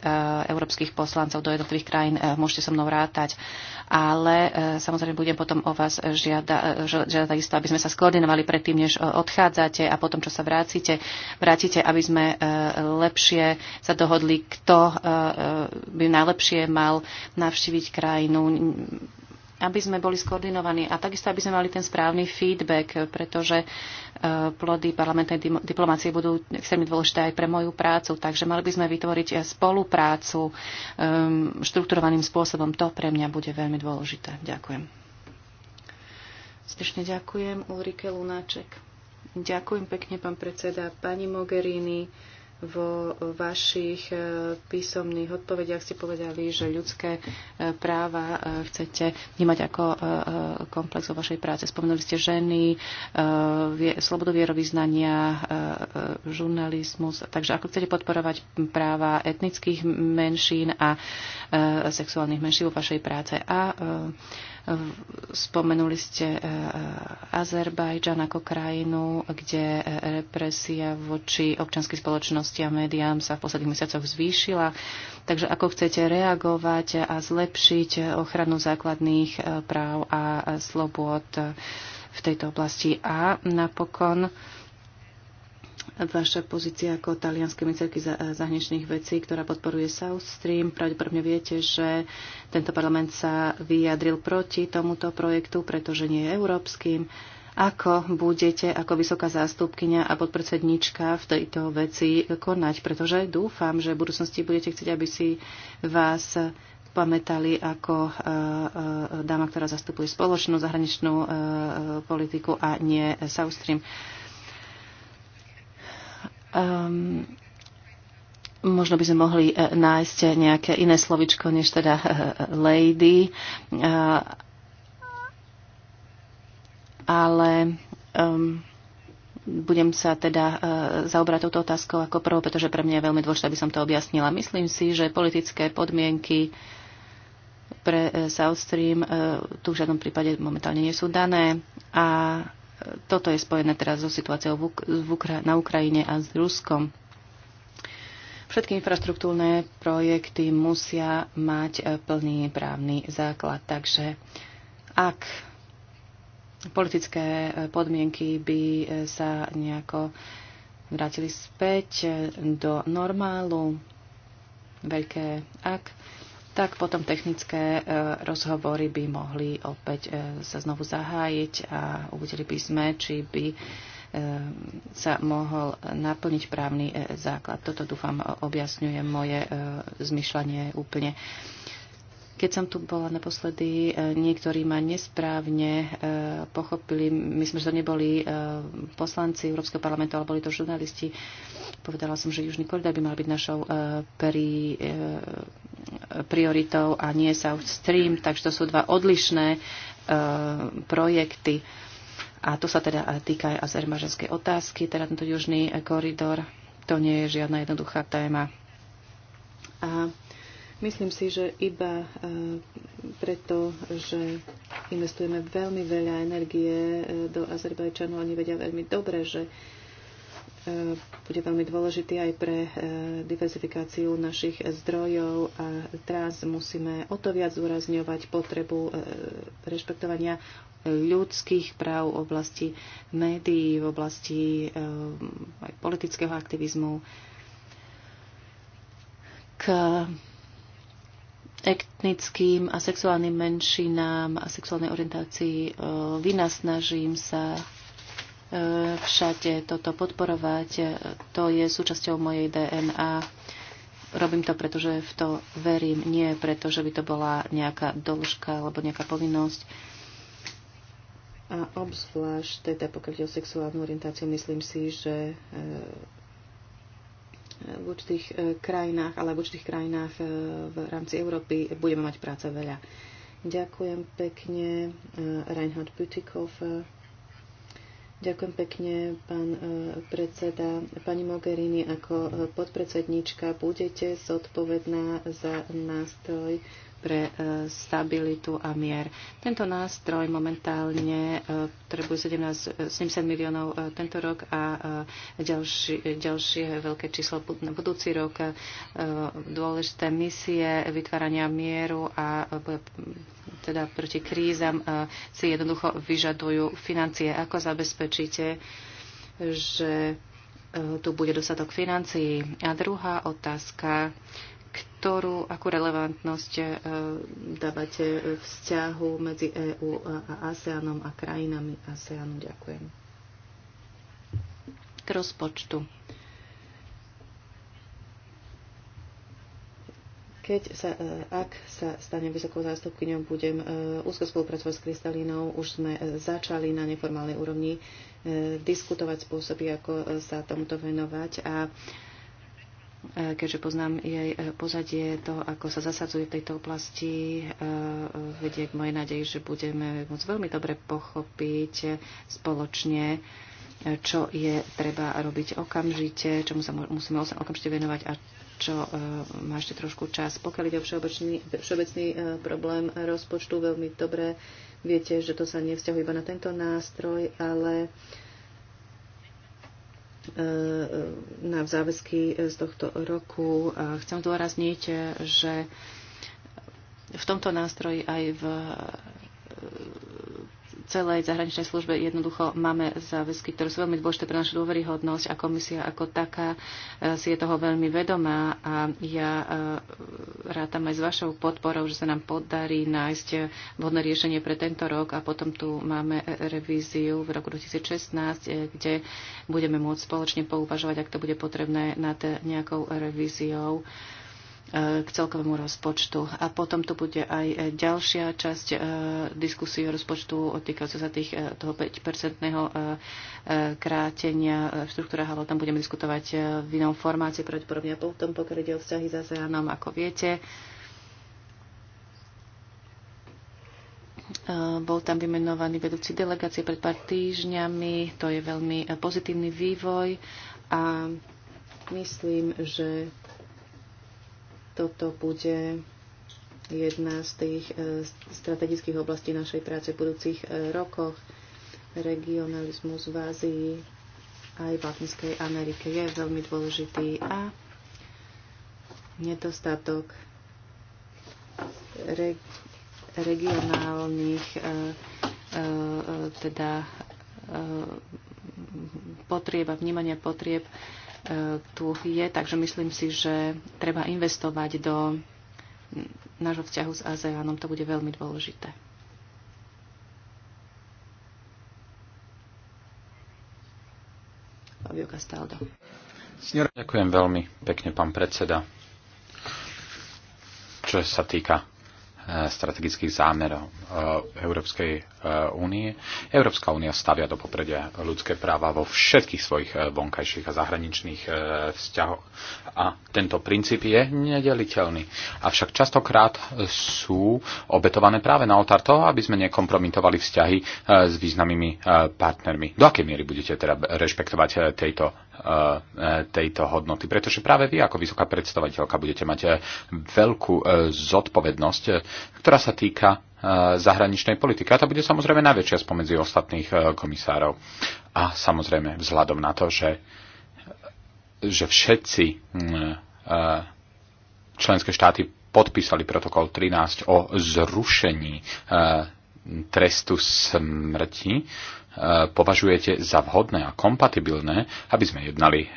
Speaker 1: európskych poslancov do jednotlivých krajín. Môžete so mnou rátať. Ale samozrejme budem potom o vás žiada, žiada isto, aby sme sa skoordinovali predtým, než odchádzate a potom, čo sa vrátite, vrátite, aby sme lepšie sa dohodli, kto by najlepšie mal navštíviť krajinu aby sme boli skoordinovaní a takisto, aby sme mali ten správny feedback, pretože e, plody parlamentnej diplomácie budú extrémne dôležité aj pre moju prácu, takže mali by sme vytvoriť spoluprácu e, štrukturovaným spôsobom. To pre mňa bude veľmi dôležité. Ďakujem. Srdečne ďakujem Ulrike Lunáček. Ďakujem pekne, pán predseda, pani Mogherini vo vašich e, písomných odpovediach ste povedali, že ľudské e, práva e, chcete vnímať ako komplex vo vašej práce. Spomenuli ste ženy, slobodu vierovýznania, žurnalizmus. Takže ako chcete podporovať práva etnických menšín a sexuálnych menšín vo vašej práce? A Spomenuli ste e, e, Azerbajdžan ako krajinu, kde e, represia voči občanskej spoločnosti a médiám sa v posledných mesiacoch zvýšila. Takže ako chcete reagovať a zlepšiť ochranu základných práv a slobôd v tejto oblasti? A napokon vaša pozícia ako talianskej ministerky eh, zahraničných vecí, ktorá podporuje South Stream. Pravdepodobne viete, že tento parlament sa vyjadril proti tomuto projektu, pretože nie je európskym. Ako budete ako vysoká zástupkynia a podpredsednička v tejto veci konať? Pretože dúfam, že v budúcnosti budete chcieť, aby si vás pamätali ako eh, eh, dáma, ktorá zastupuje spoločnú zahraničnú politiku a nie South Stream. Um, možno by sme mohli e, nájsť nejaké iné slovičko, než teda e, e, lady. Ale um, budem sa teda zaobrať touto otázkou ako prvou, pretože pre mňa je veľmi dôležité, aby som to objasnila. Myslím si, že politické podmienky pre South Stream tu v žiadnom prípade momentálne nie sú dané a toto je spojené teraz so situáciou na Ukrajine a s Ruskom. Všetky infraštruktúrne projekty musia mať e, plný právny základ, takže ak politické e, podmienky by e, sa nejako vrátili späť do normálu, veľké ak, tak potom technické e, rozhovory by mohli opäť e, sa znovu zahájiť a uvideli by sme, či by e, sa mohol naplniť právny základ. Toto dúfam objasňuje moje zmyšľanie úplne. Keď som tu bola naposledy, e, niektorí ma nesprávne e, pochopili. Myslím, že to neboli e, poslanci Európskeho parlamentu, ale boli to žurnalisti. Povedala som, že Južný koridor by mal byť našou pri, prioritou a nie South Stream, takže to sú dva odlišné projekty. A to sa teda týka aj azermaženskej otázky, teda tento južný koridor. To nie je žiadna jednoduchá téma. A Myslím si, že iba e, preto, že investujeme veľmi veľa energie e, do Azerbajčanu, oni vedia veľmi dobre, že e, bude veľmi dôležitý aj pre diversifikáciu našich zdrojov a teraz musíme o to viac zúrazňovať potrebu rešpektovania ľudských práv v oblasti médií, v oblasti aj politického aktivizmu. K etnickým a sexuálnym menšinám a sexuálnej orientácii e, vynasnažím sa e, všade toto podporovať. E, to je súčasťou mojej DNA. Robím to, pretože v to verím, nie preto, že by to bola nejaká dĺžka alebo nejaká povinnosť. A obzvlášť, teda pokiaľ ide o sexuálnu orientáciu, myslím si, že v určitých e, krajinách, ale v určitých krajinách e, v rámci Európy budeme mať práce veľa. Ďakujem pekne, e, Reinhard Butikov. Ďakujem pekne, pán predseda. Pani Mogherini, ako podpredsednička budete zodpovedná za nástroj pre e, stabilitu a mier. Tento nástroj momentálne e, potrebuje 17, 70 e, miliónov tento rok a ďalší, ďalšie veľké číslo na budúci rok. Dôležité misie vytvárania mieru a teda proti krízam si jednoducho vyžadujú financie. Ako zabezpečíte, že tu bude dostatok financií. A druhá otázka ktorú, akú relevantnosť e, dávate vzťahu medzi EÚ a ASEANom a krajinami ASEANu. Ďakujem. K rozpočtu. keď sa, e, ak sa stane vysokou zástupkyňou, budem e, úzko spolupracovať s Kristalínou. Už sme začali na neformálnej úrovni diskutovať spôsoby, ako sa tomuto venovať a keďže poznám jej eh, pozadie, to, ako sa zasadzuje v tejto oblasti, eh, vedie k mojej nádeji, že budeme môcť veľmi dobre pochopiť eh, spoločne, čo je treba robiť okamžite, čomu sa musíme okamžite venovať a čo má ešte trošku čas. Pokiaľ ide o všeobecný, všeobecný problém rozpočtu, veľmi dobre viete, že to sa nevzťahuje iba na tento nástroj, ale e, E, na záväzky z tohto roku. Chcem dôrazniť, že v tomto nástroji aj v celej zahraničnej službe jednoducho máme záväzky, ktoré sú veľmi dôležité pre našu dôveryhodnosť a komisia ako taká e, si je toho veľmi vedomá a ja e, rátam aj s vašou podporou, že sa nám podarí nájsť e, vhodné riešenie pre tento rok a potom tu máme revíziu v roku 2016, kde budeme môcť spoločne pouvažovať, ak to bude potrebné nad nejakou revíziou E, k celkovému rozpočtu. A potom tu bude aj e, ďalšia časť e, diskusie o rozpočtu týkajúce sa tých, toho 5-percentného krátenia v štruktúrach, ale tam budeme diskutovať v inom formáte pravdepodobne a potom pokiaľ ide o vzťahy za ASEANom, ako viete. Bol tam vymenovaný vedúci delegácie pred pár týždňami. To je veľmi pozitívny vývoj a myslím, že toto bude jedna z tých strategických oblastí našej práce v budúcich rokoch. Regionalizmus v Ázii aj v Latinskej Amerike je veľmi dôležitý a nedostatok re, regionálnych teda potrieb a vnímania potrieb tu je, takže myslím si, že treba investovať do nášho vzťahu s ASEANom. To bude veľmi dôležité. Fabio Castaldo.
Speaker 4: Ďakujem veľmi pekne, pán predseda. Čo sa týka strategických zámerov e, Európskej e, únie. Európska únia stavia do popredia ľudské práva vo všetkých svojich e, vonkajších a zahraničných vzťahoch. A tento princíp je nedeliteľný. Avšak častokrát sú obetované práve na otár toho, aby sme nekompromitovali vzťahy s významnými partnermi. Do akej miery budete teda rešpektovať tejto E, tejto hodnoty. Pretože práve vy ako vysoká predstaviteľka budete mať e, veľkú e, zodpovednosť, ktorá sa týka zahraničnej politiky. A to bude samozrejme najväčšia spomedzi ostatných komisárov. A samozrejme vzhľadom na to, že, že všetci členské štáty podpísali protokol 13 o zrušení trestu smrti, považujete za vhodné a kompatibilné, aby sme jednali e, e,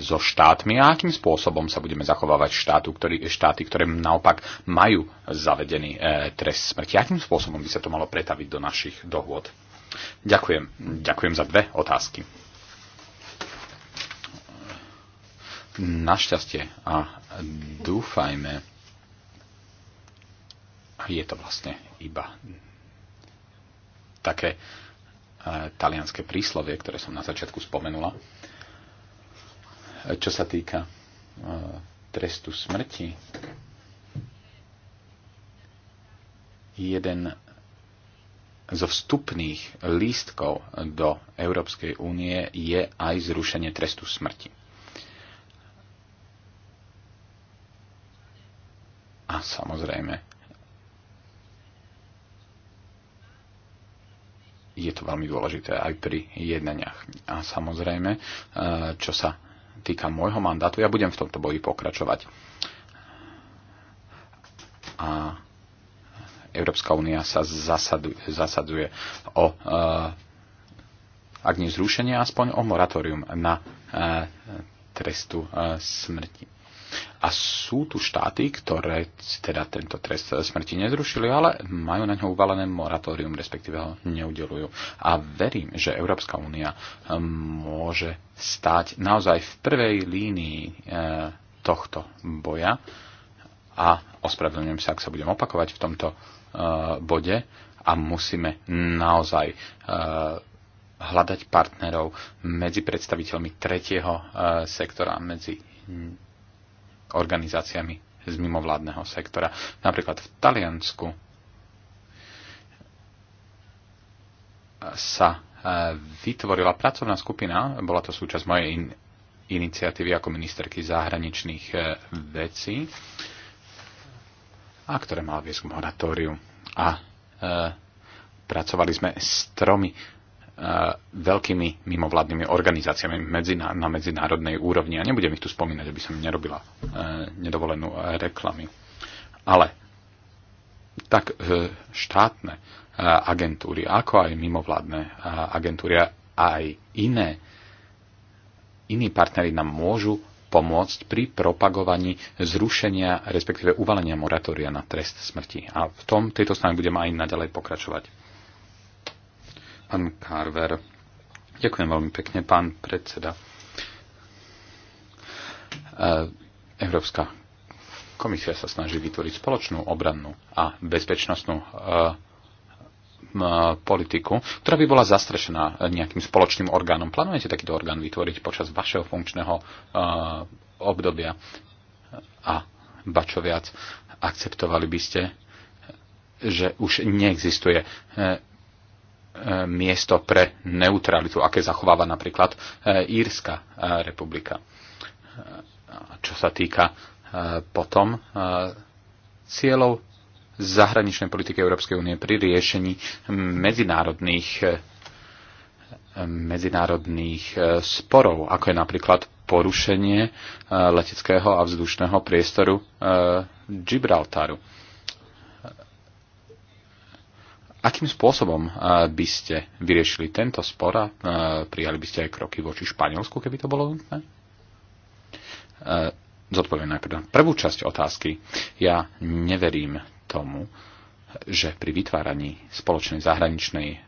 Speaker 4: so štátmi a akým spôsobom sa budeme zachovávať štátu, ktorý, štáty, ktoré naopak majú zavedený e, trest smrti. Akým spôsobom by sa to malo pretaviť do našich dohôd? Ďakujem. Ďakujem za dve otázky. Našťastie a dúfajme, je to vlastne iba také E, talianské príslovie, ktoré som na začiatku spomenula. E, čo sa týka e, trestu smrti, jeden zo vstupných lístkov do Európskej únie je aj zrušenie trestu smrti. A samozrejme, je to veľmi dôležité aj pri jednaniach. A samozrejme, eh, čo sa týka môjho mandátu, ja budem v tomto boji pokračovať. A Európska únia sa zasaduje, zasadzuje o, eh, ak nie zrušenie, aspoň o moratórium na eh, trestu smrti a sú tu štáty, ktoré teda tento trest smrti nezrušili, ale majú na ňo uvalené moratórium, respektíve ho neudelujú. A verím, že Európska únia eh, môže stať naozaj v prvej línii eh, tohto boja a ospravedlňujem sa, ak sa budem opakovať v tomto eh, bode a musíme naozaj hľadať partnerov medzi predstaviteľmi tretieho sektora, medzi organizáciami z mimovládneho sektora. Napríklad v Taliansku sa e, vytvorila pracovná skupina, bola to súčasť mojej in- iniciatívy ako ministerky zahraničných e, vecí, a ktoré mala viesť k moratóriu. A e, pracovali sme s tromi veľkými mimovládnymi organizáciami medziná- na medzinárodnej úrovni. A nebudem ich tu spomínať, aby som nerobila e, nedovolenú reklamy. Ale tak e, štátne e, agentúry, ako aj mimovládne e, agentúry, aj iné, iní partnery nám môžu pomôcť pri propagovaní zrušenia, respektíve uvalenia moratória na trest smrti. A v tom tejto strane budem aj naďalej pokračovať. Pán Carver. Ďakujem veľmi pekne, pán predseda. E, Európska komisia sa snaží vytvoriť spoločnú obrannú a bezpečnostnú e, politiku, ktorá by bola zastrešená nejakým spoločným orgánom. Plánujete takýto orgán vytvoriť počas vašeho funkčného e, obdobia? A ba čo viac, akceptovali by ste, že už neexistuje E, miesto pre neutralitu, aké zachováva napríklad e, Írska e, republika. Čo sa týka potom cieľov zahraničnej politiky Európskej únie pri riešení medzinárodných, medzinárodných sporov, ako je napríklad porušenie leteckého a vzdušného priestoru Gibraltaru Akým spôsobom eh, by ste vyriešili tento spor a eh, prijali by ste aj kroky voči Španielsku, keby to bolo nutné? Eh, zodpoviem najprv na prvú časť otázky. Ja neverím tomu, že pri vytváraní spoločnej zahraničnej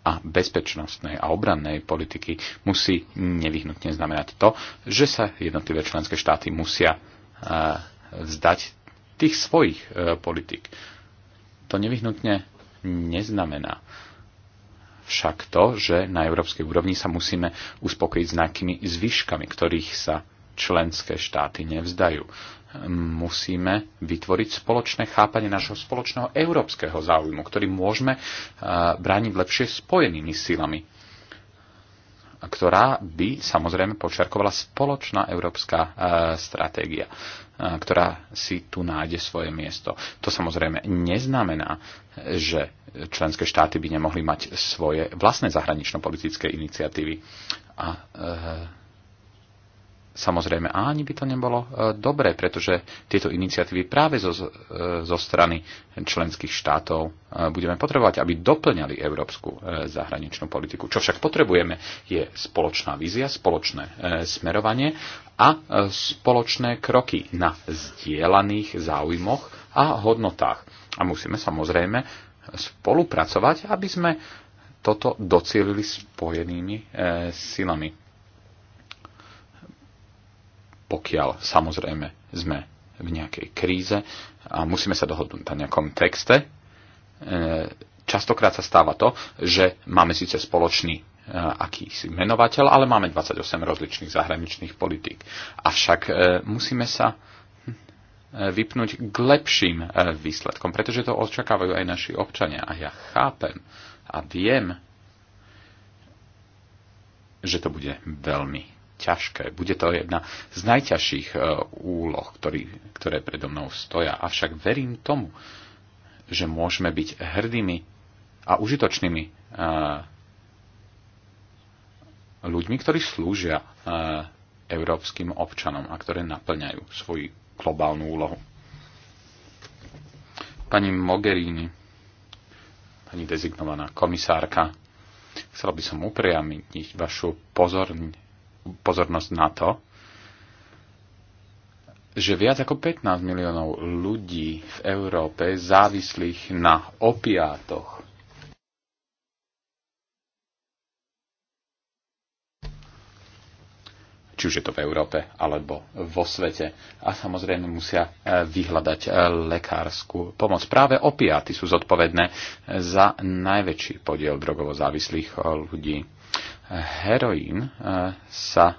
Speaker 4: a bezpečnostnej a obrannej politiky musí nevyhnutne znamenať to, že sa jednotlivé členské štáty musia vzdať tých svojich politik. To nevyhnutne neznamená však to, že na európskej úrovni sa musíme uspokojiť s nejakými zvyškami, ktorých sa členské štáty nevzdajú. Musíme vytvoriť spoločné chápanie našho spoločného európskeho záujmu, ktorý môžeme eh, brániť lepšie spojenými silami ktorá by samozrejme počarkovala spoločná európska e, stratégia, e, ktorá si tu nájde svoje miesto. To samozrejme neznamená, že členské štáty by nemohli mať svoje vlastné zahranično-politické iniciatívy. A e, Samozrejme, a ani by to nebolo e, dobré, pretože tieto iniciatívy práve zo, e, zo strany členských štátov e, budeme potrebovať, aby doplňali európsku zahraničnú politiku. Čo však potrebujeme, je spoločná vízia, spoločné smerovanie a spoločné kroky na zdieľaných záujmoch a hodnotách. A musíme samozrejme spolupracovať, aby sme toto docielili spojenými silami pokiaľ samozrejme sme v nejakej kríze a musíme sa dohodnúť na nejakom texte, e, častokrát sa stáva to, že máme síce spoločný e, akýsi menovateľ, ale máme 28 rozličných zahraničných politík. Avšak e, musíme sa hm, vypnúť k lepším výsledkom, pretože to očakávajú aj naši občania. A ja chápem a viem, že to bude veľmi ťažké. Bude to jedna z najťažších e, úloh, ktorý, ktoré predo mnou stoja. Avšak verím tomu, že môžeme byť hrdými a užitočnými e, ľuďmi, ktorí slúžia e, európskym občanom a ktoré naplňajú svoju globálnu úlohu. Pani Mogherini, pani dezignovaná komisárka, chcela by som upriamiť vašu pozornosť pozornosť na to, že viac ako 15 miliónov ľudí v Európe závislých na opiátoch. či už je to v Európe alebo vo svete. A samozrejme musia e, vyhľadať e, lekárskú pomoc. Práve opiáty sú zodpovedné za najväčší podiel drogovo závislých e, ľudí heroín eh, sa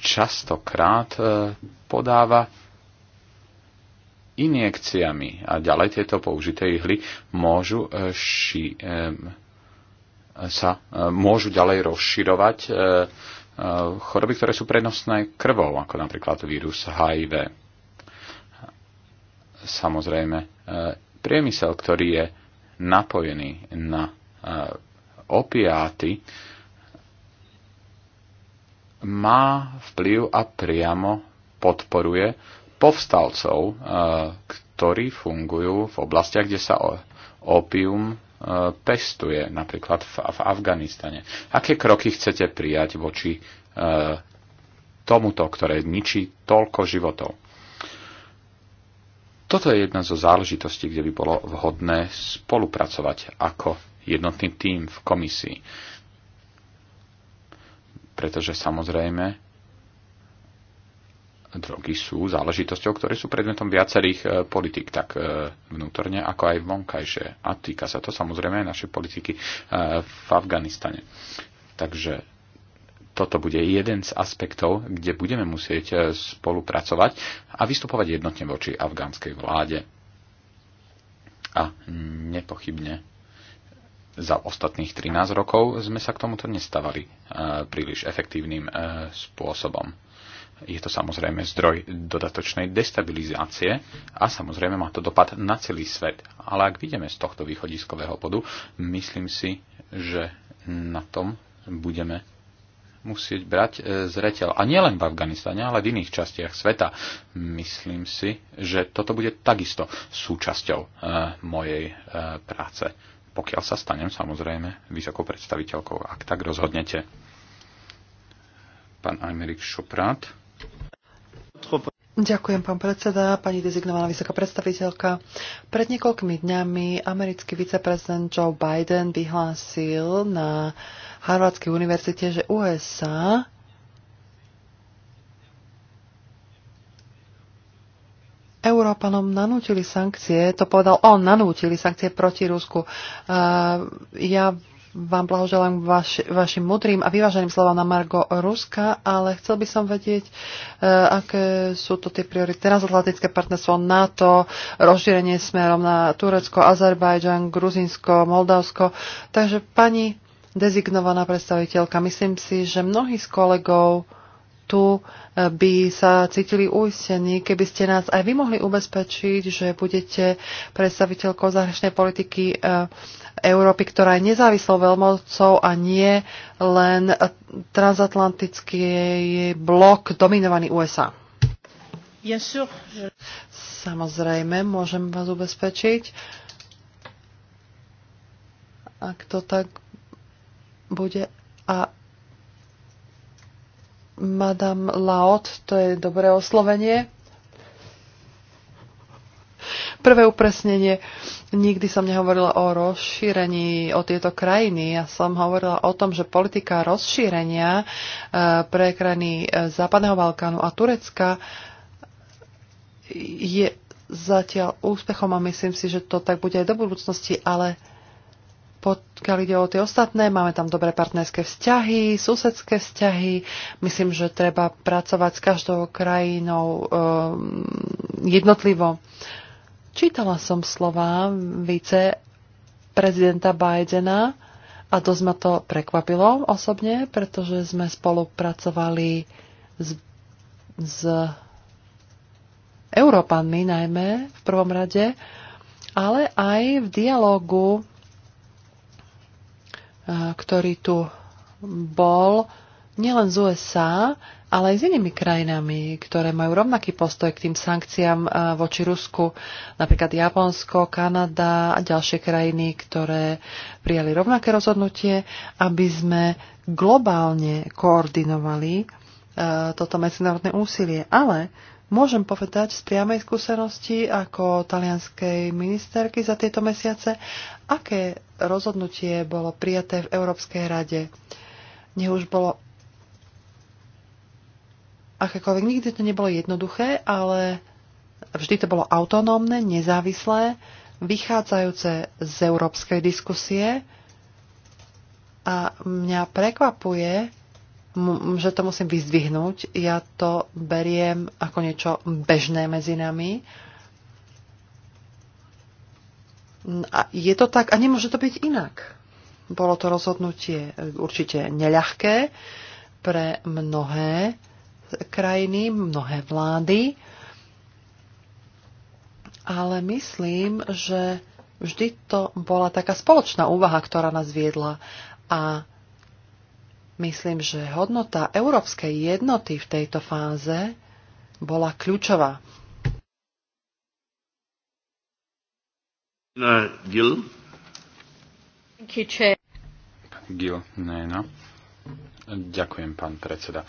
Speaker 4: častokrát eh, podáva injekciami a ďalej tieto použité ihly môžu, eh, ši, sa, môžu ďalej rozširovať choroby, ktoré sú prenosné krvou, ako napríklad vírus HIV. Samozrejme, priemysel, ktorý je napojený na opiáty má vplyv a priamo podporuje povstalcov, eh, ktorí fungujú v oblastiach, kde sa opium eh, pestuje, napríklad v Afganistane. Aké kroky chcete prijať voči eh, tomuto, ktoré ničí toľko životov? Toto je jedna zo záležitostí, kde by bolo vhodné spolupracovať ako jednotný tím v komisii. Pretože samozrejme drogy sú záležitosťou, ktoré sú predmetom viacerých e, politik, tak e, vnútorne ako aj vonkajšie. A týka sa to samozrejme aj našej politiky e, v Afganistane. Takže toto bude jeden z aspektov, kde budeme musieť spolupracovať a vystupovať jednotne voči afgánskej vláde. A nepochybne za ostatných 13 rokov sme sa k tomuto nestávali e, príliš efektívnym e, spôsobom. Je to samozrejme zdroj dodatočnej destabilizácie a samozrejme má to dopad na celý svet. Ale ak vidíme z tohto východiskového bodu, myslím si, že na tom budeme musieť brať e, zreteľ. A nielen v Afganistane, ale v iných častiach sveta. Myslím si, že toto bude takisto súčasťou mojej práce pokiaľ sa stanem samozrejme vysokou predstaviteľkou, ak tak rozhodnete. Pán Ajmerik Šoprát.
Speaker 3: Ďakujem, pán predseda, pani dezignovaná vysoká predstaviteľka. Pred niekoľkými dňami americký viceprezident Joe Biden vyhlásil na Harvardskej univerzite, že USA Európanom nanútili sankcie, to povedal on, nanútili sankcie proti Rusku. Uh, ja vám blahoželám vaš, vašim mudrým a vyváženým slovám na Margo Ruska, ale chcel by som vedieť, uh, aké sú to tie priority. Transatlantické partnerstvo NATO, rozšírenie smerom na Turecko, Azerbajdžan, Gruzinsko, Moldavsko. Takže pani dezignovaná predstaviteľka, myslím si, že mnohí z kolegov tu eh, by sa cítili uistení, keby ste nás aj vy mohli ubezpečiť, že budete predstaviteľkou zahraničnej politiky eh, Európy, ktorá je nezávislou veľmocou a nie len transatlantický blok dominovaný USA. Samozrejme, môžem vás ubezpečiť. Ak to tak bude a Madame Laot, to je dobré oslovenie. Prvé upresnenie. Nikdy som nehovorila o rozšírení o tieto krajiny. Ja som hovorila o tom, že politika rozšírenia e, pre krajiny e, Západného Balkánu a Turecka je zatiaľ úspechom a myslím si, že to tak bude aj do budúcnosti, ale pokiaľ ide o tie ostatné, máme tam dobré partnerské vzťahy, susedské vzťahy. Myslím, že treba pracovať s každou krajinou e, jednotlivo. Čítala som slova vice prezidenta Bidena a dosť ma to prekvapilo osobne, pretože sme spolupracovali s, s Európanmi najmä v prvom rade, ale aj v dialogu ktorý tu bol nielen z USA, ale aj s inými krajinami, ktoré majú rovnaký postoj k tým sankciám e, voči Rusku, napríklad Japonsko, Kanada a ďalšie krajiny, ktoré prijali rovnaké rozhodnutie, aby sme globálne koordinovali e, toto medzinárodné úsilie. Ale Môžem povedať z priamej skúsenosti ako talianskej ministerky za tieto mesiace, aké rozhodnutie bolo prijaté v Európskej rade. Nech už bolo akékoľvek, nikdy to nebolo jednoduché, ale vždy to bolo autonómne, nezávislé, vychádzajúce z európskej diskusie. A mňa prekvapuje, že to musím vyzdvihnúť. Ja to beriem ako niečo bežné medzi nami. A je to tak a nemôže to byť inak. Bolo to rozhodnutie e, určite neľahké pre mnohé krajiny, mnohé vlády, ale myslím, že vždy to bola taká spoločná úvaha, ktorá nás viedla a Myslím, že hodnota európskej jednoty v tejto fáze bola kľúčová.
Speaker 4: Gil. Gil, ne, no, no. Ďakujem, pán predseda. E,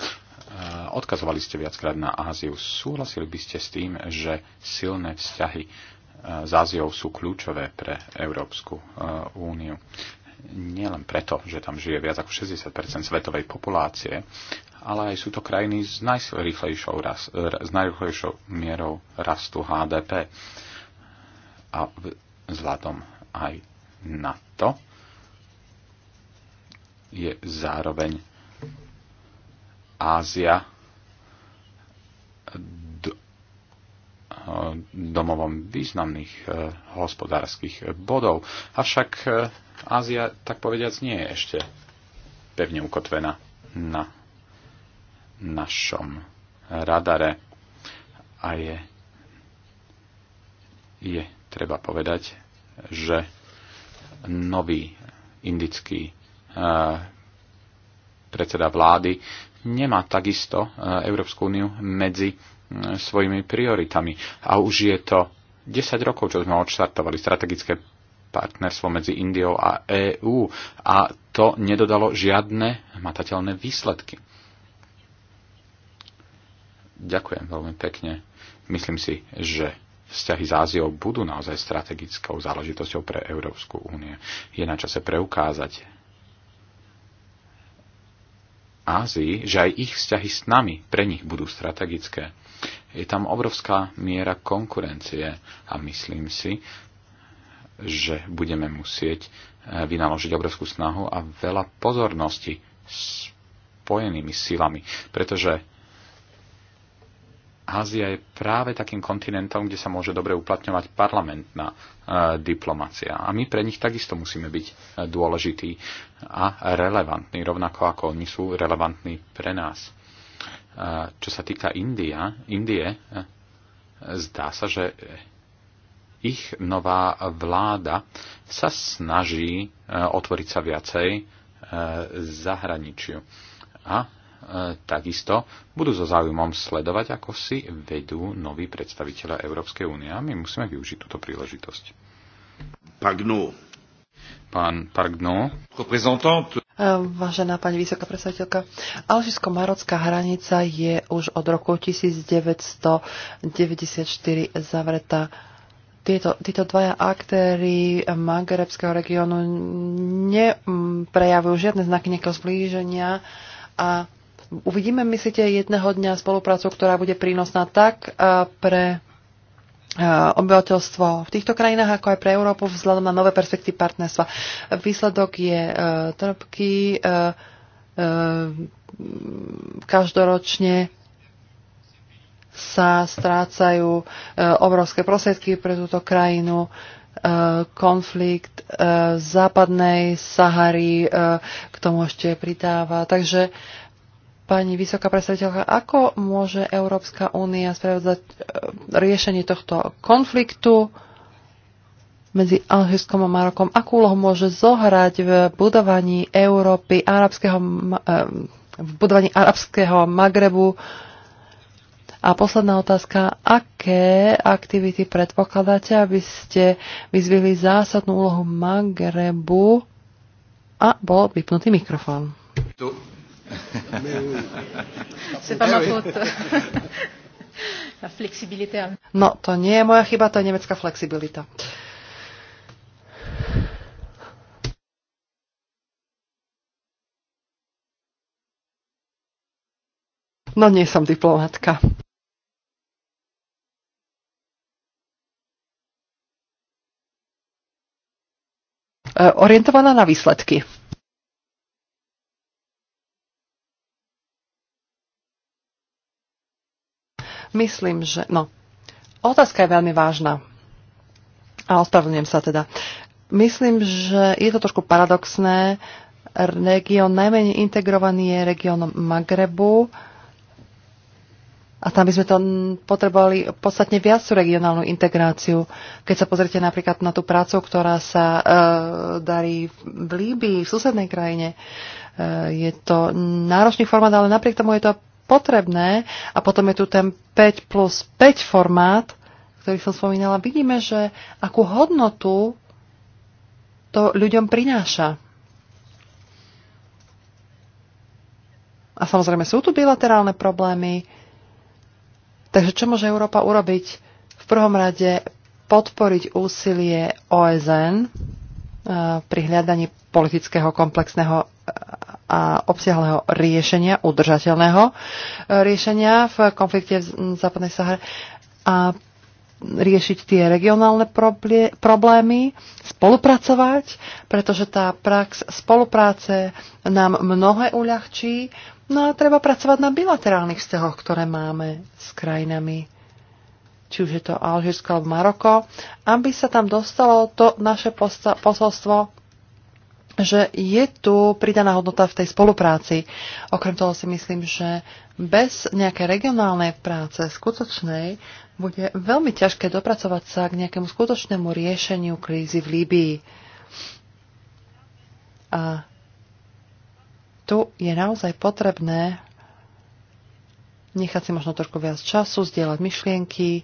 Speaker 4: odkazovali ste viackrát na Áziu. Súhlasili by ste s tým, že silné vzťahy s e, Áziou sú kľúčové pre Európsku e, úniu nielen preto, že tam žije viac ako 60 svetovej populácie, ale aj sú to krajiny s najrýchlejšou, ras, s najrychlejšou mierou rastu HDP. A vzhľadom aj na to je zároveň Ázia eh, domovom významných eh, hospodárskych bodov. Avšak eh, Ázia, tak povediac, nie je ešte pevne ukotvená na našom radare a je, je treba povedať, že nový indický e, predseda vlády nemá takisto e, Európsku úniu medzi e, svojimi prioritami. A už je to 10 rokov, čo sme odštartovali strategické partnerstvo medzi Indiou a EÚ a to nedodalo žiadne hmatateľné výsledky. Ďakujem veľmi pekne. Myslím si, že vzťahy s Áziou budú naozaj strategickou záležitosťou pre Európsku únie. Je na čase preukázať Ázii, že aj ich vzťahy s nami pre nich budú strategické. Je tam obrovská miera konkurencie a myslím si, že budeme musieť e, vynaložiť obrovskú snahu a veľa pozornosti spojenými silami, pretože Ázia je práve takým kontinentom, kde sa môže dobre uplatňovať parlamentná e, diplomácia. A my pre nich takisto musíme byť e, dôležití a relevantní, rovnako ako oni sú relevantní pre nás. E, čo sa týka India, Indie, e, zdá sa, že ich nová vláda sa snaží e, otvoriť sa viacej e, zahraničiu. A e, takisto budú so záujmom sledovať, ako si vedú noví predstaviteľa Európskej únie. A my musíme využiť túto príležitosť. Pagnu. Pán Pagnu. Reprezentant
Speaker 3: Vážená pani vysoká predstaviteľka, Alžisko-Marocká hranica je už od roku 1994 zavretá tieto, títo dvaja aktéry Magrebského regiónu neprejavujú žiadne znaky nejakého zblíženia a uvidíme, myslíte, jedného dňa spoluprácu, ktorá bude prínosná tak eh, pre eh, obyvateľstvo v týchto krajinách, ako aj pre Európu, vzhľadom na nové perspektívy partnerstva. Výsledok je eh, trpký, každoročne sa strácajú e, obrovské prostriedky pre túto krajinu e, konflikt e, západnej Sahary k tomu ešte pridáva. Takže Pani vysoká predstaviteľka, ako môže Európska únia spravedzať riešenie tohto konfliktu medzi Alžírskom a Marokom? Akú úlohu môže zohrať v budovaní Európy, arabského, v budovaní arabského Magrebu? A posledná otázka, aké aktivity predpokladáte, aby ste vyzvili zásadnú úlohu Magrebu? A bol vypnutý mikrofón. Tu. No, to nie je moja chyba, to je nemecká flexibilita. No nie som diplomatka. E, orientovaná na výsledky. Myslím, že... No, otázka je veľmi vážna. A ospravedlňujem sa teda. Myslím, že je to trošku paradoxné. Región najmenej integrovaný je regiónom Magrebu. Uh, a tam by sme to potrebovali podstatne viac tú regionálnu integráciu. Keď sa pozrite napríklad na tú prácu, ktorá sa e, darí v Líbii, v susednej krajine, e, je to náročný formát, ale napriek tomu je to potrebné. A potom je tu ten 5 plus 5 formát, ktorý som spomínala. Vidíme, že akú hodnotu to ľuďom prináša. A samozrejme sú tu bilaterálne problémy, Takže čo môže Európa urobiť? V prvom rade podporiť úsilie OSN e, pri hľadaní politického komplexného e, a obsiahleho riešenia, udržateľného e, riešenia v konflikte v západnej Sahare a riešiť tie regionálne problémy, spolupracovať, pretože tá prax spolupráce nám mnohé uľahčí No a treba pracovať na bilaterálnych vzťahoch, ktoré máme s krajinami, či už je to Alžírsko alebo Maroko, aby sa tam dostalo to naše posolstvo, že je tu pridaná hodnota v tej spolupráci. Okrem toho si myslím, že bez nejakej regionálnej práce skutočnej bude veľmi ťažké dopracovať sa k nejakému skutočnému riešeniu krízy v Líbii. A tu je naozaj potrebné nechať si možno trošku viac času, zdieľať myšlienky.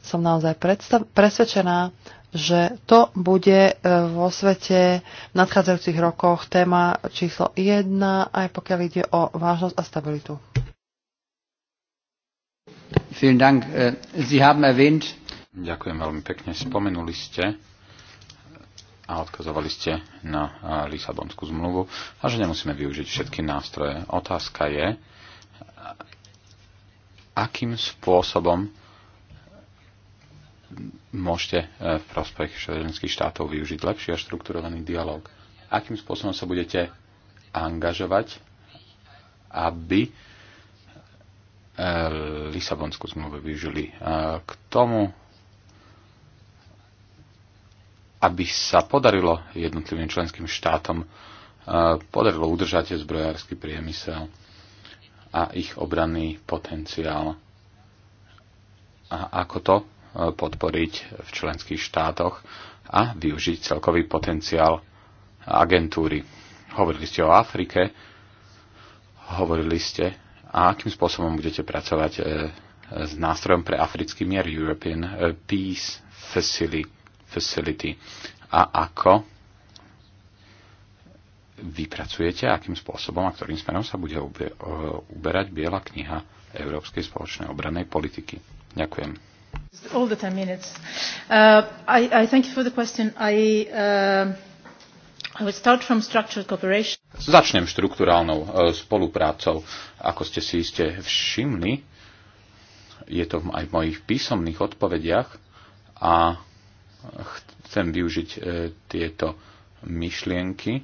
Speaker 3: Som naozaj presvedčená, že to bude e, vo svete v nadchádzajúcich rokoch téma číslo 1, aj pokiaľ ide o vážnosť a stabilitu.
Speaker 4: Äh, Ďakujem veľmi pekne. Spomenuli ste a odkazovali ste na Lisabonskú zmluvu a že nemusíme využiť všetky nástroje. Otázka je, akým spôsobom môžete e, v prospech členských štátov využiť lepší a štrukturovaný dialog. Akým spôsobom sa budete angažovať, aby e, Lisabonskú zmluvu využili e, k tomu, aby sa podarilo jednotlivým členským štátom e, podarilo udržať zbrojársky priemysel a ich obranný potenciál. A ako to e, podporiť v členských štátoch a využiť celkový potenciál agentúry. Hovorili ste o Afrike, hovorili ste, a akým spôsobom budete pracovať e, s nástrojom pre africký mier European Peace Facility Facility a ako vypracujete, akým spôsobom a ktorým smerom sa bude eh, uberať Biela kniha Európskej spoločnej obranej politiky. Ďakujem.
Speaker 2: All the 10 minutes. Uh, I, I thank you for the question. I, uh, I will start from structured cooperation.
Speaker 4: Začnem štruktúrálnou uh, eh, spoluprácou. Ako ste si iste všimli, je to aj v mojich písomných odpovediach a Chcem využiť e, tieto myšlienky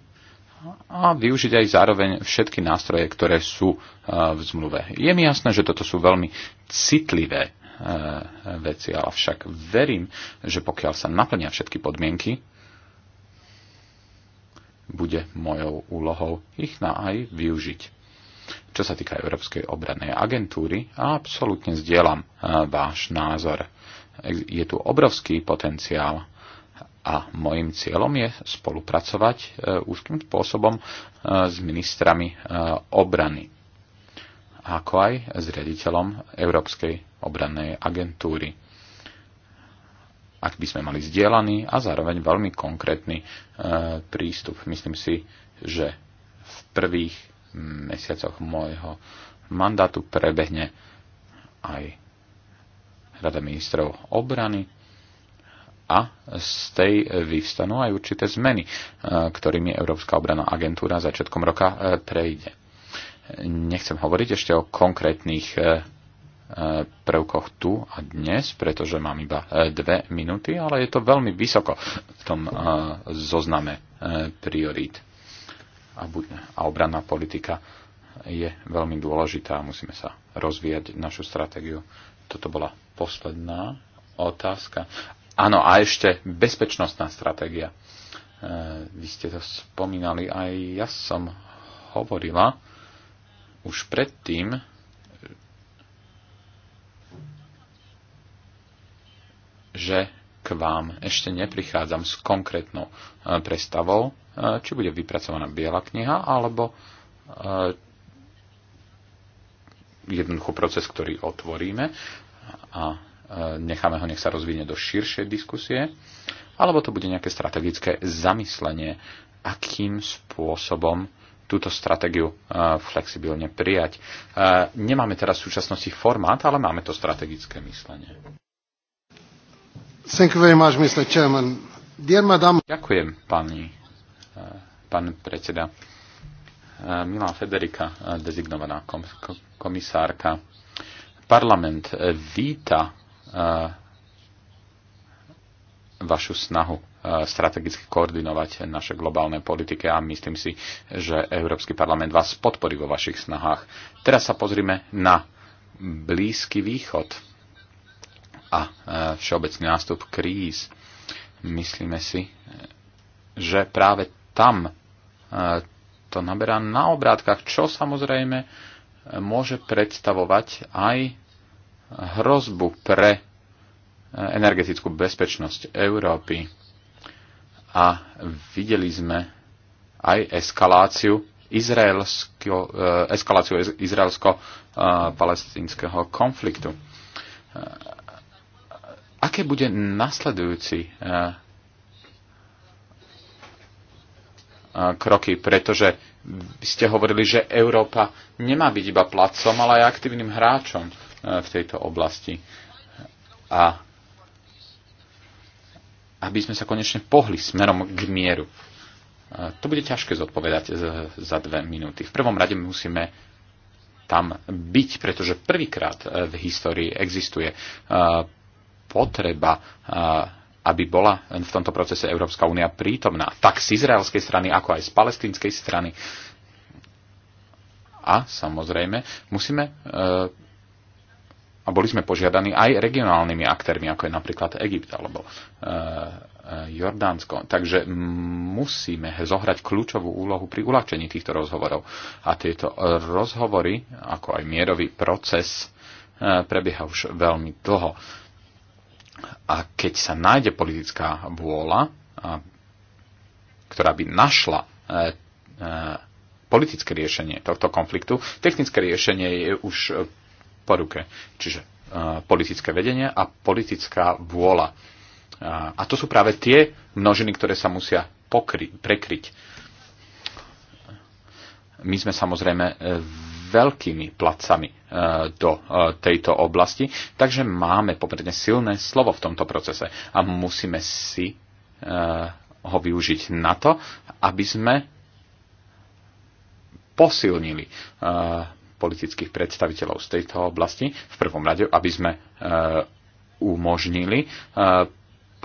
Speaker 4: a využiť aj zároveň všetky nástroje, ktoré sú e, v zmluve. Je mi jasné, že toto sú veľmi citlivé e, veci, ale však verím, že pokiaľ sa naplnia všetky podmienky, bude mojou úlohou ich na aj využiť. Čo sa týka Európskej obranej agentúry, absolútne zdieľam váš názor je tu obrovský potenciál a môjim cieľom je spolupracovať e, úzkým spôsobom e, s ministrami e, obrany, ako aj s riaditeľom Európskej obrannej agentúry. Ak by sme mali zdieľaný a zároveň veľmi konkrétny prístup, myslím si, že v prvých mesiacoch môjho mandátu prebehne aj Rada ministrov obrany a z tej vyvstanú aj určité zmeny, e, ktorými Európska obrana agentúra začiatkom roka e, prejde. Nechcem hovoriť ešte o konkrétnych e, prvkoch tu a dnes, pretože mám iba dve minúty, ale je to veľmi vysoko v tom zozname priorít. A obranná politika je veľmi dôležitá a musíme sa rozvíjať našu stratégiu. Toto bola posledná otázka. Áno, a ešte bezpečnostná stratégia. E, vy ste to spomínali, aj ja som hovorila už predtým, že k vám ešte neprichádzam s konkrétnou e, prestavou, e, či bude vypracovaná biela kniha, alebo jednoducho proces, ktorý otvoríme a e, necháme ho, nech sa rozvinie do širšej diskusie, alebo to bude nejaké strategické zamyslenie, akým spôsobom túto stratégiu e, flexibilne prijať. E, nemáme teraz v súčasnosti formát, ale máme to strategické myslenie. Thank you very much, Mr. Chairman. Dear madam... Ďakujem, pani, pán predseda. Milá Federika, dezignovaná komisárka, Parlament e, víta e, vašu snahu e, strategicky koordinovať naše globálne politiky a myslím si, že Európsky parlament vás podporí vo vašich snahách. Teraz sa pozrime na Blízky východ a všeobecný nástup kríz. Myslíme si, že práve tam to naberá na obrátkach, čo samozrejme môže predstavovať aj hrozbu pre e, energetickú bezpečnosť Európy a videli sme aj eskaláciu izraelsko, e, eskaláciu izraelsko-palestinského konfliktu. E, aké bude nasledujúci kroky, pretože ste hovorili, že Európa nemá byť iba placom, ale aj aktívnym hráčom. E, v tejto oblasti. A aby sme sa konečne pohli smerom k mieru. E, to bude ťažké zodpovedať za dve minúty. V prvom rade musíme tam byť, pretože prvýkrát v histórii existuje e, potreba, aby bola v tomto procese Európska únia prítomná, tak z izraelskej strany, ako aj z Palestinskej strany. A samozrejme, musíme a boli sme požiadaní aj regionálnymi aktérmi, ako je napríklad Egypt alebo e, e, Jordánsko. Takže musíme zohrať kľúčovú úlohu pri uľahčení týchto rozhovorov. A tieto eh, rozhovory, ako aj mierový proces, e, prebieha už veľmi dlho. A keď sa nájde politická vôľa, a, ktorá by našla e, e, politické riešenie tohto konfliktu. Technické riešenie je už poruke. Čiže eh, politické vedenie a politická vôľa. Eh, a to sú práve tie množiny, ktoré sa musia pokry, prekryť. My sme samozrejme eh, veľkými placami do tejto oblasti, takže máme pomerne silné slovo v tomto procese a musíme si ho využiť na to, aby sme posilnili politických predstaviteľov z tejto oblasti. V prvom rade, aby sme eh, umožnili eh,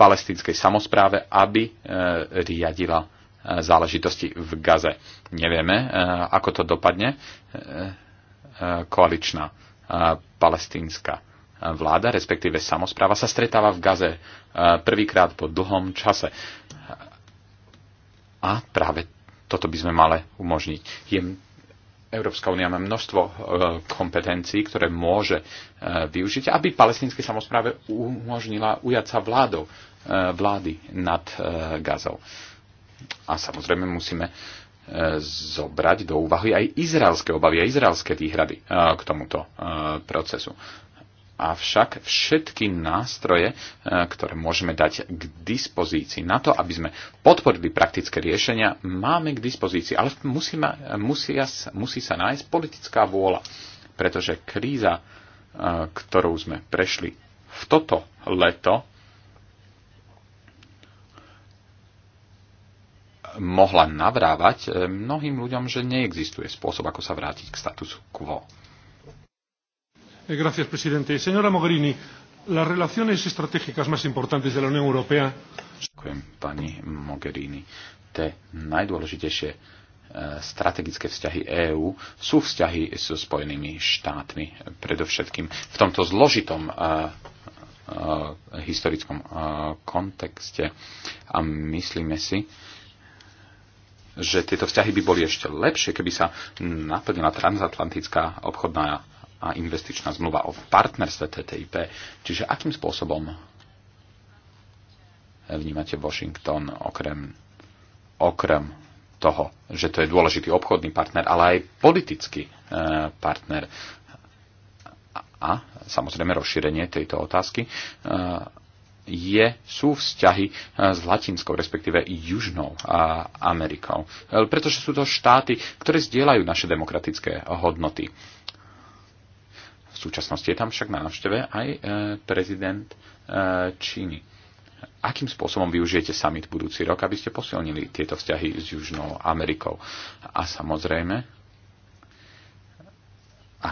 Speaker 4: palestinskej samozpráve, aby eh, riadila záležitosti v Gaze. Nevieme, ako to dopadne. Koaličná palestínska vláda, respektíve samozpráva, sa stretáva v Gaze prvýkrát po dlhom čase. A práve toto by sme mali umožniť. Je Európska únia má množstvo e, kompetencií, ktoré môže e, využiť, aby palestinskej samozpráve umožnila ujať sa vládou, e, vlády nad Gazou. A samozrejme musíme zobrať do úvahy aj izraelské obavy a izraelské výhrady k tomuto procesu. Avšak všetky nástroje, e, ktoré môžeme dať k dispozícii na to, aby sme podporili praktické riešenia, máme k dispozícii. Ale musí, ma, musí sa nájsť politická vôľa, pretože kríza, e, ktorou sme prešli v toto leto, mohla navrávať e, mnohým ľuďom, že neexistuje spôsob, ako sa vrátiť k statusu quo.
Speaker 1: Eh, Señor presidente. Señora Mogherini, las relaciones estratégicas más importantes de la Unión Europea.
Speaker 4: Ďakujem, pani Mogherini. Tie najdôležitejšie eh, strategické vzťahy EÚ sú vzťahy so Spojenými štátmi, predovšetkým v tomto zložitom eh, historickom kontexte. A myslíme si, že tieto vzťahy by boli ešte lepšie, keby sa naplnila transatlantická obchodná a investičná zmluva o partnerstve TTIP. Čiže akým spôsobom vnímate Washington okrem, okrem toho, že to je dôležitý obchodný partner, ale aj politický e, partner. A, a samozrejme rozšírenie tejto otázky e, je, sú vzťahy e, s Latinskou, respektíve Južnou e, Amerikou. E, pretože sú to štáty, ktoré zdieľajú naše demokratické hodnoty. V súčasnosti je tam však na návšteve aj e, prezident e, Číny. Akým spôsobom využijete summit budúci rok, aby ste posilnili tieto vzťahy s Južnou Amerikou? A samozrejme, a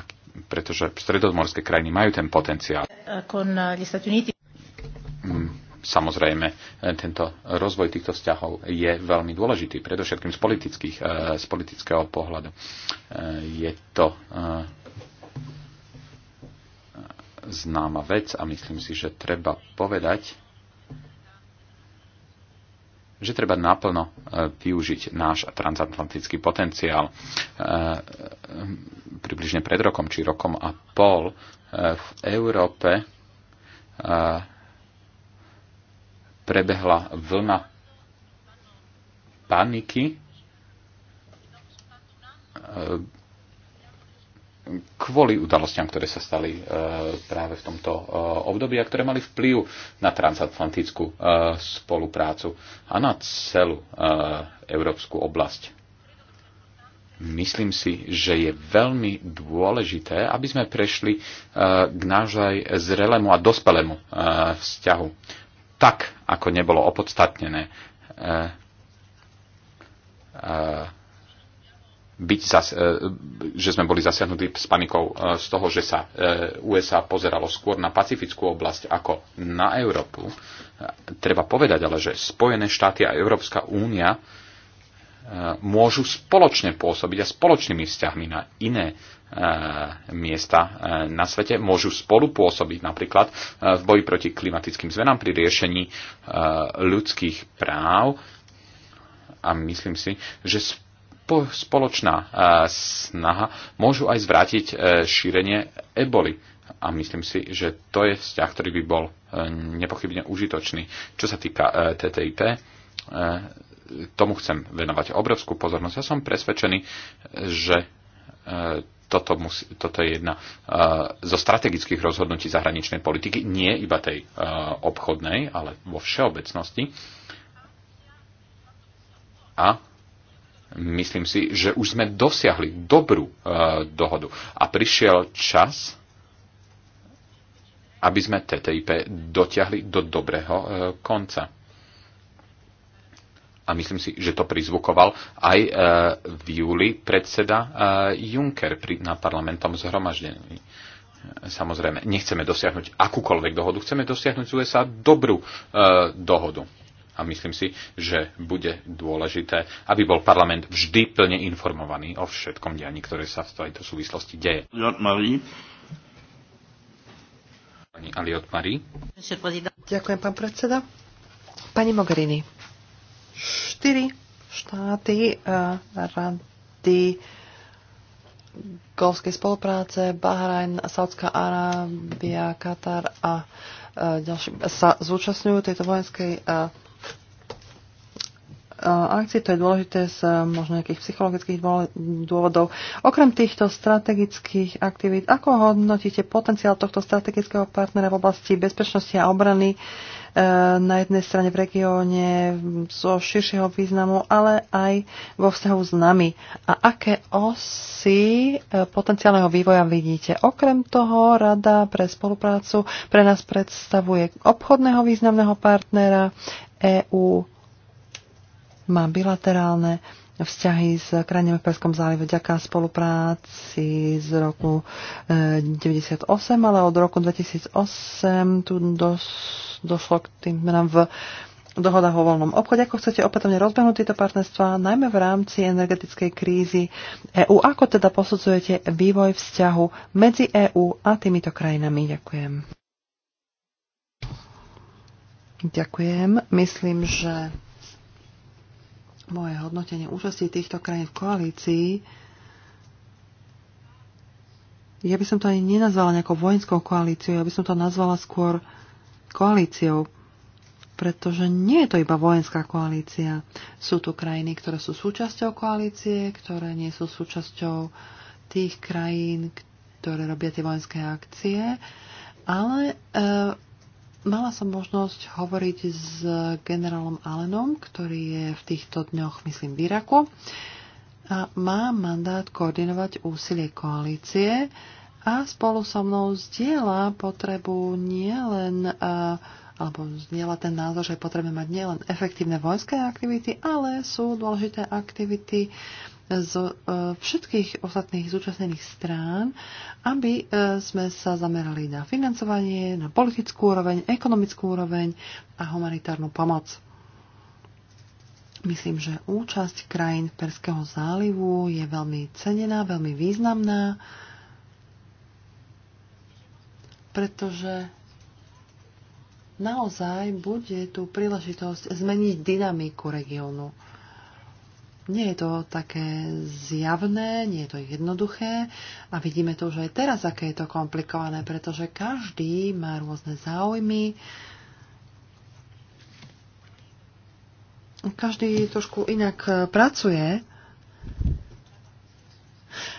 Speaker 4: pretože stredozmorské krajiny majú ten potenciál.
Speaker 2: Eh,
Speaker 4: mm, samozrejme, e, tento rozvoj týchto vzťahov je veľmi dôležitý, predovšetkým z, politických, z politického pohľadu. Je to známa vec a myslím si, že treba povedať, že treba naplno e, využiť náš transatlantický potenciál. E, e, približne pred rokom, či rokom a pol, v Európe prebehla vlna paniky kvôli udalostiam, ktoré sa stali e, práve v tomto e, období a ktoré mali vplyv na transatlantickú e, spoluprácu a na celú európsku oblasť. Myslím si, že je veľmi dôležité, aby sme prešli k nážaj zrelému a dospelému vzťahu. Tak, ako nebolo opodstatnené byť zas, e, že sme boli zasiahnutí s panikou e, z toho, že sa e, USA pozeralo skôr na pacifickú oblasť ako na Európu. Treba povedať ale, že Spojené štáty a Európska únia môžu spoločne pôsobiť a spoločnými vzťahmi na iné miesta na svete môžu spolupôsobiť napríklad v boji proti klimatickým zmenám pri riešení ľudských práv a myslím si, že spoločná e, snaha môžu aj zvrátiť e, šírenie eboli. A myslím si, že to je vzťah, ktorý by bol e, nepochybne užitočný. Čo sa týka TTIP, tomu chcem venovať obrovskú pozornosť. Ja som presvedčený, že toto, musí, toto je jedna zo strategických rozhodnutí zahraničnej politiky, nie iba tej obchodnej, ale vo všeobecnosti. A myslím si, že už sme dosiahli dobrú e, dohodu a prišiel čas, aby sme TTIP dotiahli do dobrého e, konca. A myslím si, že to prizvukoval aj e, v júli predseda Juncker na parlamentom zhromaždení. Samozrejme, nechceme dosiahnuť akúkoľvek dohodu, chceme dosiahnuť z USA dobrú dohodu a myslím si, že bude dôležité, aby bol parlament vždy plne informovaný o všetkom dianí, ktoré sa v tejto súvislosti deje. Pani Aliot Marie.
Speaker 3: Ďakujem, pán predseda. Pani Mogherini, štyri štáty uh, rady golfskej spolupráce, Bahrajn, Saudská Arábia, Katar a uh, eh, ďalší sa zúčastňujú tejto vojenskej uh, akcií, to je dôležité z eh, možno nejakých psychologických dôvodov. Okrem týchto strategických aktivít, ako hodnotíte potenciál tohto strategického partnera v oblasti bezpečnosti a obrany eh, na jednej strane v regióne zo širšieho významu, ale aj vo vzťahu s nami? A aké osy eh, potenciálneho vývoja vidíte? Okrem toho, Rada pre spoluprácu pre nás predstavuje obchodného významného partnera EU? má bilaterálne vzťahy s krajinami v Perskom zálive vďaka spolupráci z roku 1998, eh, ale od roku 2008 tu dos, došlo k tým menám v dohodách o voľnom obchode. Ako chcete opätovne rozbehnúť tieto partnerstva najmä v rámci energetickej krízy EÚ? Ako teda posudzujete vývoj vzťahu medzi EÚ a týmito krajinami? Ďakujem. Ďakujem. Myslím, že moje hodnotenie účasti týchto krajín v koalícii, ja by som to ani nenazvala nejakou vojenskou koalíciou, ja by som to nazvala skôr koalíciou, pretože nie je to iba vojenská koalícia. Sú tu krajiny, ktoré sú súčasťou koalície, ktoré nie sú súčasťou tých krajín, ktoré robia tie vojenské akcie, ale e, Mala som možnosť hovoriť s generálom Allenom, ktorý je v týchto dňoch, myslím, v Iraku. A má mandát koordinovať úsilie koalície a spolu so mnou zdieľa potrebu nielen alebo zdieľa ten názor, že potrebujeme mať nielen efektívne vojenské aktivity, ale sú dôležité aktivity zo e, všetkých ostatných zúčastnených strán, aby e, sme sa zamerali na financovanie, na politickú úroveň, ekonomickú úroveň a humanitárnu pomoc. Myslím, že účasť krajín Perského zálivu je veľmi cenená, veľmi významná, pretože naozaj bude tu príležitosť zmeniť dynamiku regiónu. Nie je to také zjavné, nie je to jednoduché a vidíme to už aj teraz, aké je to komplikované, pretože každý má rôzne záujmy, každý trošku inak e, pracuje,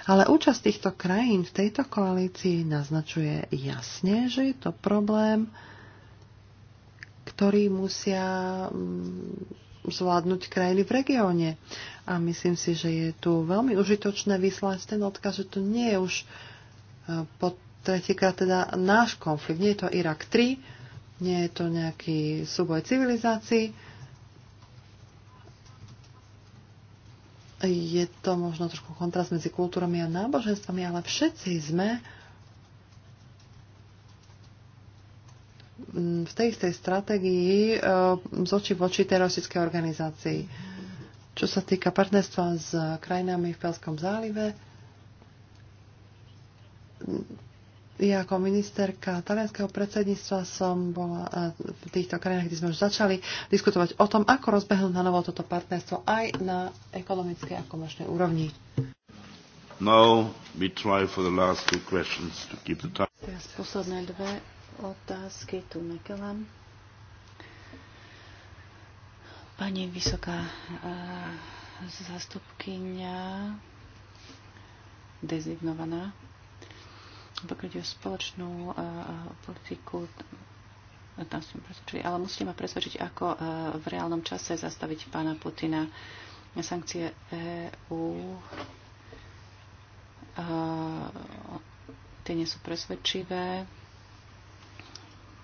Speaker 3: ale účasť týchto krajín v tejto koalícii naznačuje jasne, že je to problém, ktorý musia mm, zvládnuť krajiny v regióne. A myslím si, že je tu veľmi užitočné vyslať ten odkaz, že to nie je už e, po tretíkrát teda náš konflikt. Nie je to Irak 3, nie je to nejaký súboj civilizácií. Je to možno trošku kontrast medzi kultúrami a náboženstvami, ale všetci sme v tej istej stratégii eh, z oči oči teroristickej organizácii. Čo sa týka partnerstva s krajinami v Pelskom zálive, ja ako ministerka talianského predsedníctva som bola eh, v týchto krajinách, kde sme už začali diskutovať o tom, ako rozbehnúť na novo toto partnerstvo aj na ekonomickej a komerčnej úrovni.
Speaker 2: Now we try for the last two questions to keep the time. Yes,
Speaker 1: posledné dve otázky tu Mekelam. Pani vysoká eh, zastupkynia dezignovaná pokrytiu spoločnú eh, politiku tam som presvedčili, ale musíte ma presvedčiť, ako eh, v reálnom čase zastaviť pána Putina sankcie Uh, Tie nie sú presvedčivé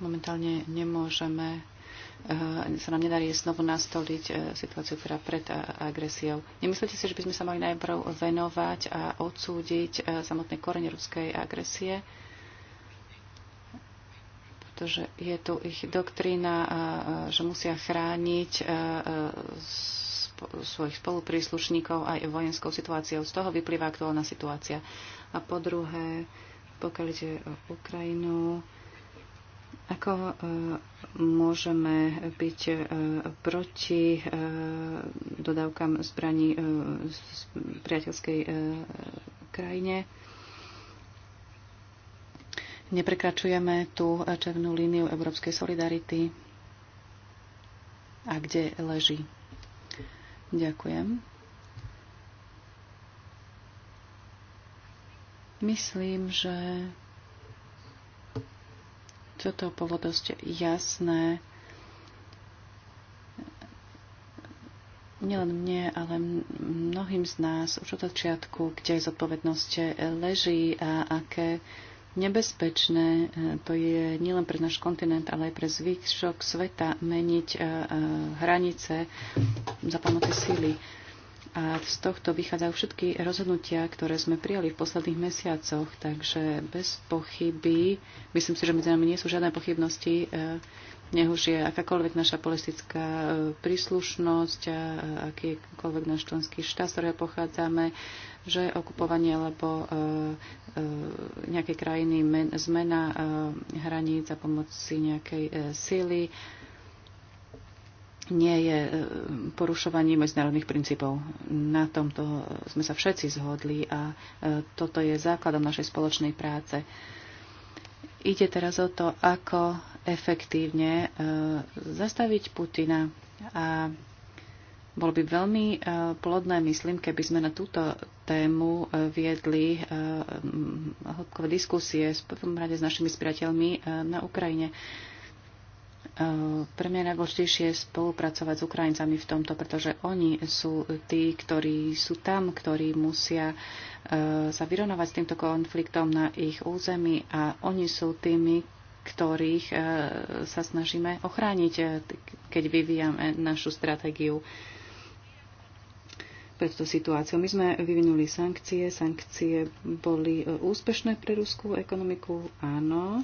Speaker 1: momentálne nemôžeme eh, sa nám nedarí znovu nastoliť eh, situáciu, ktorá pred eh, agresiou. Nemyslíte si, že by sme sa mali najprv venovať a odsúdiť samotné korene ruskej agresie? Pretože je tu ich doktrína, že musia chrániť svojich spolupríslušníkov aj vojenskou situáciou. Z toho vyplýva aktuálna situácia. A po druhé, pokiaľ ide o Ukrajinu, ako e, môžeme byť e, proti e, dodávkam zbraní z priateľskej krajine? Neprekračujeme tú červenú líniu európskej solidarity. A kde leží? Ďakujem. Myslím, že toto bolo dosť jasné nielen mne, ale mnohým z nás už od začiatku, kde zodpovednosť leží a aké nebezpečné e, to je nielen pre náš kontinent, ale aj pre zvyšok sveta meniť e, e, hranice za pomoci síly. A z tohto vychádzajú všetky rozhodnutia, ktoré sme prijali v posledných mesiacoch. Takže bez pochyby, myslím si, že medzi nami nie sú žiadne pochybnosti, e, nech už je akákoľvek naša politická e, príslušnosť a akýkoľvek náš členský štát, z ktorého pochádzame, že okupovanie alebo e, nejakej krajiny, zmena hraníc a pomoci nejakej sily nie je e, porušovanie medzinárodných princípov. Na tomto sme sa všetci zhodli a e, toto je základom našej spoločnej práce. Ide teraz o to, ako efektívne e, zastaviť Putina a bolo by veľmi plodné, myslím, keby sme na túto tému viedli hĺbkové diskusie v prvom rade s našimi spriateľmi na Ukrajine. Eh, pre mňa je najdôležitejšie spolupracovať s Ukrajincami v tomto, pretože oni sú tí, ktorí sú tam, ktorí musia eh, sa vyrovnávať s týmto konfliktom na ich území a oni sú tými, ktorých eh, sa snažíme ochrániť, keď vyvíjame našu stratégiu pre túto situáciu. My sme vyvinuli sankcie. Sankcie boli úspešné pre ruskú ekonomiku, áno.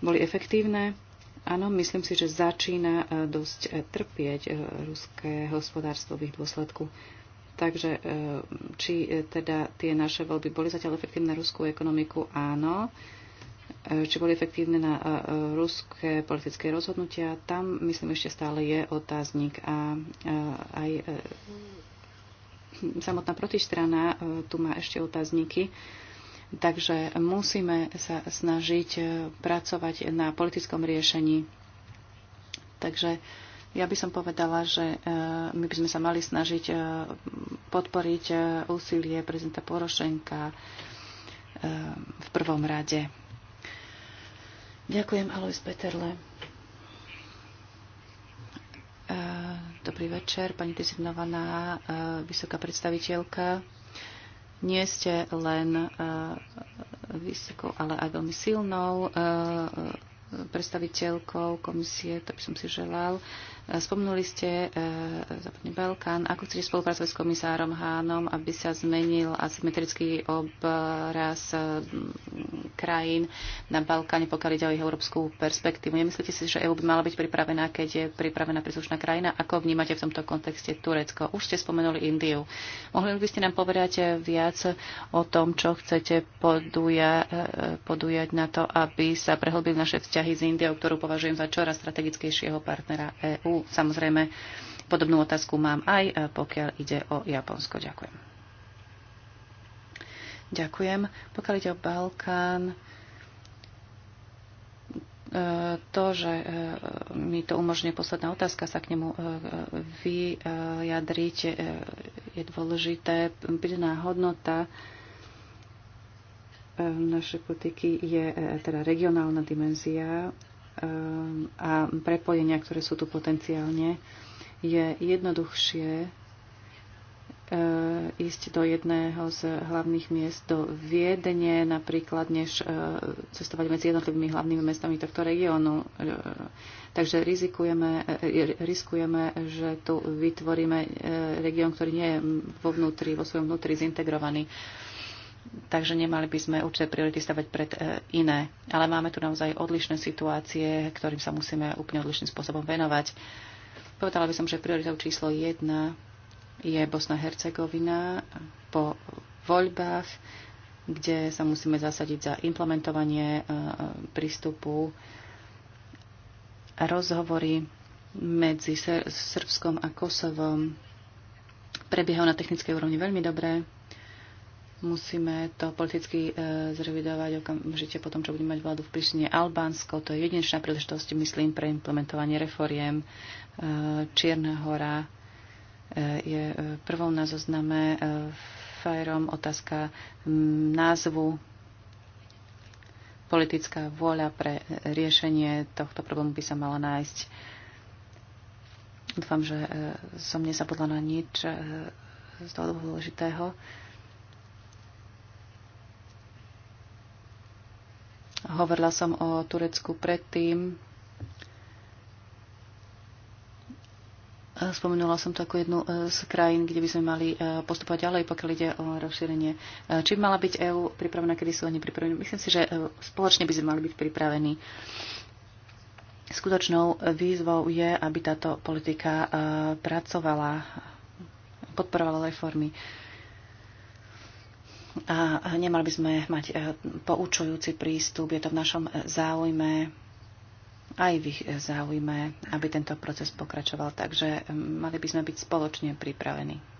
Speaker 1: Boli efektívne Áno, myslím si, že začína e, dosť e, trpieť e, ruské hospodárstvo v ich dôsledku. Takže či teda tie naše voľby boli zatiaľ efektívne na ruskú ekonomiku? Áno. Či boli efektívne na ruské politické rozhodnutia? Tam, myslím, ešte stále je otáznik. A aj samotná protistrana tu má ešte otázniky Takže musíme sa snažiť e, pracovať na politickom riešení. Takže ja by som povedala, že e, my by sme sa mali snažiť e, podporiť úsilie prezidenta Porošenka v prvom rade. Ďakujem, Alois Peterle. Dobrý večer, pani dezignovaná vysoká predstaviteľka nie ste len e, vysokou, ale aj veľmi silnou e, e, predstaviteľkou komisie, to by som si želal. Spomnuli ste e, Západný Balkán. Ako chcete spolupracovať s komisárom Hánom, aby sa zmenil asymetrický obraz e, krajín na Balkáne, pokiaľ ide o ich európsku perspektívu? Nemyslíte si, že EÚ by mala byť pripravená, keď je pripravená príslušná krajina? Ako vnímate v tomto kontexte Turecko? Už ste spomenuli Indiu. Mohli by ste nám povedať viac o tom, čo chcete poduja, e, podujať na to, aby sa prehlbili naše vzťahy s Indiou, ktorú považujem za čoraz strategickejšieho partnera EÚ? Samozrejme, podobnú otázku mám aj, e, pokiaľ ide o Japonsko. Ďakujem. Ďakujem. Pokiaľ ide o Balkán, e, to, že e, mi to umožňuje posledná otázka sa k nemu vyjadriť, je dôležité. Pridaná hodnota našej politiky je teda regionálna dimenzia Ehm, a prepojenia, ktoré sú tu potenciálne, je jednoduchšie ehm, ísť do jedného z hlavných miest, do Viedne napríklad, než ehm, cestovať medzi jednotlivými hlavnými mestami tohto regiónu. Takže rizikujeme, e, e, riskujeme, že tu vytvoríme e, región, ktorý nie je vo vnútri, vo svojom vnútri zintegrovaný takže nemali by sme určité priority stavať pred e, iné. Ale máme tu naozaj odlišné situácie, ktorým sa musíme úplne odlišným spôsobom venovať. Povedala by som, že prioritou číslo 1 je Bosna-Hercegovina po voľbách, kde sa musíme zasadiť za implementovanie e, e, prístupu a rozhovory medzi Srbskom a Kosovom prebiehajú na technickej úrovni veľmi dobre Musíme to politicky e, zrevidovať okamžite potom, čo budeme mať vládu v Prištine Albánsko. To je jedinečná príležitosť, myslím, pre implementovanie reforiem. E, Čierna hora e, je e, prvou na zozname. E, Fajrom otázka m, názvu politická vôľa pre riešenie tohto problému by sa mala nájsť. Dúfam, že som nezabudla na nič e, z toho dôležitého. Hovorila som o Turecku predtým. Spomenula som to ako jednu e, z krajín, kde by sme mali e, postupovať ďalej, pokiaľ ide o rozšírenie. E, či by mala byť EÚ pripravená, kedy sú oni pripravení? Myslím si, že spoločne by sme mali byť pripravení. Skutočnou výzvou je, aby táto politika pracovala, podporovala reformy. formy a nemali by sme mať eh, poučujúci prístup. Je to v našom eh, záujme, aj v ich eh, záujme, aby tento proces pokračoval. Takže mali by sme byť spoločne pripravení.